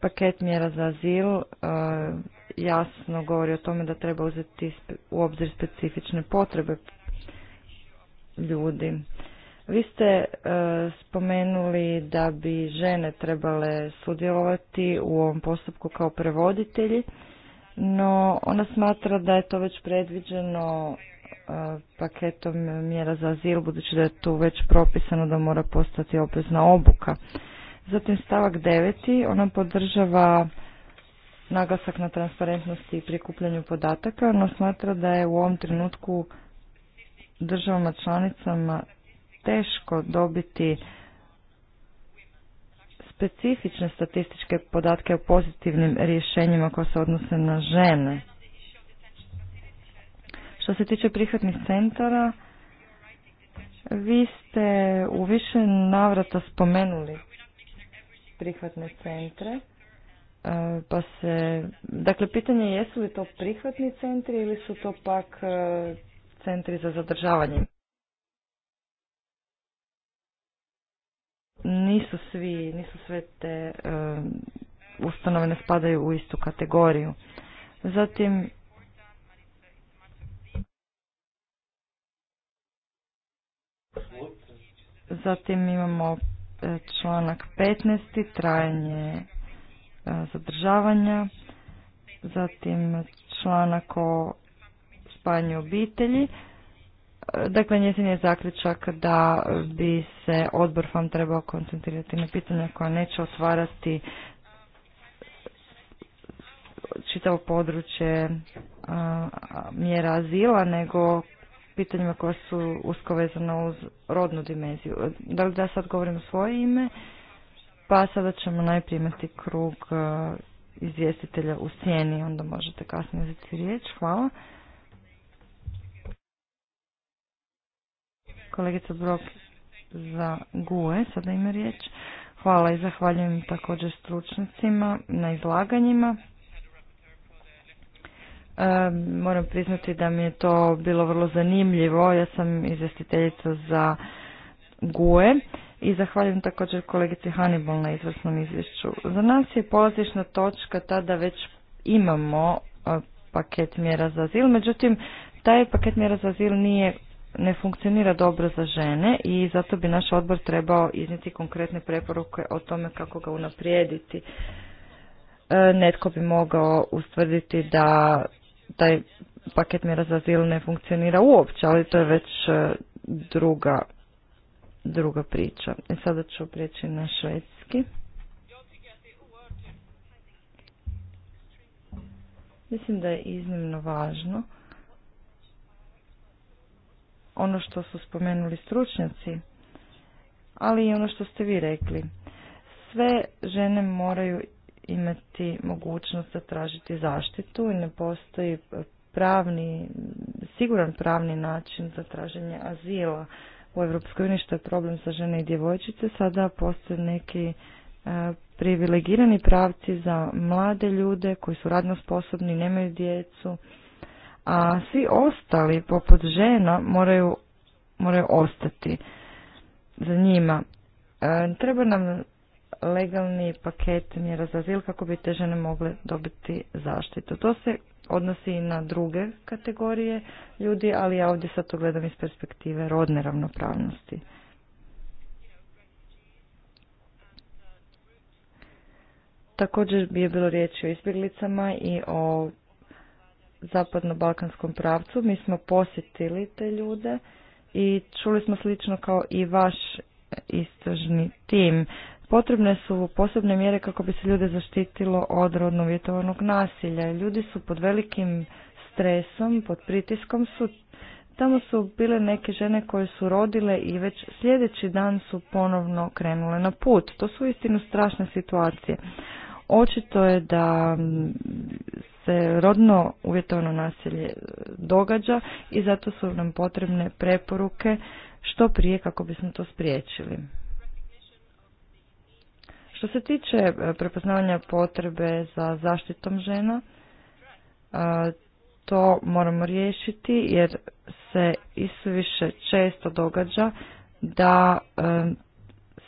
Paket mjera za azil e, jasno govori o tome da treba uzeti u obzir specifične potrebe ljudi. Vi ste e, spomenuli da bi žene trebale sudjelovati u ovom postupku kao prevoditelji, no ona smatra da je to već predviđeno e, paketom mjera za azil, budući da je tu već propisano da mora postati obvezna obuka. Zatim stavak 9. ona podržava naglasak na transparentnosti i prikupljanju podataka, no smatra da je u ovom trenutku državama članicama teško dobiti specifične statističke podatke o pozitivnim rješenjima koja se odnose na žene. Što se tiče prihvatnih centara, vi ste u više navrata spomenuli prihvatne centre. E, pa se, dakle pitanje jesu li to prihvatni centri ili su to pak e, centri za zadržavanje. Nisu svi, nisu sve te e, ustanove ne spadaju u istu kategoriju. Zatim, zatim imamo članak 15. trajanje E, zadržavanja, zatim članak o spajanju obitelji. E, dakle, njezin je zaključak da bi se odbor vam trebao koncentrirati na pitanja koja neće otvarati čitavo područje e, mjera azila, nego pitanjima koja su usko vezana uz rodnu dimenziju. Da li da sad govorim svoje ime pa sada ćemo najprije imati krug e, izvjestitelja u sjeni, onda možete kasnije uzeti riječ. Hvala. Kolegica Brok za GUE sada ima riječ. Hvala i zahvaljujem također stručnicima na izlaganjima. E, moram priznati da mi je to bilo vrlo zanimljivo. Ja sam izvjestiteljica za GUE i zahvaljujem također kolegici Hannibal na izvrsnom izvješću. Za nas je polazišna točka tada već imamo paket mjera za azil, međutim taj paket mjera za azil nije ne funkcionira dobro za žene i zato bi naš odbor trebao iznijeti konkretne preporuke o tome kako ga unaprijediti. E, netko bi mogao ustvrditi da taj paket mjera za azil ne funkcionira uopće, ali to je već e, druga druga priča. E sada ću prijeći na švedski. Mislim da je iznimno važno ono što su spomenuli stručnjaci, ali i ono što ste vi rekli. Sve žene moraju imati mogućnost da tražiti zaštitu i ne postoji pravni, siguran pravni način za traženje azila u Europskoj uniji što je problem sa žene i djevojčice. Sada postoje neki e, privilegirani pravci za mlade ljude koji su radno sposobni, nemaju djecu, a svi ostali poput žena moraju, moraju ostati za njima. E, treba nam legalni paket mjera za kako bi te žene mogle dobiti zaštitu. To se odnosi i na druge kategorije ljudi, ali ja ovdje sad to gledam iz perspektive rodne ravnopravnosti. Također bi je bilo riječi o izbjeglicama i o zapadno-balkanskom pravcu. Mi smo posjetili te ljude i čuli smo slično kao i vaš istražni tim. Potrebne su posebne mjere kako bi se ljude zaštitilo od rodno uvjetovanog nasilja. Ljudi su pod velikim stresom, pod pritiskom su. Tamo su bile neke žene koje su rodile i već sljedeći dan su ponovno krenule na put. To su istinu strašne situacije. Očito je da se rodno uvjetovano nasilje događa i zato su nam potrebne preporuke što prije kako bismo to spriječili. Što se tiče e, prepoznavanja potrebe za zaštitom žena, e, to moramo riješiti jer se više često događa da e,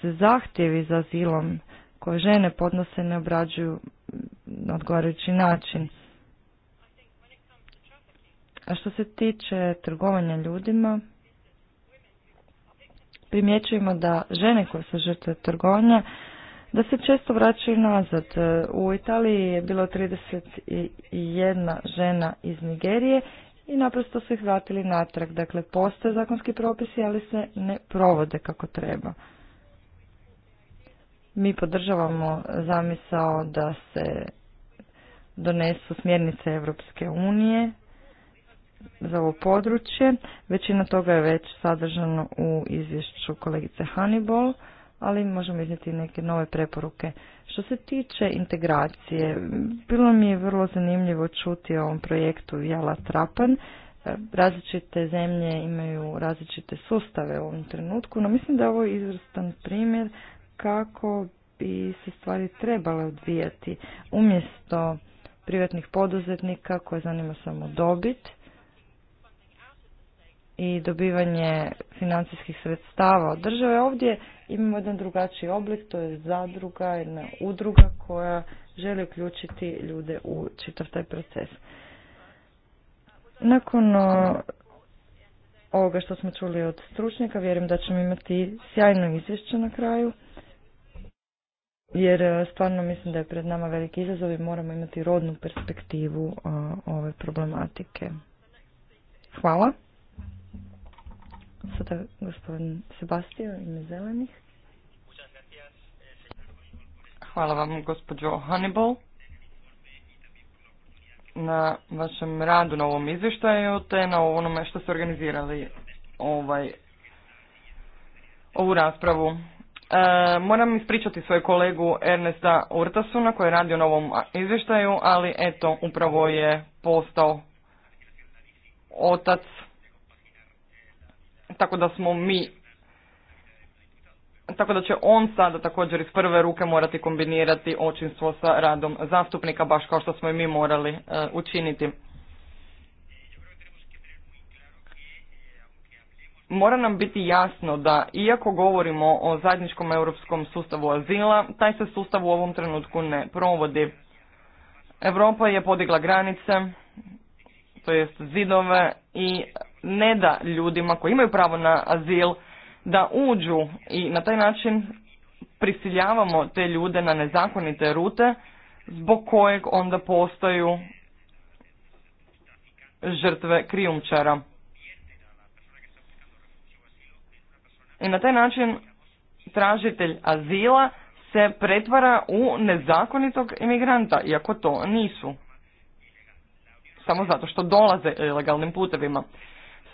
se zahtjevi za azilom koje žene podnose ne obrađuju na odgovarajući način. A što se tiče trgovanja ljudima, primjećujemo da žene koje su žrtve trgovanja da se često vraćaju nazad. E, u Italiji je bilo 31 žena iz Nigerije i naprosto su ih vratili natrag. Dakle, postoje zakonski propisi, ali se ne provode kako treba. Mi podržavamo zamisao da se donesu smjernice Europske unije za ovo područje. Većina toga je već sadržano u izvješću kolegice Hannibal ali možemo iznijeti neke nove preporuke. Što se tiče integracije, bilo mi je vrlo zanimljivo čuti o ovom projektu Jala Trapan. E, različite zemlje imaju različite sustave u ovom trenutku, no mislim da je ovo izvrstan primjer kako bi se stvari trebale odvijati. Umjesto privatnih poduzetnika koje zanima samo dobit, i dobivanje financijskih sredstava od države. Ovdje imamo jedan drugačiji oblik, to je zadruga, jedna udruga koja želi uključiti ljude u čitav taj proces. Nakon ovoga što smo čuli od stručnjaka, vjerujem da ćemo imati sjajno izvješće na kraju, jer e, stvarno mislim da je pred nama veliki izazov i moramo imati rodnu perspektivu ove problematike. Hvala. Sada gospodin Sebastio, ime zelenih. Hvala vam gospođo Hannibal na vašem radu na ovom izvještaju te na onome što ste organizirali ovaj, ovu raspravu. E, moram ispričati svoju kolegu Ernesta Urtasuna koji je radio na ovom izvještaju, ali eto, upravo je postao otac tako da smo mi tako da će on sada također iz prve ruke morati kombinirati očinstvo sa radom zastupnika, baš kao što smo i mi morali e, učiniti. Mora nam biti jasno da, iako govorimo o zajedničkom europskom sustavu azila, taj se sustav u ovom trenutku ne provodi. Europa je podigla granice, to jest zidove i ne da ljudima koji imaju pravo na azil da uđu i na taj način prisiljavamo te ljude na nezakonite rute zbog kojeg onda postaju žrtve krijumčara. I na taj način tražitelj azila se pretvara u nezakonitog imigranta, iako to nisu samo zato što dolaze ilegalnim e, putevima.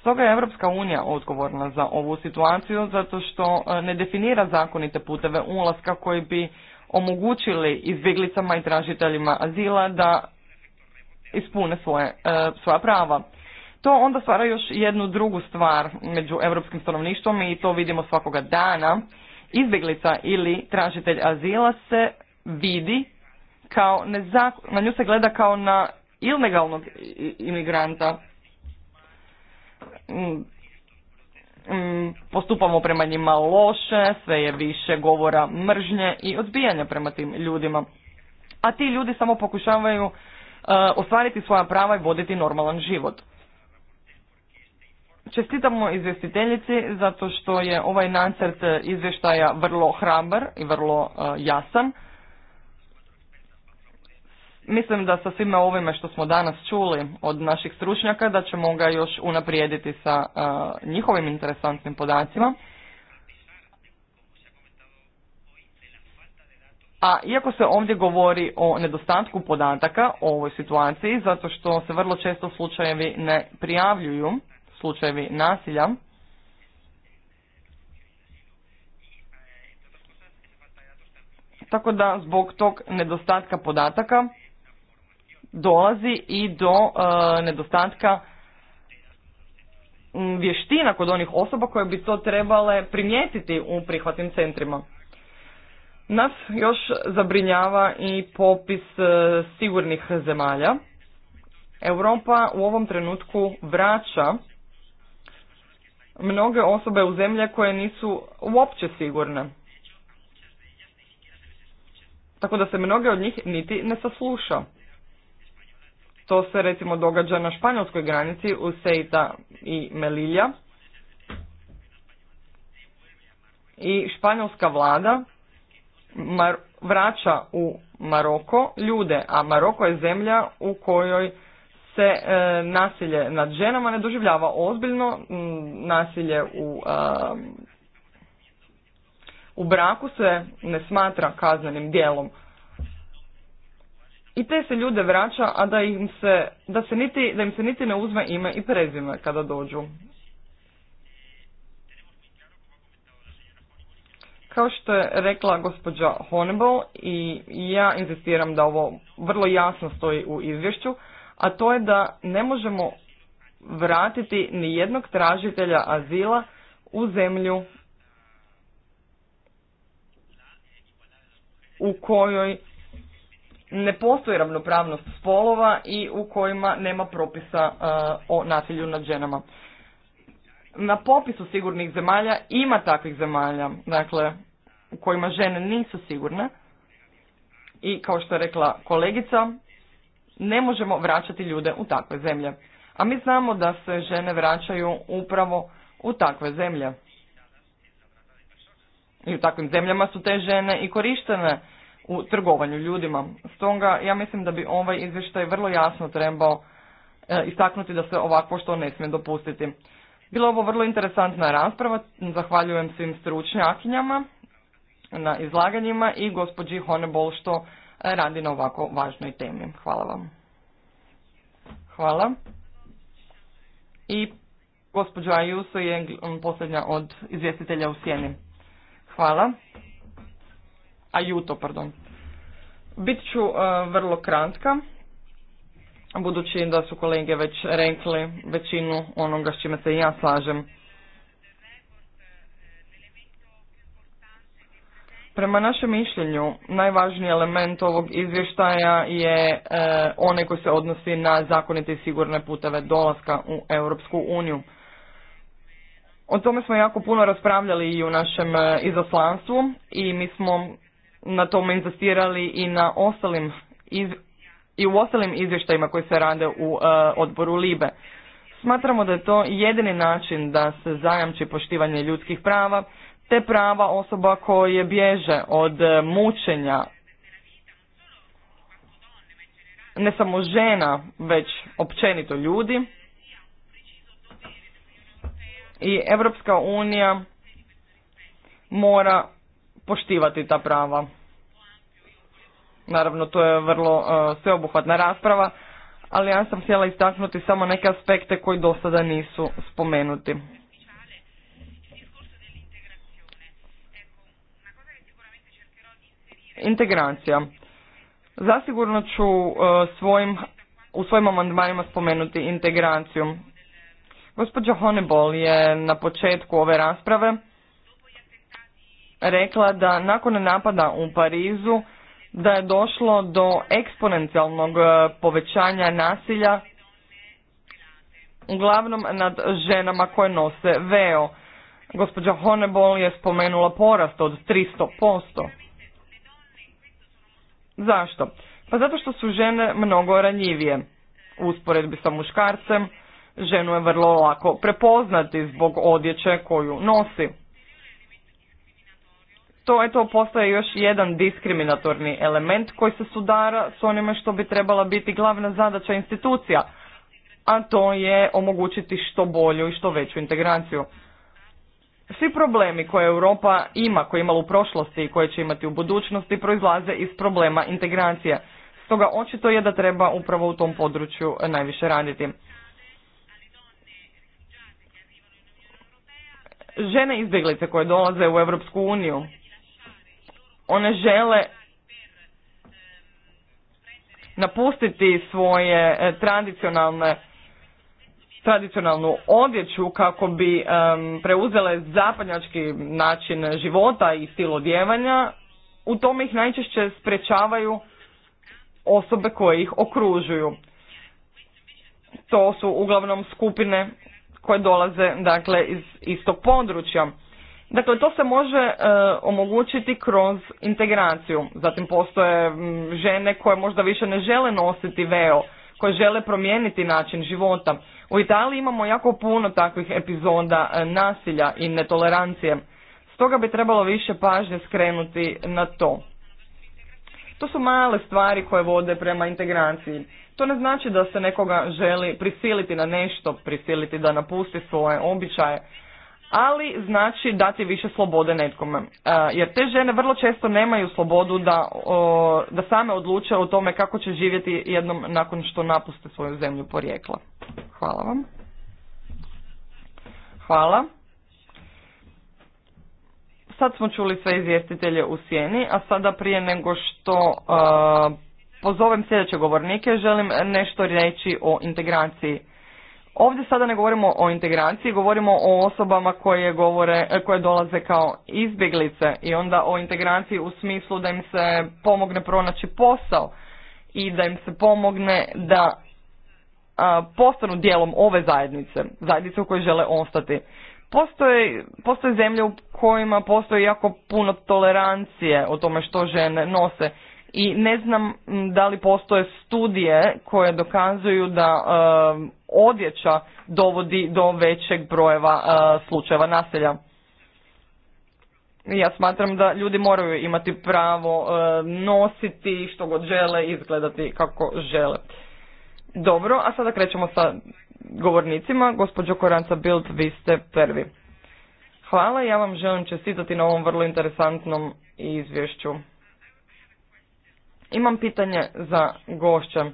Stoga je Europska unija odgovorna za ovu situaciju zato što e, ne definira zakonite puteve ulaska koji bi omogućili izbjeglicama i tražiteljima azila da ispune svoje, e, svoja prava. To onda stvara još jednu drugu stvar među europskim stanovništvom i to vidimo svakoga dana. Izbjeglica ili tražitelj azila se vidi kao nezakon, na nju se gleda kao na ilegalnog imigranta mm, mm, postupamo prema njima loše, sve je više govora mržnje i odbijanja prema tim ljudima. A ti ljudi samo pokušavaju e, ostvariti svoja prava i voditi normalan život. Čestitamo izvjestiteljici zato što je ovaj nacrt izvještaja vrlo hrabar i vrlo e, jasan. Mislim da sa svime ovime što smo danas čuli od naših stručnjaka da ćemo ga još unaprijediti sa uh, njihovim interesantnim podacima. A iako se ovdje govori o nedostatku podataka o ovoj situaciji, zato što se vrlo često slučajevi ne prijavljuju, slučajevi nasilja, tako da zbog tog nedostatka podataka dolazi i do e, nedostatka vještina kod onih osoba koje bi to trebale primijetiti u prihvatnim centrima. Nas još zabrinjava i popis e, sigurnih zemalja. Europa u ovom trenutku vraća mnoge osobe u zemlje koje nisu uopće sigurne. Tako da se mnoge od njih niti ne sasluša. To se recimo događa na španjolskoj granici u Sejta i Melilja. I španjolska vlada mar vraća u Maroko ljude, a Maroko je zemlja u kojoj se e, nasilje nad ženama ne doživljava ozbiljno, nasilje u, u braku se ne smatra kaznenim dijelom i te se ljude vraća, a da im se, da se niti, da im se niti ne uzme ime i prezime kada dođu. Kao što je rekla gospođa Honebol i ja insistiram da ovo vrlo jasno stoji u izvješću, a to je da ne možemo vratiti ni jednog tražitelja azila u zemlju u kojoj ne postoji ravnopravnost spolova i u kojima nema propisa e, o nasilju nad ženama. Na popisu sigurnih zemalja ima takvih zemalja, dakle, u kojima žene nisu sigurne i kao što je rekla kolegica, ne možemo vraćati ljude u takve zemlje. A mi znamo da se žene vraćaju upravo u takve zemlje. I u takvim zemljama su te žene i korištene u trgovanju ljudima. Stoga ja mislim da bi ovaj izvještaj vrlo jasno trebao e, istaknuti da se ovakvo što ne smije dopustiti. Bila ovo vrlo interesantna rasprava, zahvaljujem svim stručnjakinjama na izlaganjima i gospođi Honebol što radi na ovako važnoj temi. Hvala vam. Hvala. I gospođa Ajuso je posljednja od izvjestitelja u sjeni. Hvala a juto, pardon. Bit ću e, vrlo kratka, budući da su kolege već rekli većinu onoga s čime se i ja slažem. Prema našem mišljenju, najvažniji element ovog izvještaja je e, onaj koji se odnosi na zakonite i sigurne puteve dolaska u Europsku uniju. O tome smo jako puno raspravljali i u našem e, izaslanstvu i mi smo na tome inzistirali i na ostalim iz, i u ostalim izvještajima koji se rade u e, odboru Libe. Smatramo da je to jedini način da se zajamči poštivanje ljudskih prava, te prava osoba koje bježe od e, mučenja ne samo žena, već općenito ljudi. I Europska unija mora poštivati ta prava. Naravno, to je vrlo e, sveobuhvatna rasprava, ali ja sam htjela istaknuti samo neke aspekte koji do sada nisu spomenuti. Integracija. Zasigurno ću e, svojim, u svojim amandmanima spomenuti integraciju. Gospođa Honebol je na početku ove rasprave rekla da nakon napada u Parizu da je došlo do eksponencijalnog e, povećanja nasilja uglavnom nad ženama koje nose veo. Gospođa Honebol je spomenula porast od 300%. Zašto? Pa zato što su žene mnogo ranjivije. U usporedbi sa muškarcem, ženu je vrlo lako prepoznati zbog odjeće koju nosi to eto postaje još jedan diskriminatorni element koji se sudara s onime što bi trebala biti glavna zadaća institucija, a to je omogućiti što bolju i što veću integraciju. Svi problemi koje Europa ima, koje je imala u prošlosti i koje će imati u budućnosti, proizlaze iz problema integracije. Stoga očito je da treba upravo u tom području najviše raditi. Žene izbjeglice koje dolaze u Europsku uniju, one žele napustiti svoje e, tradicionalne tradicionalnu odjeću kako bi preuzele zapadnjački način života i stil odjevanja, u tome ih najčešće sprečavaju osobe koje ih okružuju. To su uglavnom skupine koje dolaze dakle iz istog područja. Dakle, to se može e, omogućiti kroz integraciju. Zatim postoje žene koje možda više ne žele nositi veo, koje žele promijeniti način života. U Italiji imamo jako puno takvih epizoda e, nasilja i netolerancije. Stoga bi trebalo više pažnje skrenuti na to. To su male stvari koje vode prema integraciji. To ne znači da se nekoga želi prisiliti na nešto, prisiliti da napusti svoje običaje, ali znači dati više slobode netkome. E, jer te žene vrlo često nemaju slobodu da, da same odluče o tome kako će živjeti jednom nakon što napuste svoju zemlju porijekla. Hvala vam. Hvala. Sad smo čuli sve izvjestitelje u sjeni, a sada prije nego što e, pozovem sljedeće govornike, želim nešto reći o integraciji Ovdje sada ne govorimo o integraciji, govorimo o osobama koje, govore, e, koje dolaze kao izbjeglice i onda o integraciji u smislu da im se pomogne pronaći posao i da im se pomogne da postanu dijelom ove zajednice, zajednice u kojoj žele ostati. Postoje, postoje zemlje u kojima postoji jako puno tolerancije o tome što žene nose i ne znam da li postoje studije koje dokazuju da um, odjeća dovodi do većeg brojeva uh, slučajeva nasilja. Ja smatram da ljudi moraju imati pravo uh, nositi što god žele, izgledati kako žele. Dobro, a sada krećemo sa govornicima. Gospođo Koranca Bild, vi ste prvi. Hvala, ja vam želim čestitati na ovom vrlo interesantnom izvješću. Imam pitanje za gošća.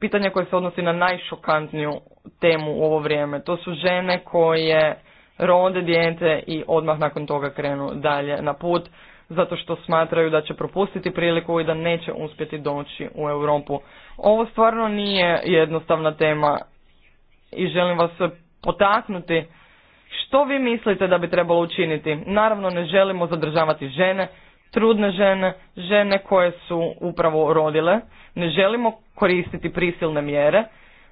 Pitanje koje se odnosi na najšokantniju temu u ovo vrijeme. To su žene koje rode dijete i odmah nakon toga krenu dalje na put zato što smatraju da će propustiti priliku i da neće uspjeti doći u Europu. Ovo stvarno nije jednostavna tema i želim vas potaknuti što vi mislite da bi trebalo učiniti? Naravno ne želimo zadržavati žene, trudne žene, žene koje su upravo rodile. Ne želimo koristiti prisilne mjere.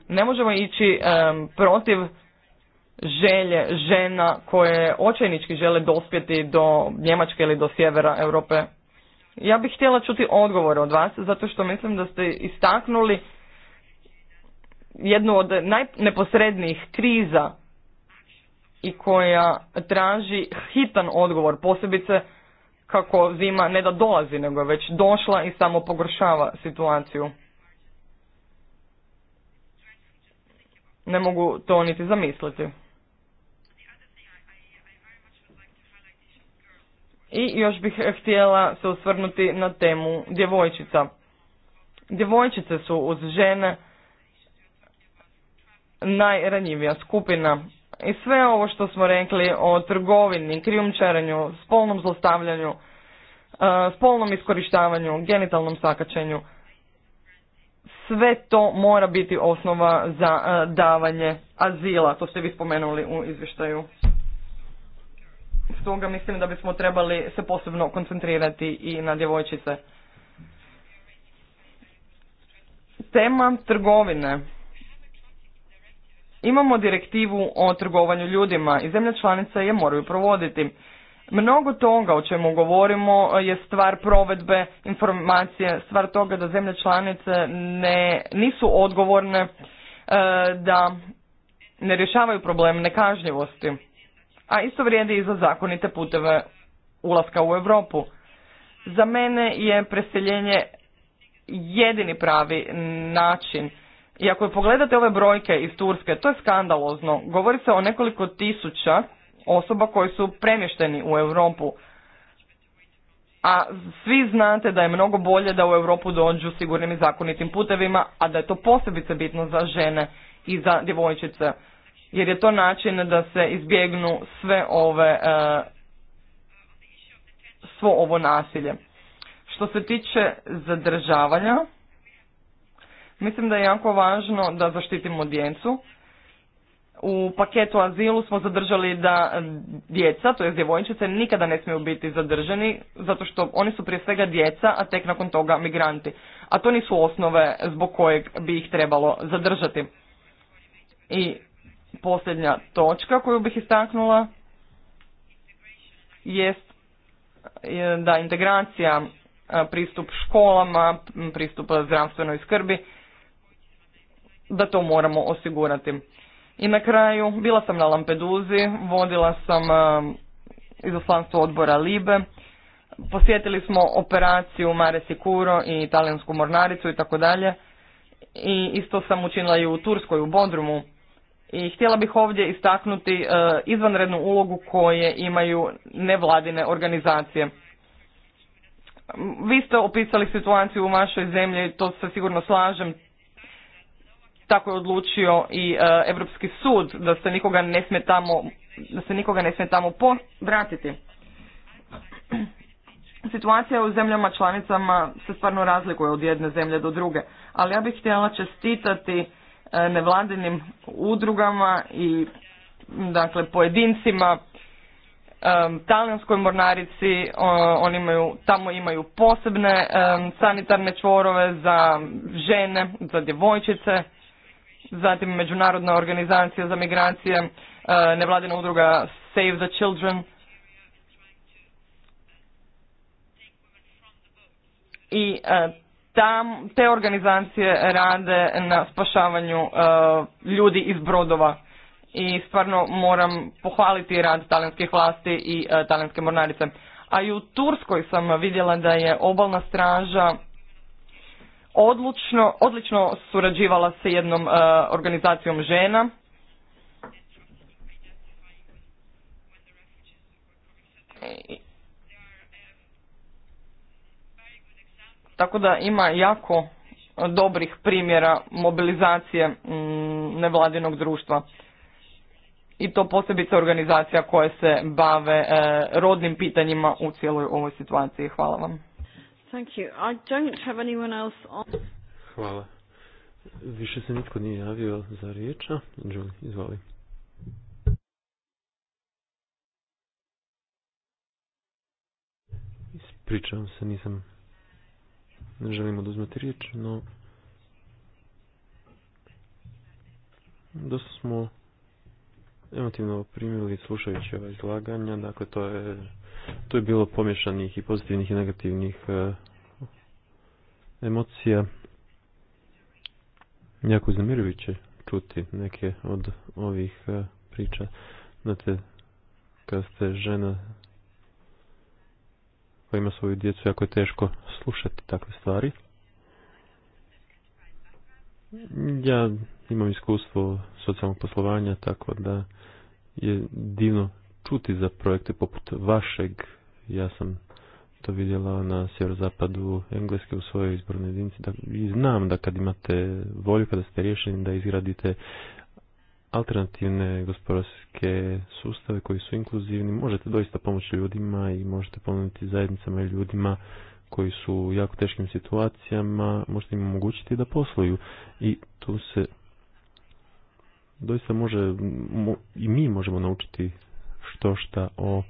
Ne možemo ići protiv želje žena koje očajnički žele dospjeti do Njemačke ili do sjevera Europe. Ja bih htjela čuti odgovore od vas, zato što mislim da ste istaknuli jednu od najneposrednijih kriza i koja traži hitan odgovor, posebice kako zima ne da dolazi, nego je već došla i samo pogoršava situaciju. Ne mogu to niti zamisliti. I još bih htjela se osvrnuti na temu djevojčica. Djevojčice su uz žene najranjivija skupina i sve ovo što smo rekli o trgovini, krijumčarenju, spolnom zlostavljanju, e, spolnom iskorištavanju, genitalnom sakačenju, sve to mora biti osnova za e, davanje azila. To ste vi spomenuli u izvještaju. Stoga mislim da bismo trebali se posebno koncentrirati i na djevojčice. Tema trgovine Imamo direktivu o trgovanju ljudima i zemlje članice je moraju provoditi. Mnogo toga o čemu govorimo je stvar provedbe informacije, stvar toga da zemlje članice ne, nisu odgovorne e, da ne rješavaju problem nekažnjivosti. A isto vrijedi i za zakonite puteve ulaska u Europu. Za mene je preseljenje jedini pravi način i ako pogledate ove brojke iz Turske, to je skandalozno. Govori se o nekoliko tisuća osoba koji su premješteni u Europu. A svi znate da je mnogo bolje da u Europu dođu sigurnim i zakonitim putevima, a da je to posebice bitno za žene i za djevojčice. Jer je to način da se izbjegnu sve ove, e, svo ovo nasilje. Što se tiče zadržavanja, Mislim da je jako važno da zaštitimo djecu. U paketu azilu smo zadržali da djeca, to je djevojčice, nikada ne smiju biti zadržani, zato što oni su prije svega djeca, a tek nakon toga migranti. A to nisu osnove zbog kojeg bi ih trebalo zadržati. I posljednja točka koju bih istaknula jest da integracija, pristup školama, pristup zdravstvenoj skrbi da to moramo osigurati. I na kraju, bila sam na Lampeduzi, vodila sam e, izoslanstvo odbora Libe, posjetili smo operaciju Mare Sicuro i italijansku mornaricu i tako dalje. I isto sam učinila i u Turskoj, u Bodrumu. I htjela bih ovdje istaknuti e, izvanrednu ulogu koje imaju nevladine organizacije. Vi ste opisali situaciju u vašoj zemlji, to se sigurno slažem, tako je odlučio i Europski sud da se nikoga ne smije tamo, da se nikoga ne smije tamo vratiti. Situacija u zemljama članicama se stvarno razlikuje od jedne zemlje do druge, ali ja bih htjela čestitati e, nevladinim udrugama i dakle pojedincima e, talijanskoj mornarici oni imaju, tamo imaju posebne e, sanitarne čvorove za žene, za djevojčice zatim Međunarodna organizacija za migracije, e, nevladina udruga Save the Children i e, tam te organizacije rade na spašavanju e, ljudi iz brodova i stvarno moram pohvaliti rad talijanskih vlasti i talijanske mornarice. A i u Turskoj sam vidjela da je obalna straža odlučno, odlično surađivala sa jednom e, organizacijom žena. Tako da ima jako dobrih primjera mobilizacije mm, nevladinog društva. I to posebice organizacija koje se bave e, rodnim pitanjima u cijeloj ovoj situaciji. Hvala vam. Thank you. I Hvala. Više se nitko nije javio za riječ. Julie, izvoli. Ispričavam se, nisam... Ne želim oduzmati riječ, no... Dosta smo emotivno primili slušajući ova izlaganja, dakle to je tu je bilo pomješanih i pozitivnih i negativnih e, emocija. Jako uznemirujuće čuti neke od ovih e, priča. Znate, kad ste žena koja ima svoju djecu, jako je teško slušati takve stvari. Ja imam iskustvo socijalnog poslovanja, tako da je divno čuti za projekte poput vašeg. Ja sam to vidjela na sjerozapadu Engleske u svojoj izbornoj jedinici. Da, I znam da kad imate volju, kada ste rješeni da izgradite alternativne gospodarske sustave koji su inkluzivni, možete doista pomoći ljudima i možete pomoći zajednicama i ljudima koji su u jako teškim situacijama, možete im omogućiti da posluju. I tu se doista može, i mi možemo naučiti šta o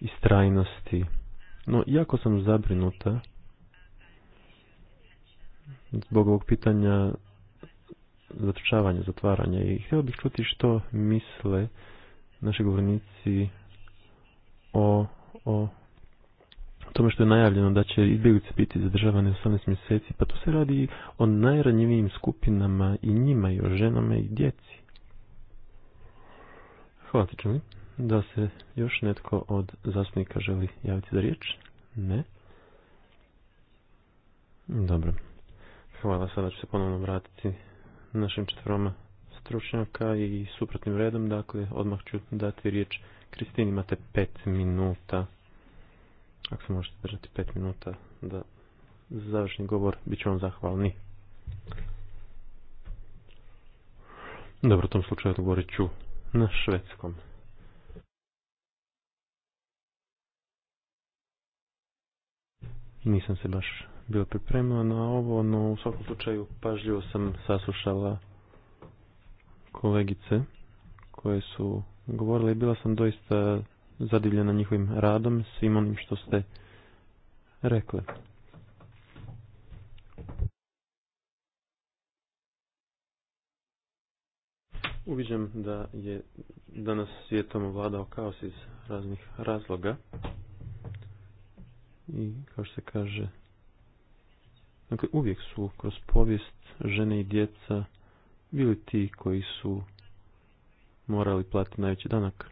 istrajnosti. No, jako sam zabrinuta zbog ovog pitanja zatrčavanja, zatvaranja i htio bih čuti što misle naši govornici o, o tome što je najavljeno da će izbjeglice biti zadržavane 18 mjeseci, pa tu se radi o najranjivijim skupinama i njima i o ženama i djeci. Hvala ti, da se još netko od zastupnika želi javiti za riječ? Ne. Dobro. Hvala, sada ću se ponovno vratiti našim četvroma stručnjaka i suprotnim redom, dakle, odmah ću dati riječ Kristini, imate pet minuta. Ako se možete držati pet minuta da završni govor, bit ću vam zahvalni. Dobro, u tom slučaju odgovorit ću na švedskom. Nisam se baš bio pripremila na ovo, no u svakom slučaju pažljivo sam saslušala kolegice koje su govorile i bila sam doista zadivljena njihovim radom, svim onim što ste rekle. Uviđam da je danas svijetom vladao kaos iz raznih razloga i kao što se kaže dakle uvijek su kroz povijest žene i djeca bili ti koji su morali platiti najveći danak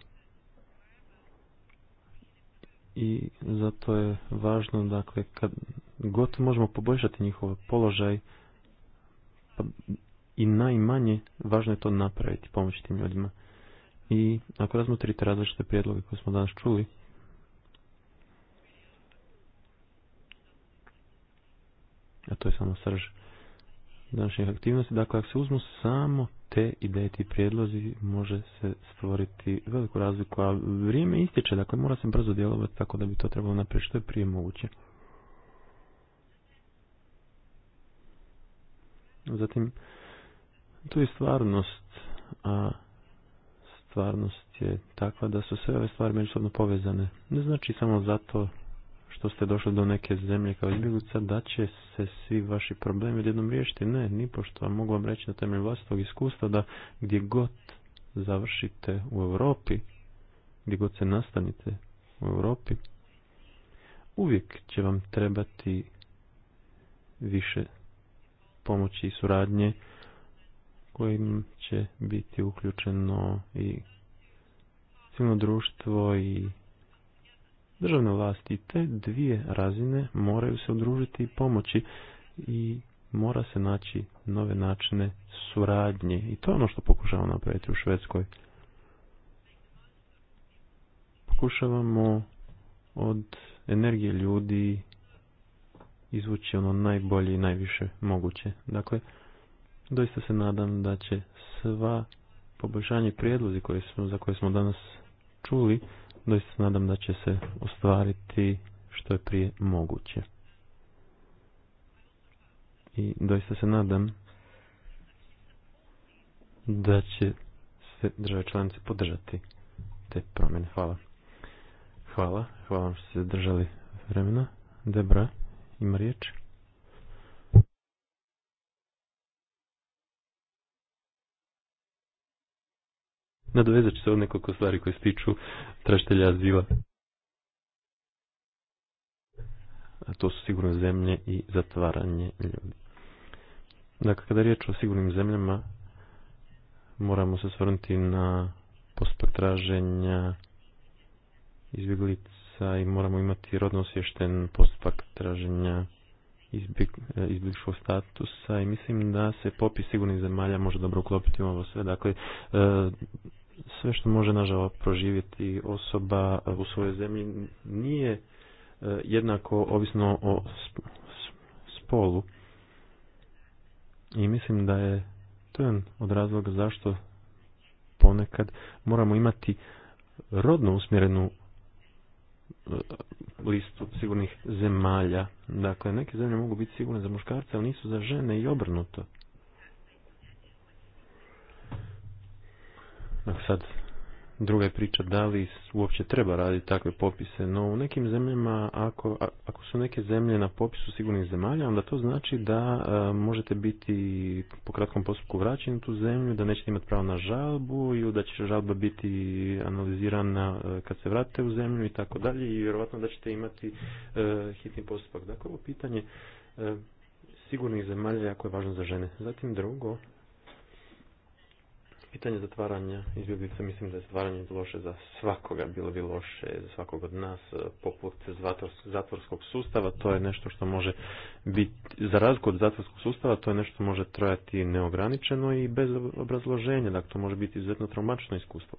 i zato je važno dakle kad god možemo poboljšati njihov položaj pa i najmanje važno je to napraviti pomoći tim ljudima i ako razmotrite različite prijedloge koje smo danas čuli a to je samo srž današnjih aktivnosti. Dakle, ako se uzmu samo te ideje, ti prijedlozi, može se stvoriti veliku razliku, a vrijeme ističe, dakle mora se brzo djelovati tako da bi to trebalo napraviti što je prije moguće. Zatim, tu je stvarnost, a stvarnost je takva da su sve ove stvari međusobno povezane. Ne znači samo zato što ste došli do neke zemlje kao izbjeglica, da će se svi vaši problemi odjednom riješiti. Ne, nipošto. Mogu vam reći na temelju vlastitog iskustva da gdje god završite u Europi, gdje god se nastanite u Europi, uvijek će vam trebati više pomoći i suradnje kojim će biti uključeno i civilno društvo i državne vlasti. Te dvije razine moraju se udružiti i pomoći i mora se naći nove načine suradnje. I to je ono što pokušavamo napraviti u Švedskoj. Pokušavamo od energije ljudi izvući ono najbolje i najviše moguće. Dakle, doista se nadam da će sva poboljšanje prijedlozi koje smo, za koje smo danas čuli, doista se nadam da će se ostvariti što je prije moguće. I doista se nadam da će se države članice podržati te promjene. Hvala. Hvala. Hvala vam što ste držali vremena. Debra, ima riječ. Nadovezat ću se od nekoliko stvari koje stiču traštelja azila. A to su sigurno zemlje i zatvaranje ljudi. Dakle, kada je riječ o sigurnim zemljama, moramo se svrnuti na postupak traženja izbjeglica i moramo imati rodno osješten postupak traženja e, izbjegličkog statusa i mislim da se popis sigurnih zemalja može dobro uklopiti u ovo sve. Dakle, e, sve što može nažalost proživjeti osoba eh, u svojoj zemlji nije eh, jednako ovisno o spolu. I mislim da je to jedan od razloga zašto ponekad moramo imati rodno usmjerenu eh, listu sigurnih zemalja. Dakle, neke zemlje mogu biti sigurne za muškarce, ali nisu za žene i obrnuto. sad druga je priča da li uopće treba raditi takve popise, no u nekim zemljama, ako, ako su neke zemlje na popisu sigurnih zemalja, onda to znači da možete biti po kratkom postupku vraćeni u tu zemlju, da nećete imati pravo na žalbu ili da će žalba biti analizirana kad se vratite u zemlju i tako dalje i vjerojatno da ćete imati e, hitni postupak. Dakle, ovo pitanje e, sigurnih zemalja jako je važno za žene. Zatim drugo, Pitanje zatvaranja izbjeglica mislim da je zatvaranje loše za svakoga, bilo bi loše za svakog od nas eh, poput zatvorskog sustava, to je nešto što može biti, za razliku od zatvorskog sustava, to je nešto što može trajati neograničeno i bez obrazloženja, dakle to može biti izuzetno traumatično iskustvo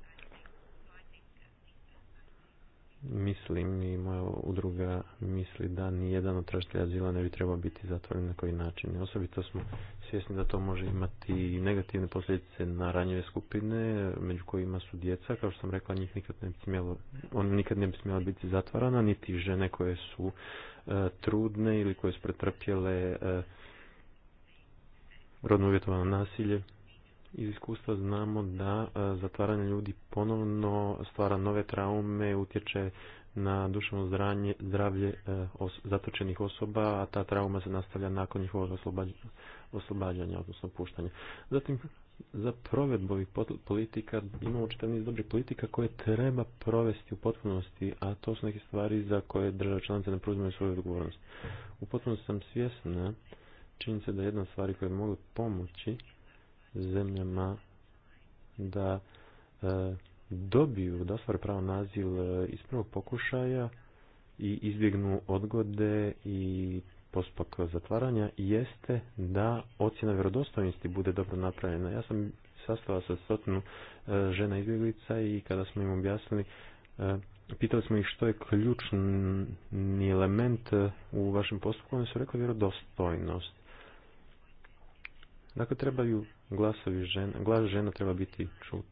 mislim i moja udruga misli da nijedan od tražitelja azila ne bi trebao biti zatvoren na koji način. Osobito smo svjesni da to može imati negativne posljedice na ranjive skupine, među kojima su djeca, kao što sam rekla, njih nikad ne bi smjelo, on nikad ne bi smjela biti zatvarana, niti žene koje su e, trudne ili koje su pretrpjele e, rodno uvjetovano nasilje iz iskustva znamo da e, zatvaranje ljudi ponovno stvara nove traume, utječe na duševno zdravlje e, zatočenih osoba, a ta trauma se nastavlja nakon njihovog oslobađanja, odnosno puštanja. Zatim, za provedbu ovih politika imamo čitav niz dobrih politika koje treba provesti u potpunosti, a to su neke stvari za koje države članice ne preuzimaju svoju odgovornost. U potpunosti sam svjesna se da jedna stvari koje mogu pomoći zemljama da e, dobiju, da ostvare pravo naziv e, iz prvog pokušaja i izbjegnu odgode i postupak zatvaranja jeste da ocjena vjerodostojnosti bude dobro napravljena. Ja sam sastala sa stotinu e, žena izbjeglica i kada smo im objasnili, pitali smo ih što je ključni element u vašem postupku, oni su rekli vjerodostojnost. Dakle, trebaju glasovi žena, glas žena treba biti čut.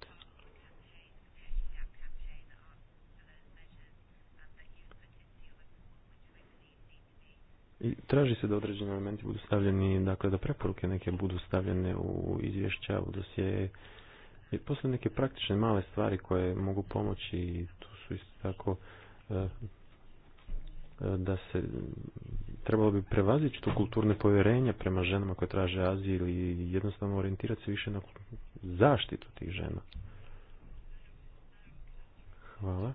I traži se da određeni elementi budu stavljeni, dakle da preporuke neke budu stavljene u izvješća, u dosije. I poslije neke praktične male stvari koje mogu pomoći i tu su isto tako e, da se trebalo bi prevazići to kulturne povjerenja prema ženama koje traže azil i jednostavno orijentirati se više na zaštitu tih žena. Hvala.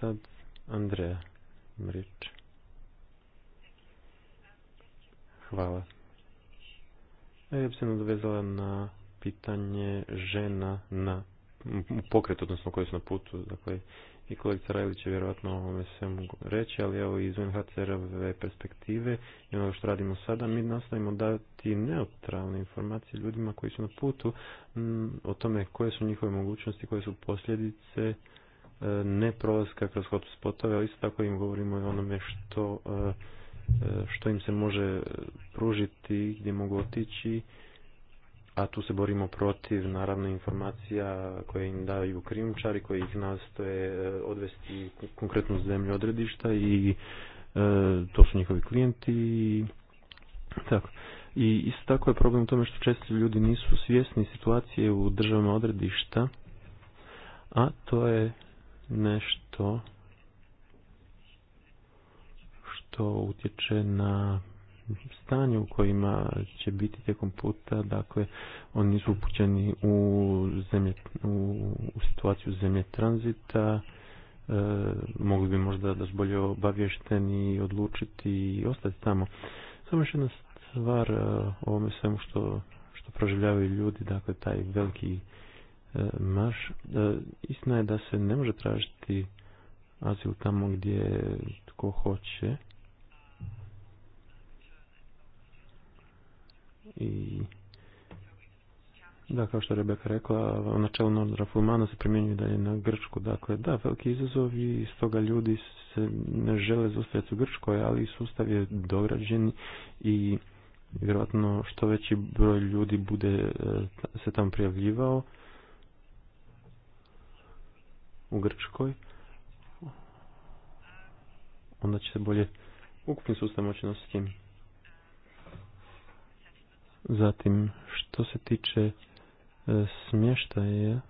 Sad Andreja Mrić. Hvala. E, ja bi se nadovezala na pitanje žena na pokret, odnosno koje su na putu. Dakle, i kolegica Rajli će vjerojatno o ovome svemu reći, ali evo iz UNHCR-ove perspektive i ono što radimo sada, mi nastavimo dati neutralne informacije ljudima koji su na putu o tome koje su njihove mogućnosti, koje su posljedice e, ne prolaska kroz hotspotove, ali isto tako im govorimo o onome što, e, e, što im se može pružiti, gdje mogu otići a tu se borimo protiv naravno informacija koje im daju krimčari koji ih nastoje e, odvesti konkretnu zemlju odredišta i e, to su njihovi klijenti i tako. I isto tako je problem u tome što često ljudi nisu svjesni situacije u državama odredišta, a to je nešto što utječe na stanju u kojima će biti tijekom puta, dakle oni su upućeni u, zemlje, u, u situaciju zemlje tranzita, e, mogli bi možda da su bolje obavješteni i odlučiti i ostati tamo. Samo još jedna stvar e, o ovome svemu što, što proživljavaju ljudi, dakle taj veliki e, marš. E, istina je da se ne može tražiti azil tamo gdje tko hoće, i da, kao što je Rebeka rekla, u načelu Nordra Fulmana se primjenjuje dalje na Grčku. Dakle, da, veliki izazov i stoga ljudi se ne žele zostaviti u Grčkoj, ali sustav je dograđen i vjerojatno što veći broj ljudi bude e, se tamo prijavljivao u Grčkoj, onda će se bolje ukupni sustav moći nositi s tim. Zatim, što se tiče e, smještaja,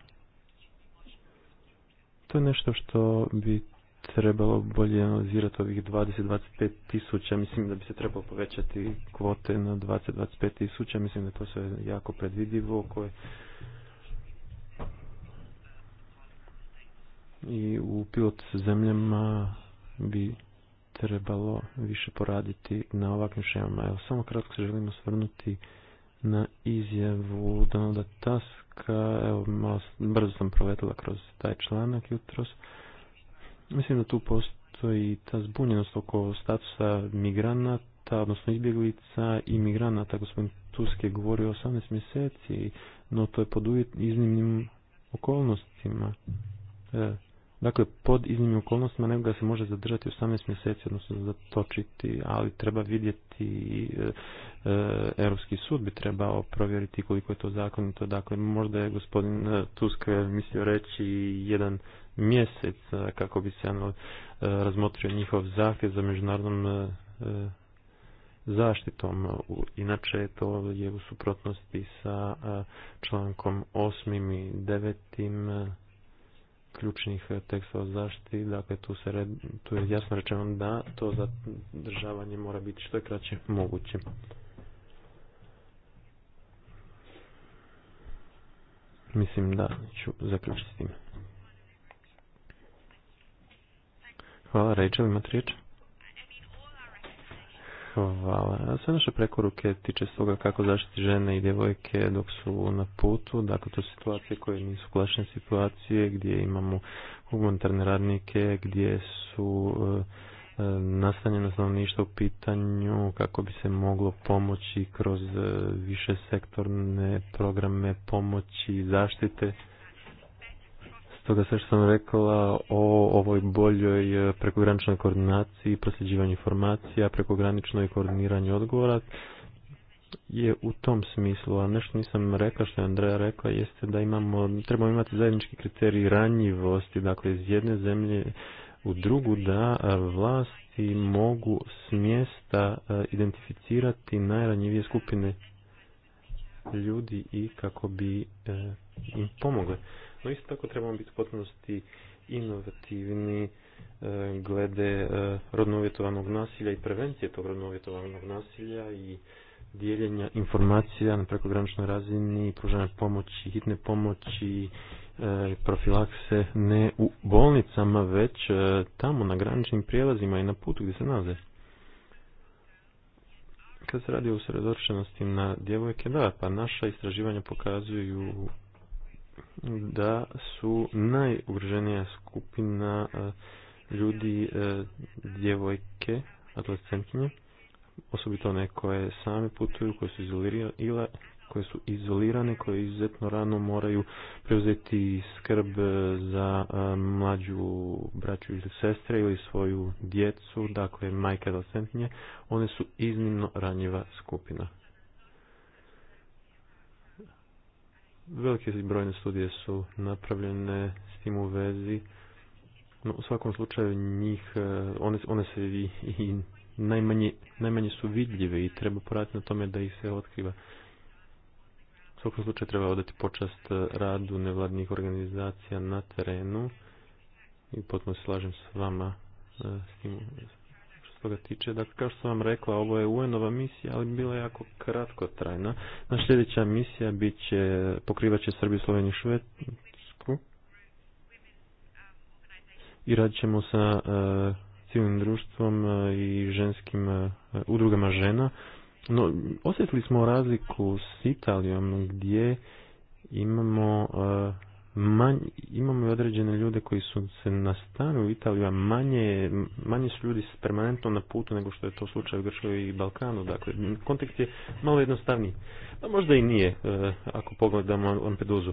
to je nešto što bi trebalo bolje analizirati ovih 20-25 tisuća. Mislim da bi se trebalo povećati kvote na 20-25 tisuća. Mislim da je to sve jako predvidivo. Koje... I u pilot zemljama bi trebalo više poraditi na ovakvim šemama. Evo, samo kratko se želim osvrnuti na izjavu Donalda Taska. Evo, malo brzo sam provetila kroz taj članak jutros. Mislim da tu postoji ta zbunjenost oko statusa migranata, odnosno izbjeglica i migranata. Gospodin Tusk je govorio 18 mjeseci, no to je pod iznimnim okolnostima. E, Dakle, pod iznimnim okolnostima nego ga se može zadržati 18 mjeseci, odnosno zatočiti, ali treba vidjeti, e, e, Europski sud bi trebao provjeriti koliko je to zakonito. Dakle, možda je gospodin e, Tusk mislio reći jedan mjesec kako bi se razmotrio njihov zahtjev za međunarodnom zaštitom. Inače, to je u suprotnosti sa člankom 8. i 9 ključnih eh, tekstova o zaštiti, dakle tu, tu je jasno rečeno da to zadržavanje mora biti što je kraće moguće. Mislim da ću zaključiti s time. Hvala, Rachel, imate riječ? Hvala. Sve naše prekoruke tiče stoga kako zaštiti žene i djevojke dok su na putu. Dakle, to su situacije koje nisu klašne situacije gdje imamo humanitarne radnike, gdje su e, e nastanjeno stanovništvo u pitanju kako bi se moglo pomoći kroz e, više sektorne programe pomoći zaštite toga sve što sam rekla o ovoj boljoj e, prekograničnoj koordinaciji, prosljeđivanju informacija, prekograničnoj koordiniranju odgovora je u tom smislu, a nešto nisam rekla što je Andreja rekla jeste da imamo, trebamo imati zajednički kriterij ranjivosti, dakle iz jedne zemlje u drugu da e, vlasti mogu s mjesta e, identificirati najranjivije skupine ljudi i kako bi im pomogle. No isto tako trebamo biti potpunosti inovativni e, glede e, rodno nasilja i prevencije tog rodno nasilja i dijeljenja informacija na prekograničnoj razini, pružanja pomoći, hitne pomoći, e, profilakse ne u bolnicama, već tamo na graničnim prijelazima i na putu gdje se nalaze. Kad se radi o usredočenosti na djevojke, da, pa naša istraživanja pokazuju da su najugroženija skupina e, ljudi, e, djevojke, adolescentinje osobito one koje same putuju, koje su izolirane, koje su izolirane, koje izuzetno rano moraju preuzeti skrb e, za mlađu braću ili sestre ili svoju djecu, dakle majke adolescentinje one su iznimno ranjiva skupina. Velike brojne studije su napravljene s tim u vezi. No, u svakom slučaju njih, e, one, one se i, i najmanje, su vidljive i treba poraditi na tome da ih se otkriva. U svakom slučaju treba odati počast e, radu nevladnih organizacija na terenu i potpuno se slažem s vama e, s tim, toga tiče. Dakle, kao što sam vam rekla, ovo je UN-ova misija, ali bila je jako kratkotrajna. na sljedeća misija bit će, pokrivat će Srbiju, Sloveniju, i Švedsku. I radit ćemo sa e, civilnim društvom e, i ženskim e, udrugama žena. No, osjetili smo razliku s Italijom gdje imamo manj, imamo i određene ljude koji su se stanu u Italiju, a manje, manje su ljudi permanentno na putu nego što je to slučaj u Grčkoj i Balkanu. Dakle, kontekst je malo jednostavniji. A možda i nije, e, ako pogledamo Lampeduzu.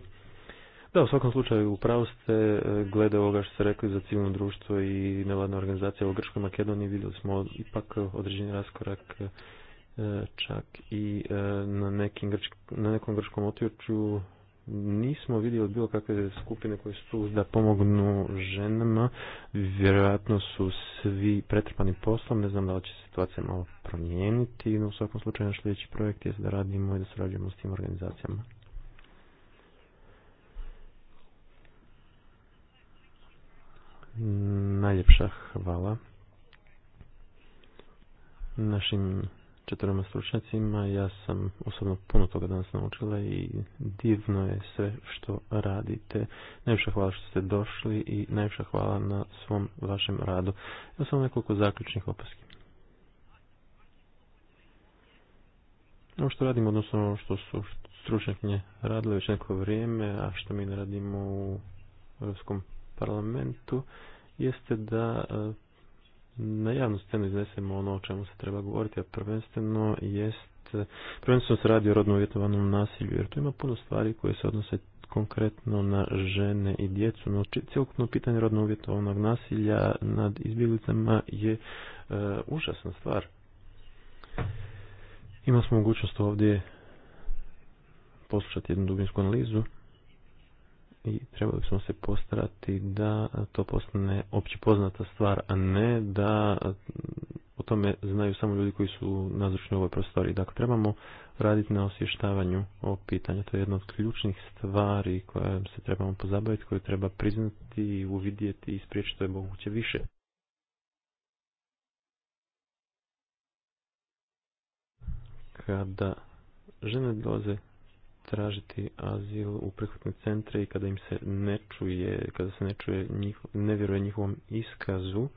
Da, u svakom slučaju u pravu ste e, glede ovoga što ste rekli za civilno društvo i nevladna organizacija u Grčkoj Makedoniji vidjeli smo ipak određeni raskorak e, čak i na, nekim, na nekom grčkom otjuču nismo vidjeli bilo kakve skupine koje su da pomognu ženama. Vjerojatno su svi pretrpani poslom, ne znam da li će situacija malo promijeniti, no u svakom slučaju naš sljedeći projekt je da radimo i da surađujemo s tim organizacijama. Najljepša hvala našim četvrima stručnjacima. Ja sam osobno puno toga danas naučila i divno je sve što radite. Najviše hvala što ste došli i najviše hvala na svom vašem radu. Ja sam nekoliko zaključnih opaski. Ovo što radimo, odnosno ovo što su stručnjaknje radile već neko vrijeme, a što mi ne radimo u Europskom parlamentu, jeste da na javnu scenu iznesemo ono o čemu se treba govoriti, a prvenstveno jest, prvenstveno se radi o rodno uvjetovanom nasilju, jer tu ima puno stvari koje se odnose konkretno na žene i djecu, no cjelokupno pitanje rodno uvjetovanog nasilja nad izbjeglicama je e, užasna stvar. Imamo smo mogućnost ovdje poslušati jednu dubinsku analizu i trebali smo se postarati da to postane opće poznata stvar, a ne da mm, o tome znaju samo ljudi koji su nazočni u ovoj prostoriji. Dakle, trebamo raditi na osještavanju ovog pitanja. To je jedna od ključnih stvari koja se trebamo pozabaviti, koje treba priznati, uvidjeti i spriječiti To je moguće više. Kada žene dolaze tražiti azil u prihvatne centre i kada im se ne čuje, kada se ne čuje ne vjeruje njihovom iskazu,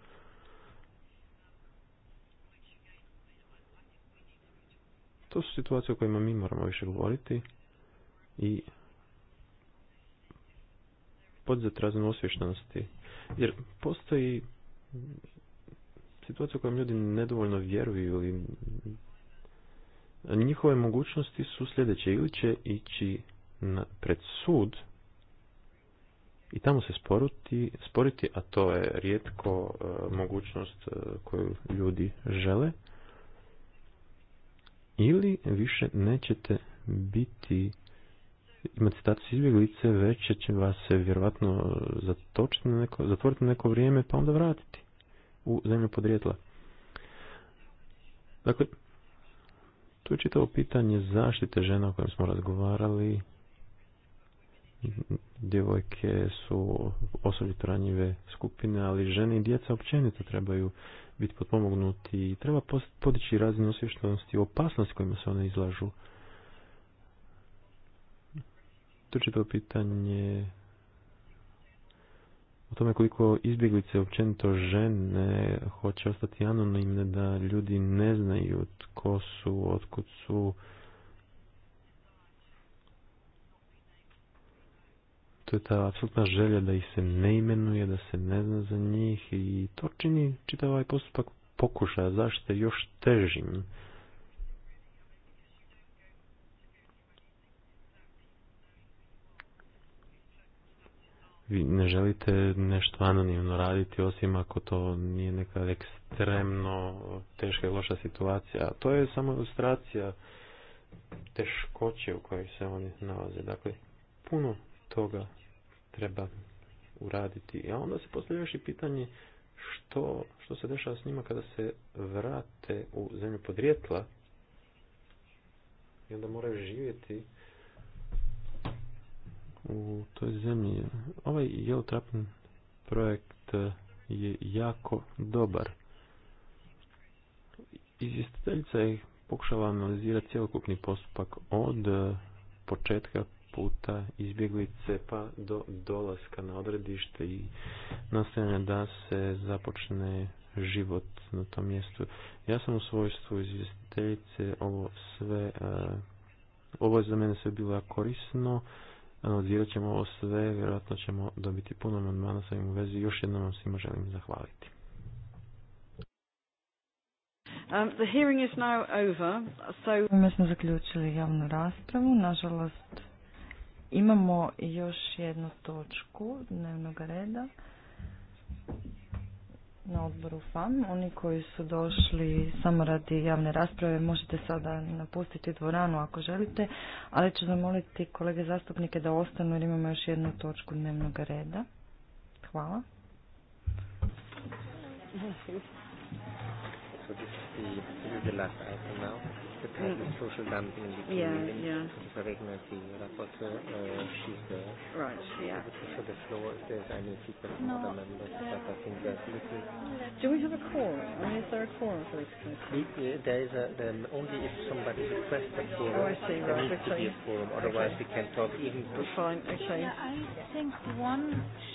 to su situacije o kojima mi moramo više govoriti i podzat razinu osvještenosti. Jer postoji situacija u kojem ljudi nedovoljno vjeruju ili njihove mogućnosti su sljedeće. Ili će ići na, pred sud i tamo se sporuti, sporiti, a to je rijetko e, mogućnost e, koju ljudi žele, ili više nećete biti imati status izbjeglice, već će vas se vjerovatno zatočiti na neko, zatvoriti na neko vrijeme, pa onda vratiti u zemlju podrijetla. Dakle, tu je čitavo pitanje zaštite žena o kojem smo razgovarali. Djevojke su osobito ranjive skupine, ali žene i djeca općenito trebaju biti potpomognuti i treba podići razinu osvještenosti i opasnosti kojima se one izlažu. Tu je čitavo pitanje o tome koliko izbjeglice, općenito žene, hoće ostati anonimne, da ljudi ne znaju tko su, otkud su. To je ta apsolutna želja da ih se ne imenuje, da se ne zna za njih i to čini čitav ovaj postupak pokušaja zaštite još težim vi ne želite nešto anonimno raditi osim ako to nije neka ekstremno teška i loša situacija. To je samo ilustracija teškoće u kojoj se oni nalaze. Dakle, puno toga treba uraditi. A onda se postavlja još i pitanje što, što se dešava s njima kada se vrate u zemlju podrijetla i onda moraju živjeti u toj zemlji. Ovaj Jelotrapin projekt je jako dobar. Izvjestiteljica je pokušala analizirati cjelokupni postupak od e, početka puta izbjeglice pa do dolaska na odredište i nastojanja da se započne život na tom mjestu. Ja sam u svojstvu izvjestiteljice ovo sve, e, ovo je za mene sve bilo korisno analizirat ćemo ovo sve, vjerojatno ćemo dobiti puno amandmana sa ovim vezi. Još jednom vam svima želim zahvaliti. Um, the hearing is now over, so... smo zaključili javnu raspravu. Nažalost, imamo još jednu točku dnevnog reda na odboru FAM. Oni koji su došli samo radi javne rasprave možete sada napustiti dvoranu ako želite, ali ću zamoliti kolege zastupnike da ostanu jer imamo još jednu točku dnevnog reda. Hvala the type of social dumping in the yeah, yeah. Professor Regner, the rapporteur, uh, she's eh. there. Right, so yeah. So the floor, if there's any people from no, other members, yeah. but I think there's little... Do we have a quorum? I mean, is there a quorum for this question? Eh, there is a, then only if somebody requests a quorum. Oh, I see, there right. There needs okay. to be a quorum, otherwise okay. we can talk even... Fine, okay. Yeah, I think one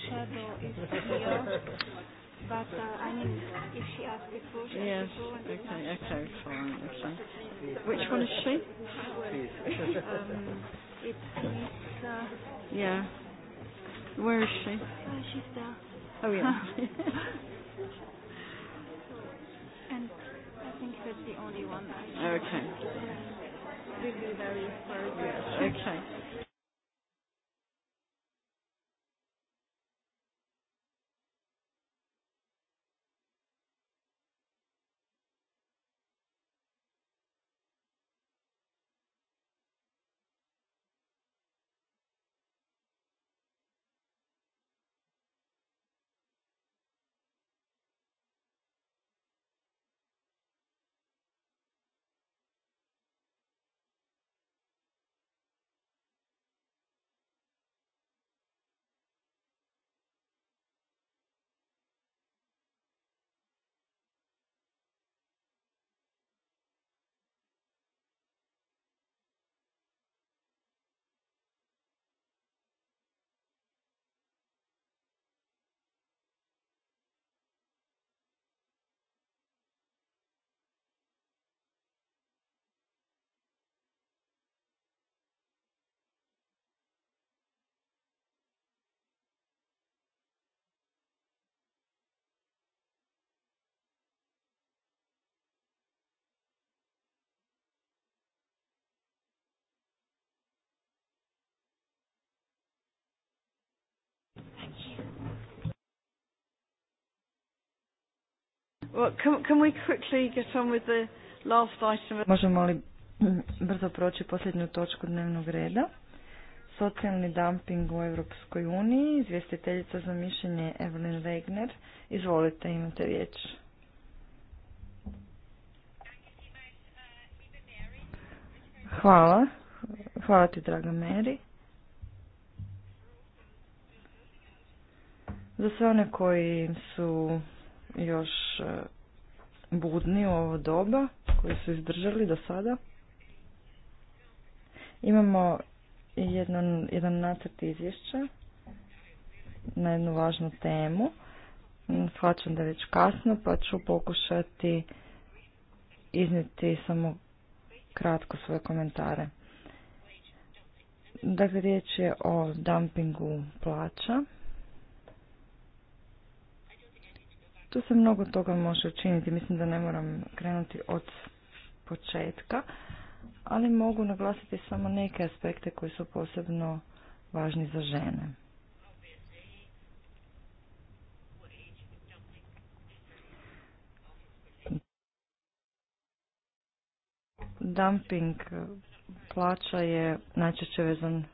shadow is here. But uh, I mean, if she asked before, she yes. okay, okay, Which one is she? Um, uh, yeah. Where is she? Oh, she's there. Oh yeah. and I think the only one. okay. very Možemo li brzo proći posljednju točku dnevnog reda? Socijalni dumping u Europskoj uniji, izvjestiteljica za mišljenje Evelyn Regner. Izvolite, imate riječ. Hvala. Hvala ti, draga Mary. Za sve one koji su još e, budni u ovo doba, koji su izdržali do sada. Imamo jedan, nacrt izvješća na jednu važnu temu. Shvaćam da je već kasno, pa ću pokušati izniti samo kratko svoje komentare. Dakle, riječ je o dumpingu plaća. Tu se mnogo toga može učiniti, mislim da ne moram krenuti od početka, ali mogu naglasiti samo neke aspekte koji su posebno važni za žene. Dumping plaća je najčešće vezan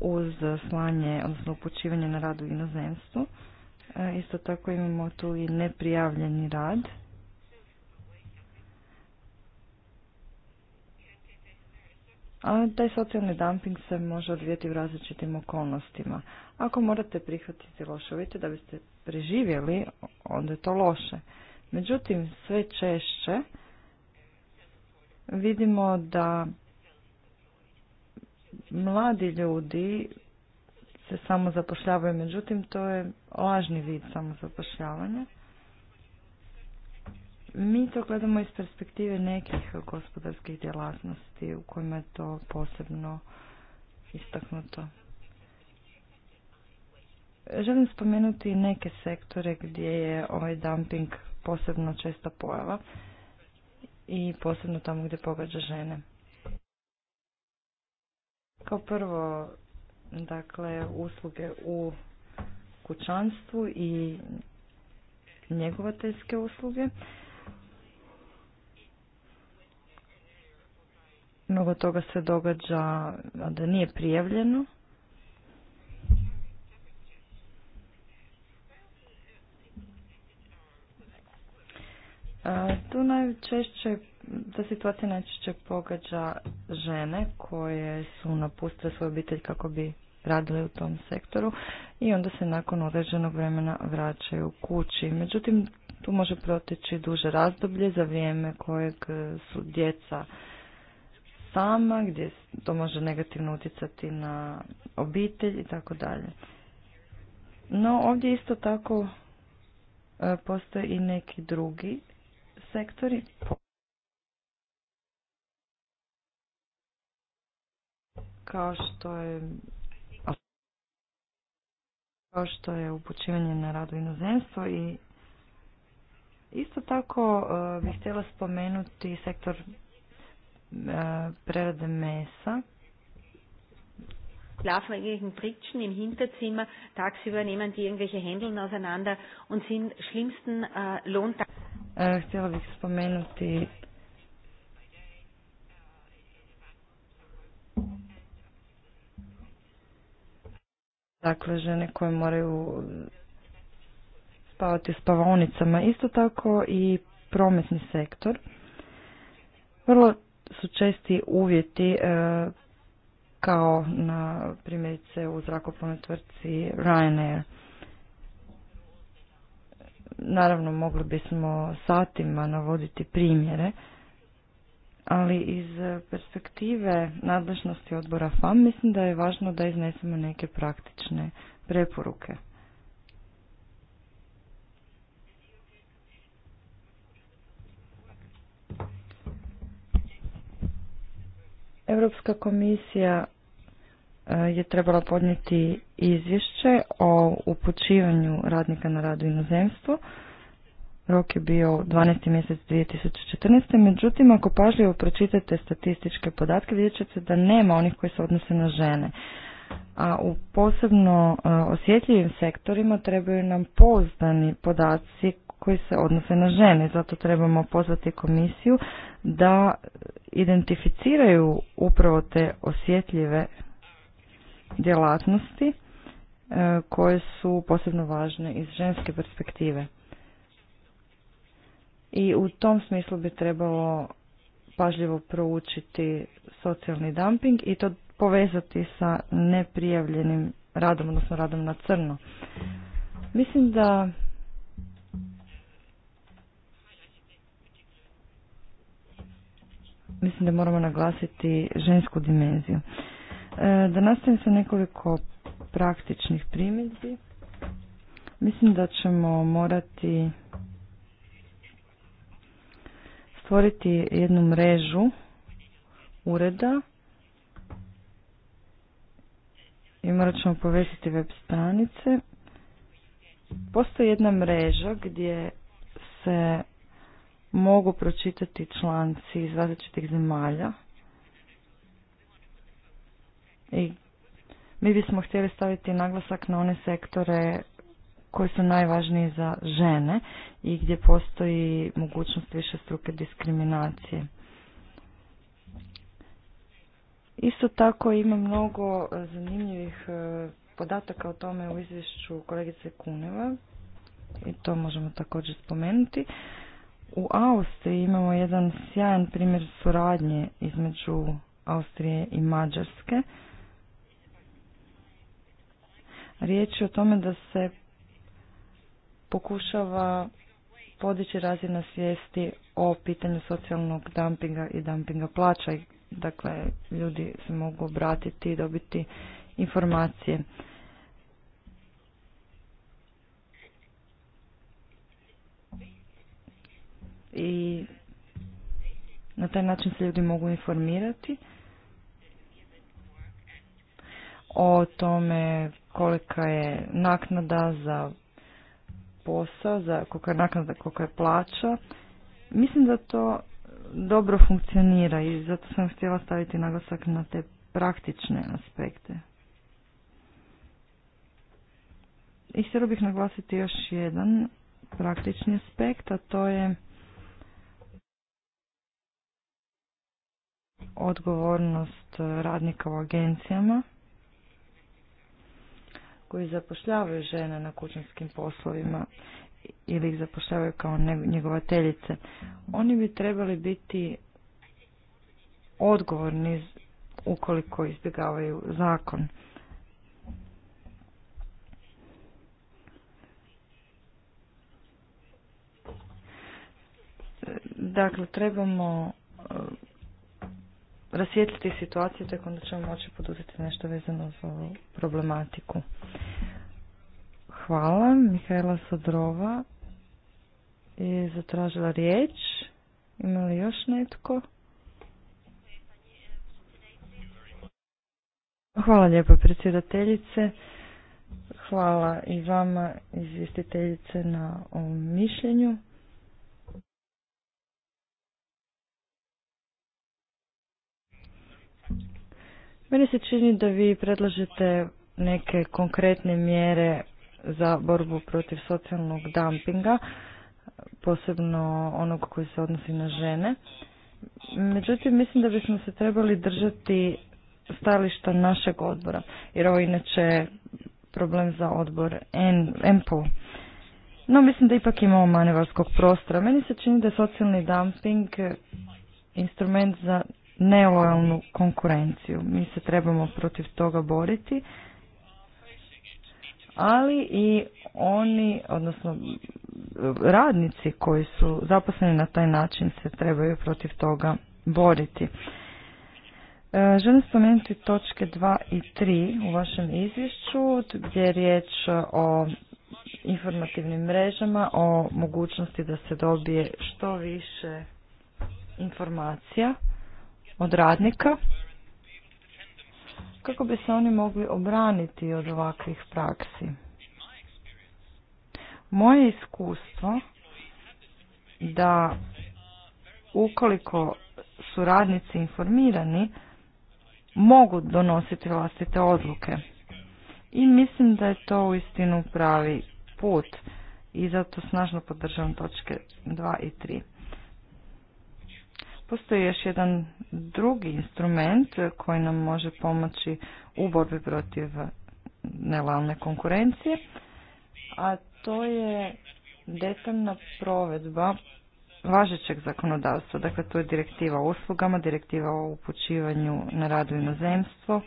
uz slanje, odnosno upućivanje na radu u inozemstvu. E, isto tako imamo tu i neprijavljeni rad. A taj socijalni dumping se može odvijeti u različitim okolnostima. Ako morate prihvatiti loše uvjete da biste preživjeli, onda je to loše. Međutim, sve češće vidimo da mladi ljudi se samo zapošljavaju, međutim to je lažni vid samozapošljavanja. Mi to gledamo iz perspektive nekih gospodarskih djelatnosti u kojima je to posebno istaknuto. Želim spomenuti neke sektore gdje je ovaj dumping posebno česta pojava i posebno tamo gdje pogađa žene. Kao prvo, dakle usluge u kućanstvu i njegovateljske usluge. Mnogo toga se događa da nije prijavljeno. Tu najčešće ta situacija najčešće pogađa žene koje su napustile svoju obitelj kako bi radile u tom sektoru i onda se nakon određenog vremena vraćaju kući. Međutim, tu može proteći duže razdoblje za vrijeme kojeg su djeca sama, gdje to može negativno utjecati na obitelj i tako dalje. No, ovdje isto tako e, postoje i neki drugi sektori. kao što je kao što je upućivanje na radu inozemstvo i isto tako e, bih htjela spomenuti sektor e, prerade mesa. in Pritschen im Hinterzimmer, tagsüber nehmen die irgendwelche Händeln auseinander und sind schlimmsten äh, Lohntag. E, htjela bih spomenuti dakle žene koje moraju spavati u spavaonicama. Isto tako i prometni sektor. Vrlo su česti uvjeti e, kao na primjerice u zrakoplovnoj tvrtci Ryanair. Naravno mogli bismo satima navoditi primjere ali iz e, perspektive nadležnosti odbora FAM mislim da je važno da iznesemo neke praktične preporuke. Europska komisija e, je trebala podnijeti izvješće o upućivanju radnika na radu inozemstvu. Rok je bio 12. mjesec 2014. Međutim, ako pažljivo pročitate statističke podatke, vidjet ćete da nema onih koji se odnose na žene. A u posebno e, osjetljivim sektorima trebaju nam pozdani podaci koji se odnose na žene. Zato trebamo pozvati komisiju da identificiraju upravo te osjetljive djelatnosti e, koje su posebno važne iz ženske perspektive i u tom smislu bi trebalo pažljivo proučiti socijalni dumping i to povezati sa neprijavljenim radom, odnosno radom na crno. Mislim da mislim da moramo naglasiti žensku dimenziju. E, da nastavim sa nekoliko praktičnih primjedbi. Mislim da ćemo morati stvoriti jednu mrežu ureda i morat ćemo povezati web stranice. Postoji jedna mreža gdje se mogu pročitati članci iz različitih zemalja i mi bismo htjeli staviti naglasak na one sektore koji su najvažniji za žene i gdje postoji mogućnost više struke diskriminacije. Isto tako ima mnogo e, zanimljivih e, podataka o tome u izvješću kolegice Kuneva i to možemo također spomenuti. U Austriji imamo jedan sjajan primjer suradnje između Austrije i Mađarske. Riječ je o tome da se pokušava podići razina svijesti o pitanju socijalnog dumpinga i dumpinga plaća. Dakle, ljudi se mogu obratiti i dobiti informacije. I na taj način se ljudi mogu informirati o tome kolika je naknada za posao, za koliko je naknada, koliko je plaća. Mislim da to dobro funkcionira i zato sam htjela staviti naglasak na te praktične aspekte. I htjela bih naglasiti još jedan praktični aspekt, a to je odgovornost radnika u agencijama koji zapošljavaju žene na kućanskim poslovima ili ih zapošljavaju kao njegovateljice, oni bi trebali biti odgovorni ukoliko izbjegavaju zakon. Dakle, trebamo rasvijetliti situaciju, tek onda ćemo moći poduzeti nešto vezano za ovu problematiku. Hvala. Mihajla Sodrova je zatražila riječ. Ima li još netko? Hvala lijepo predsjedateljice. Hvala i vama izvjestiteljice na ovom mišljenju. Meni se čini da vi predlažete neke konkretne mjere za borbu protiv socijalnog dumpinga, posebno onog koji se odnosi na žene. Međutim, mislim da bismo se trebali držati stajališta našeg odbora, jer ovo inače problem za odbor MPO. No, mislim da ipak imamo manevarskog prostora. Meni se čini da je socijalni dumping instrument za nelojalnu konkurenciju. Mi se trebamo protiv toga boriti, ali i oni, odnosno radnici koji su zaposleni na taj način se trebaju protiv toga boriti. E, želim spomenuti točke 2 i 3 u vašem izvješću gdje je riječ o informativnim mrežama, o mogućnosti da se dobije što više informacija od radnika kako bi se oni mogli obraniti od ovakvih praksi. Moje iskustvo da ukoliko su radnici informirani, mogu donositi vlastite odluke. I mislim da je to u istinu pravi put i zato snažno podržavam točke 2 i 3. Postoji još jedan drugi instrument koji nam može pomoći u borbi protiv nelalne konkurencije, a to je detaljna provedba važećeg zakonodavstva. Dakle, to je direktiva o uslugama, direktiva o upućivanju na radu inozemstvo.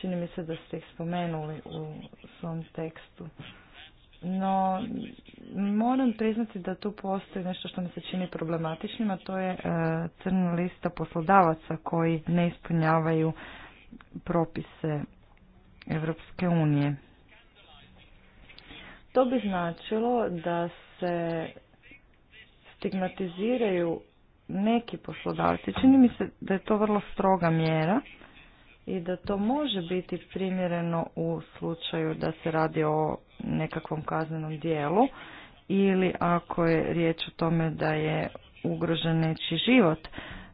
Čini mi se da ste ih spomenuli u svom tekstu. No, moram priznati da tu postoji nešto što mi se čini problematičnim, a to je e, crna lista poslodavaca koji ne ispunjavaju propise Europske unije. To bi značilo da se stigmatiziraju neki poslodavci. Čini mi se da je to vrlo stroga mjera i da to može biti primjereno u slučaju da se radi o nekakvom kaznenom dijelu ili ako je riječ o tome da je ugrožen nečiji život.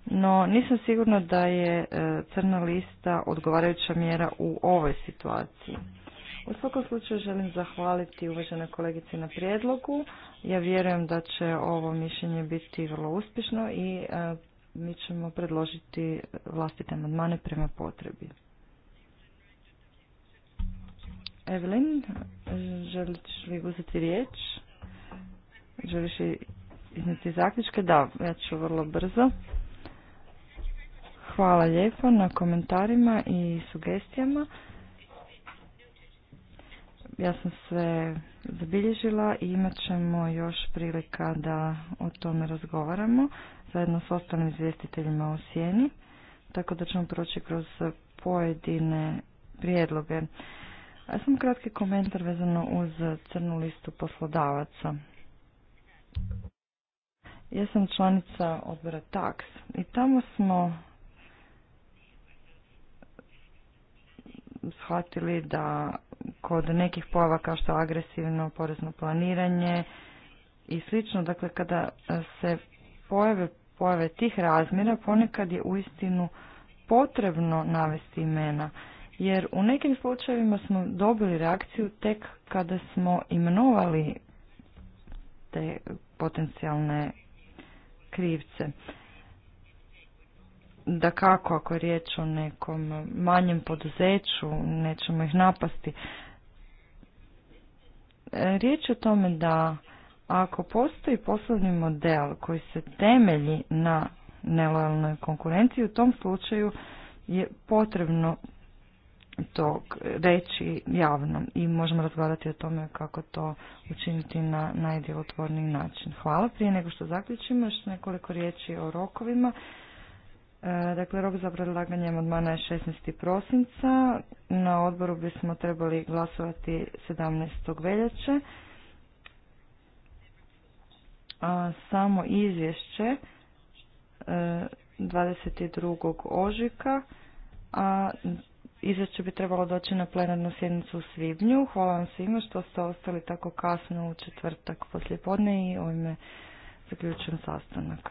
No nisam sigurna da je e, crna lista odgovarajuća mjera u ovoj situaciji. U svakom slučaju želim zahvaliti uvažene kolegici na prijedlogu. Ja vjerujem da će ovo mišljenje biti vrlo uspješno i e, mi ćemo predložiti vlastite amandmane prema potrebi. Evelyn, želiš li uzeti riječ? Želiš li iznijeti zaključke? Da, ja ću vrlo brzo. Hvala lijepo na komentarima i sugestijama. Ja sam sve zabilježila i imat ćemo još prilika da o tome razgovaramo zajedno s ostalim izvjestiteljima u sjeni, tako da ćemo proći kroz pojedine prijedloge. Ja sam kratki komentar vezano uz crnu listu poslodavaca. Ja sam članica odbora TAX i tamo smo shvatili da kod nekih pojava kao što agresivno porezno planiranje i slično, dakle kada se pojave pojave tih razmjera ponekad je uistinu potrebno navesti imena jer u nekim slučajevima smo dobili reakciju tek kada smo imenovali te potencijalne krivce. Da kako, ako je riječ o nekom manjem poduzeću, nećemo ih napasti. Riječ je o tome da ako postoji poslovni model koji se temelji na nelojalnoj konkurenciji, u tom slučaju je potrebno tog reći javno i možemo razgovarati o tome kako to učiniti na najdjelotvorniji način. Hvala. Prije nego što zaključimo, još nekoliko riječi o rokovima. E, dakle, rok za predlaganje amandmana je 16. prosinca. Na odboru bismo trebali glasovati 17. veljače. A samo izvješće 22. E, ožujka, a izvješće bi trebalo doći na plenarnu sjednicu u svibnju. Hvala vam svima što ste ostali tako kasno u četvrtak poslijepodne i ovime zaključujem sastanak.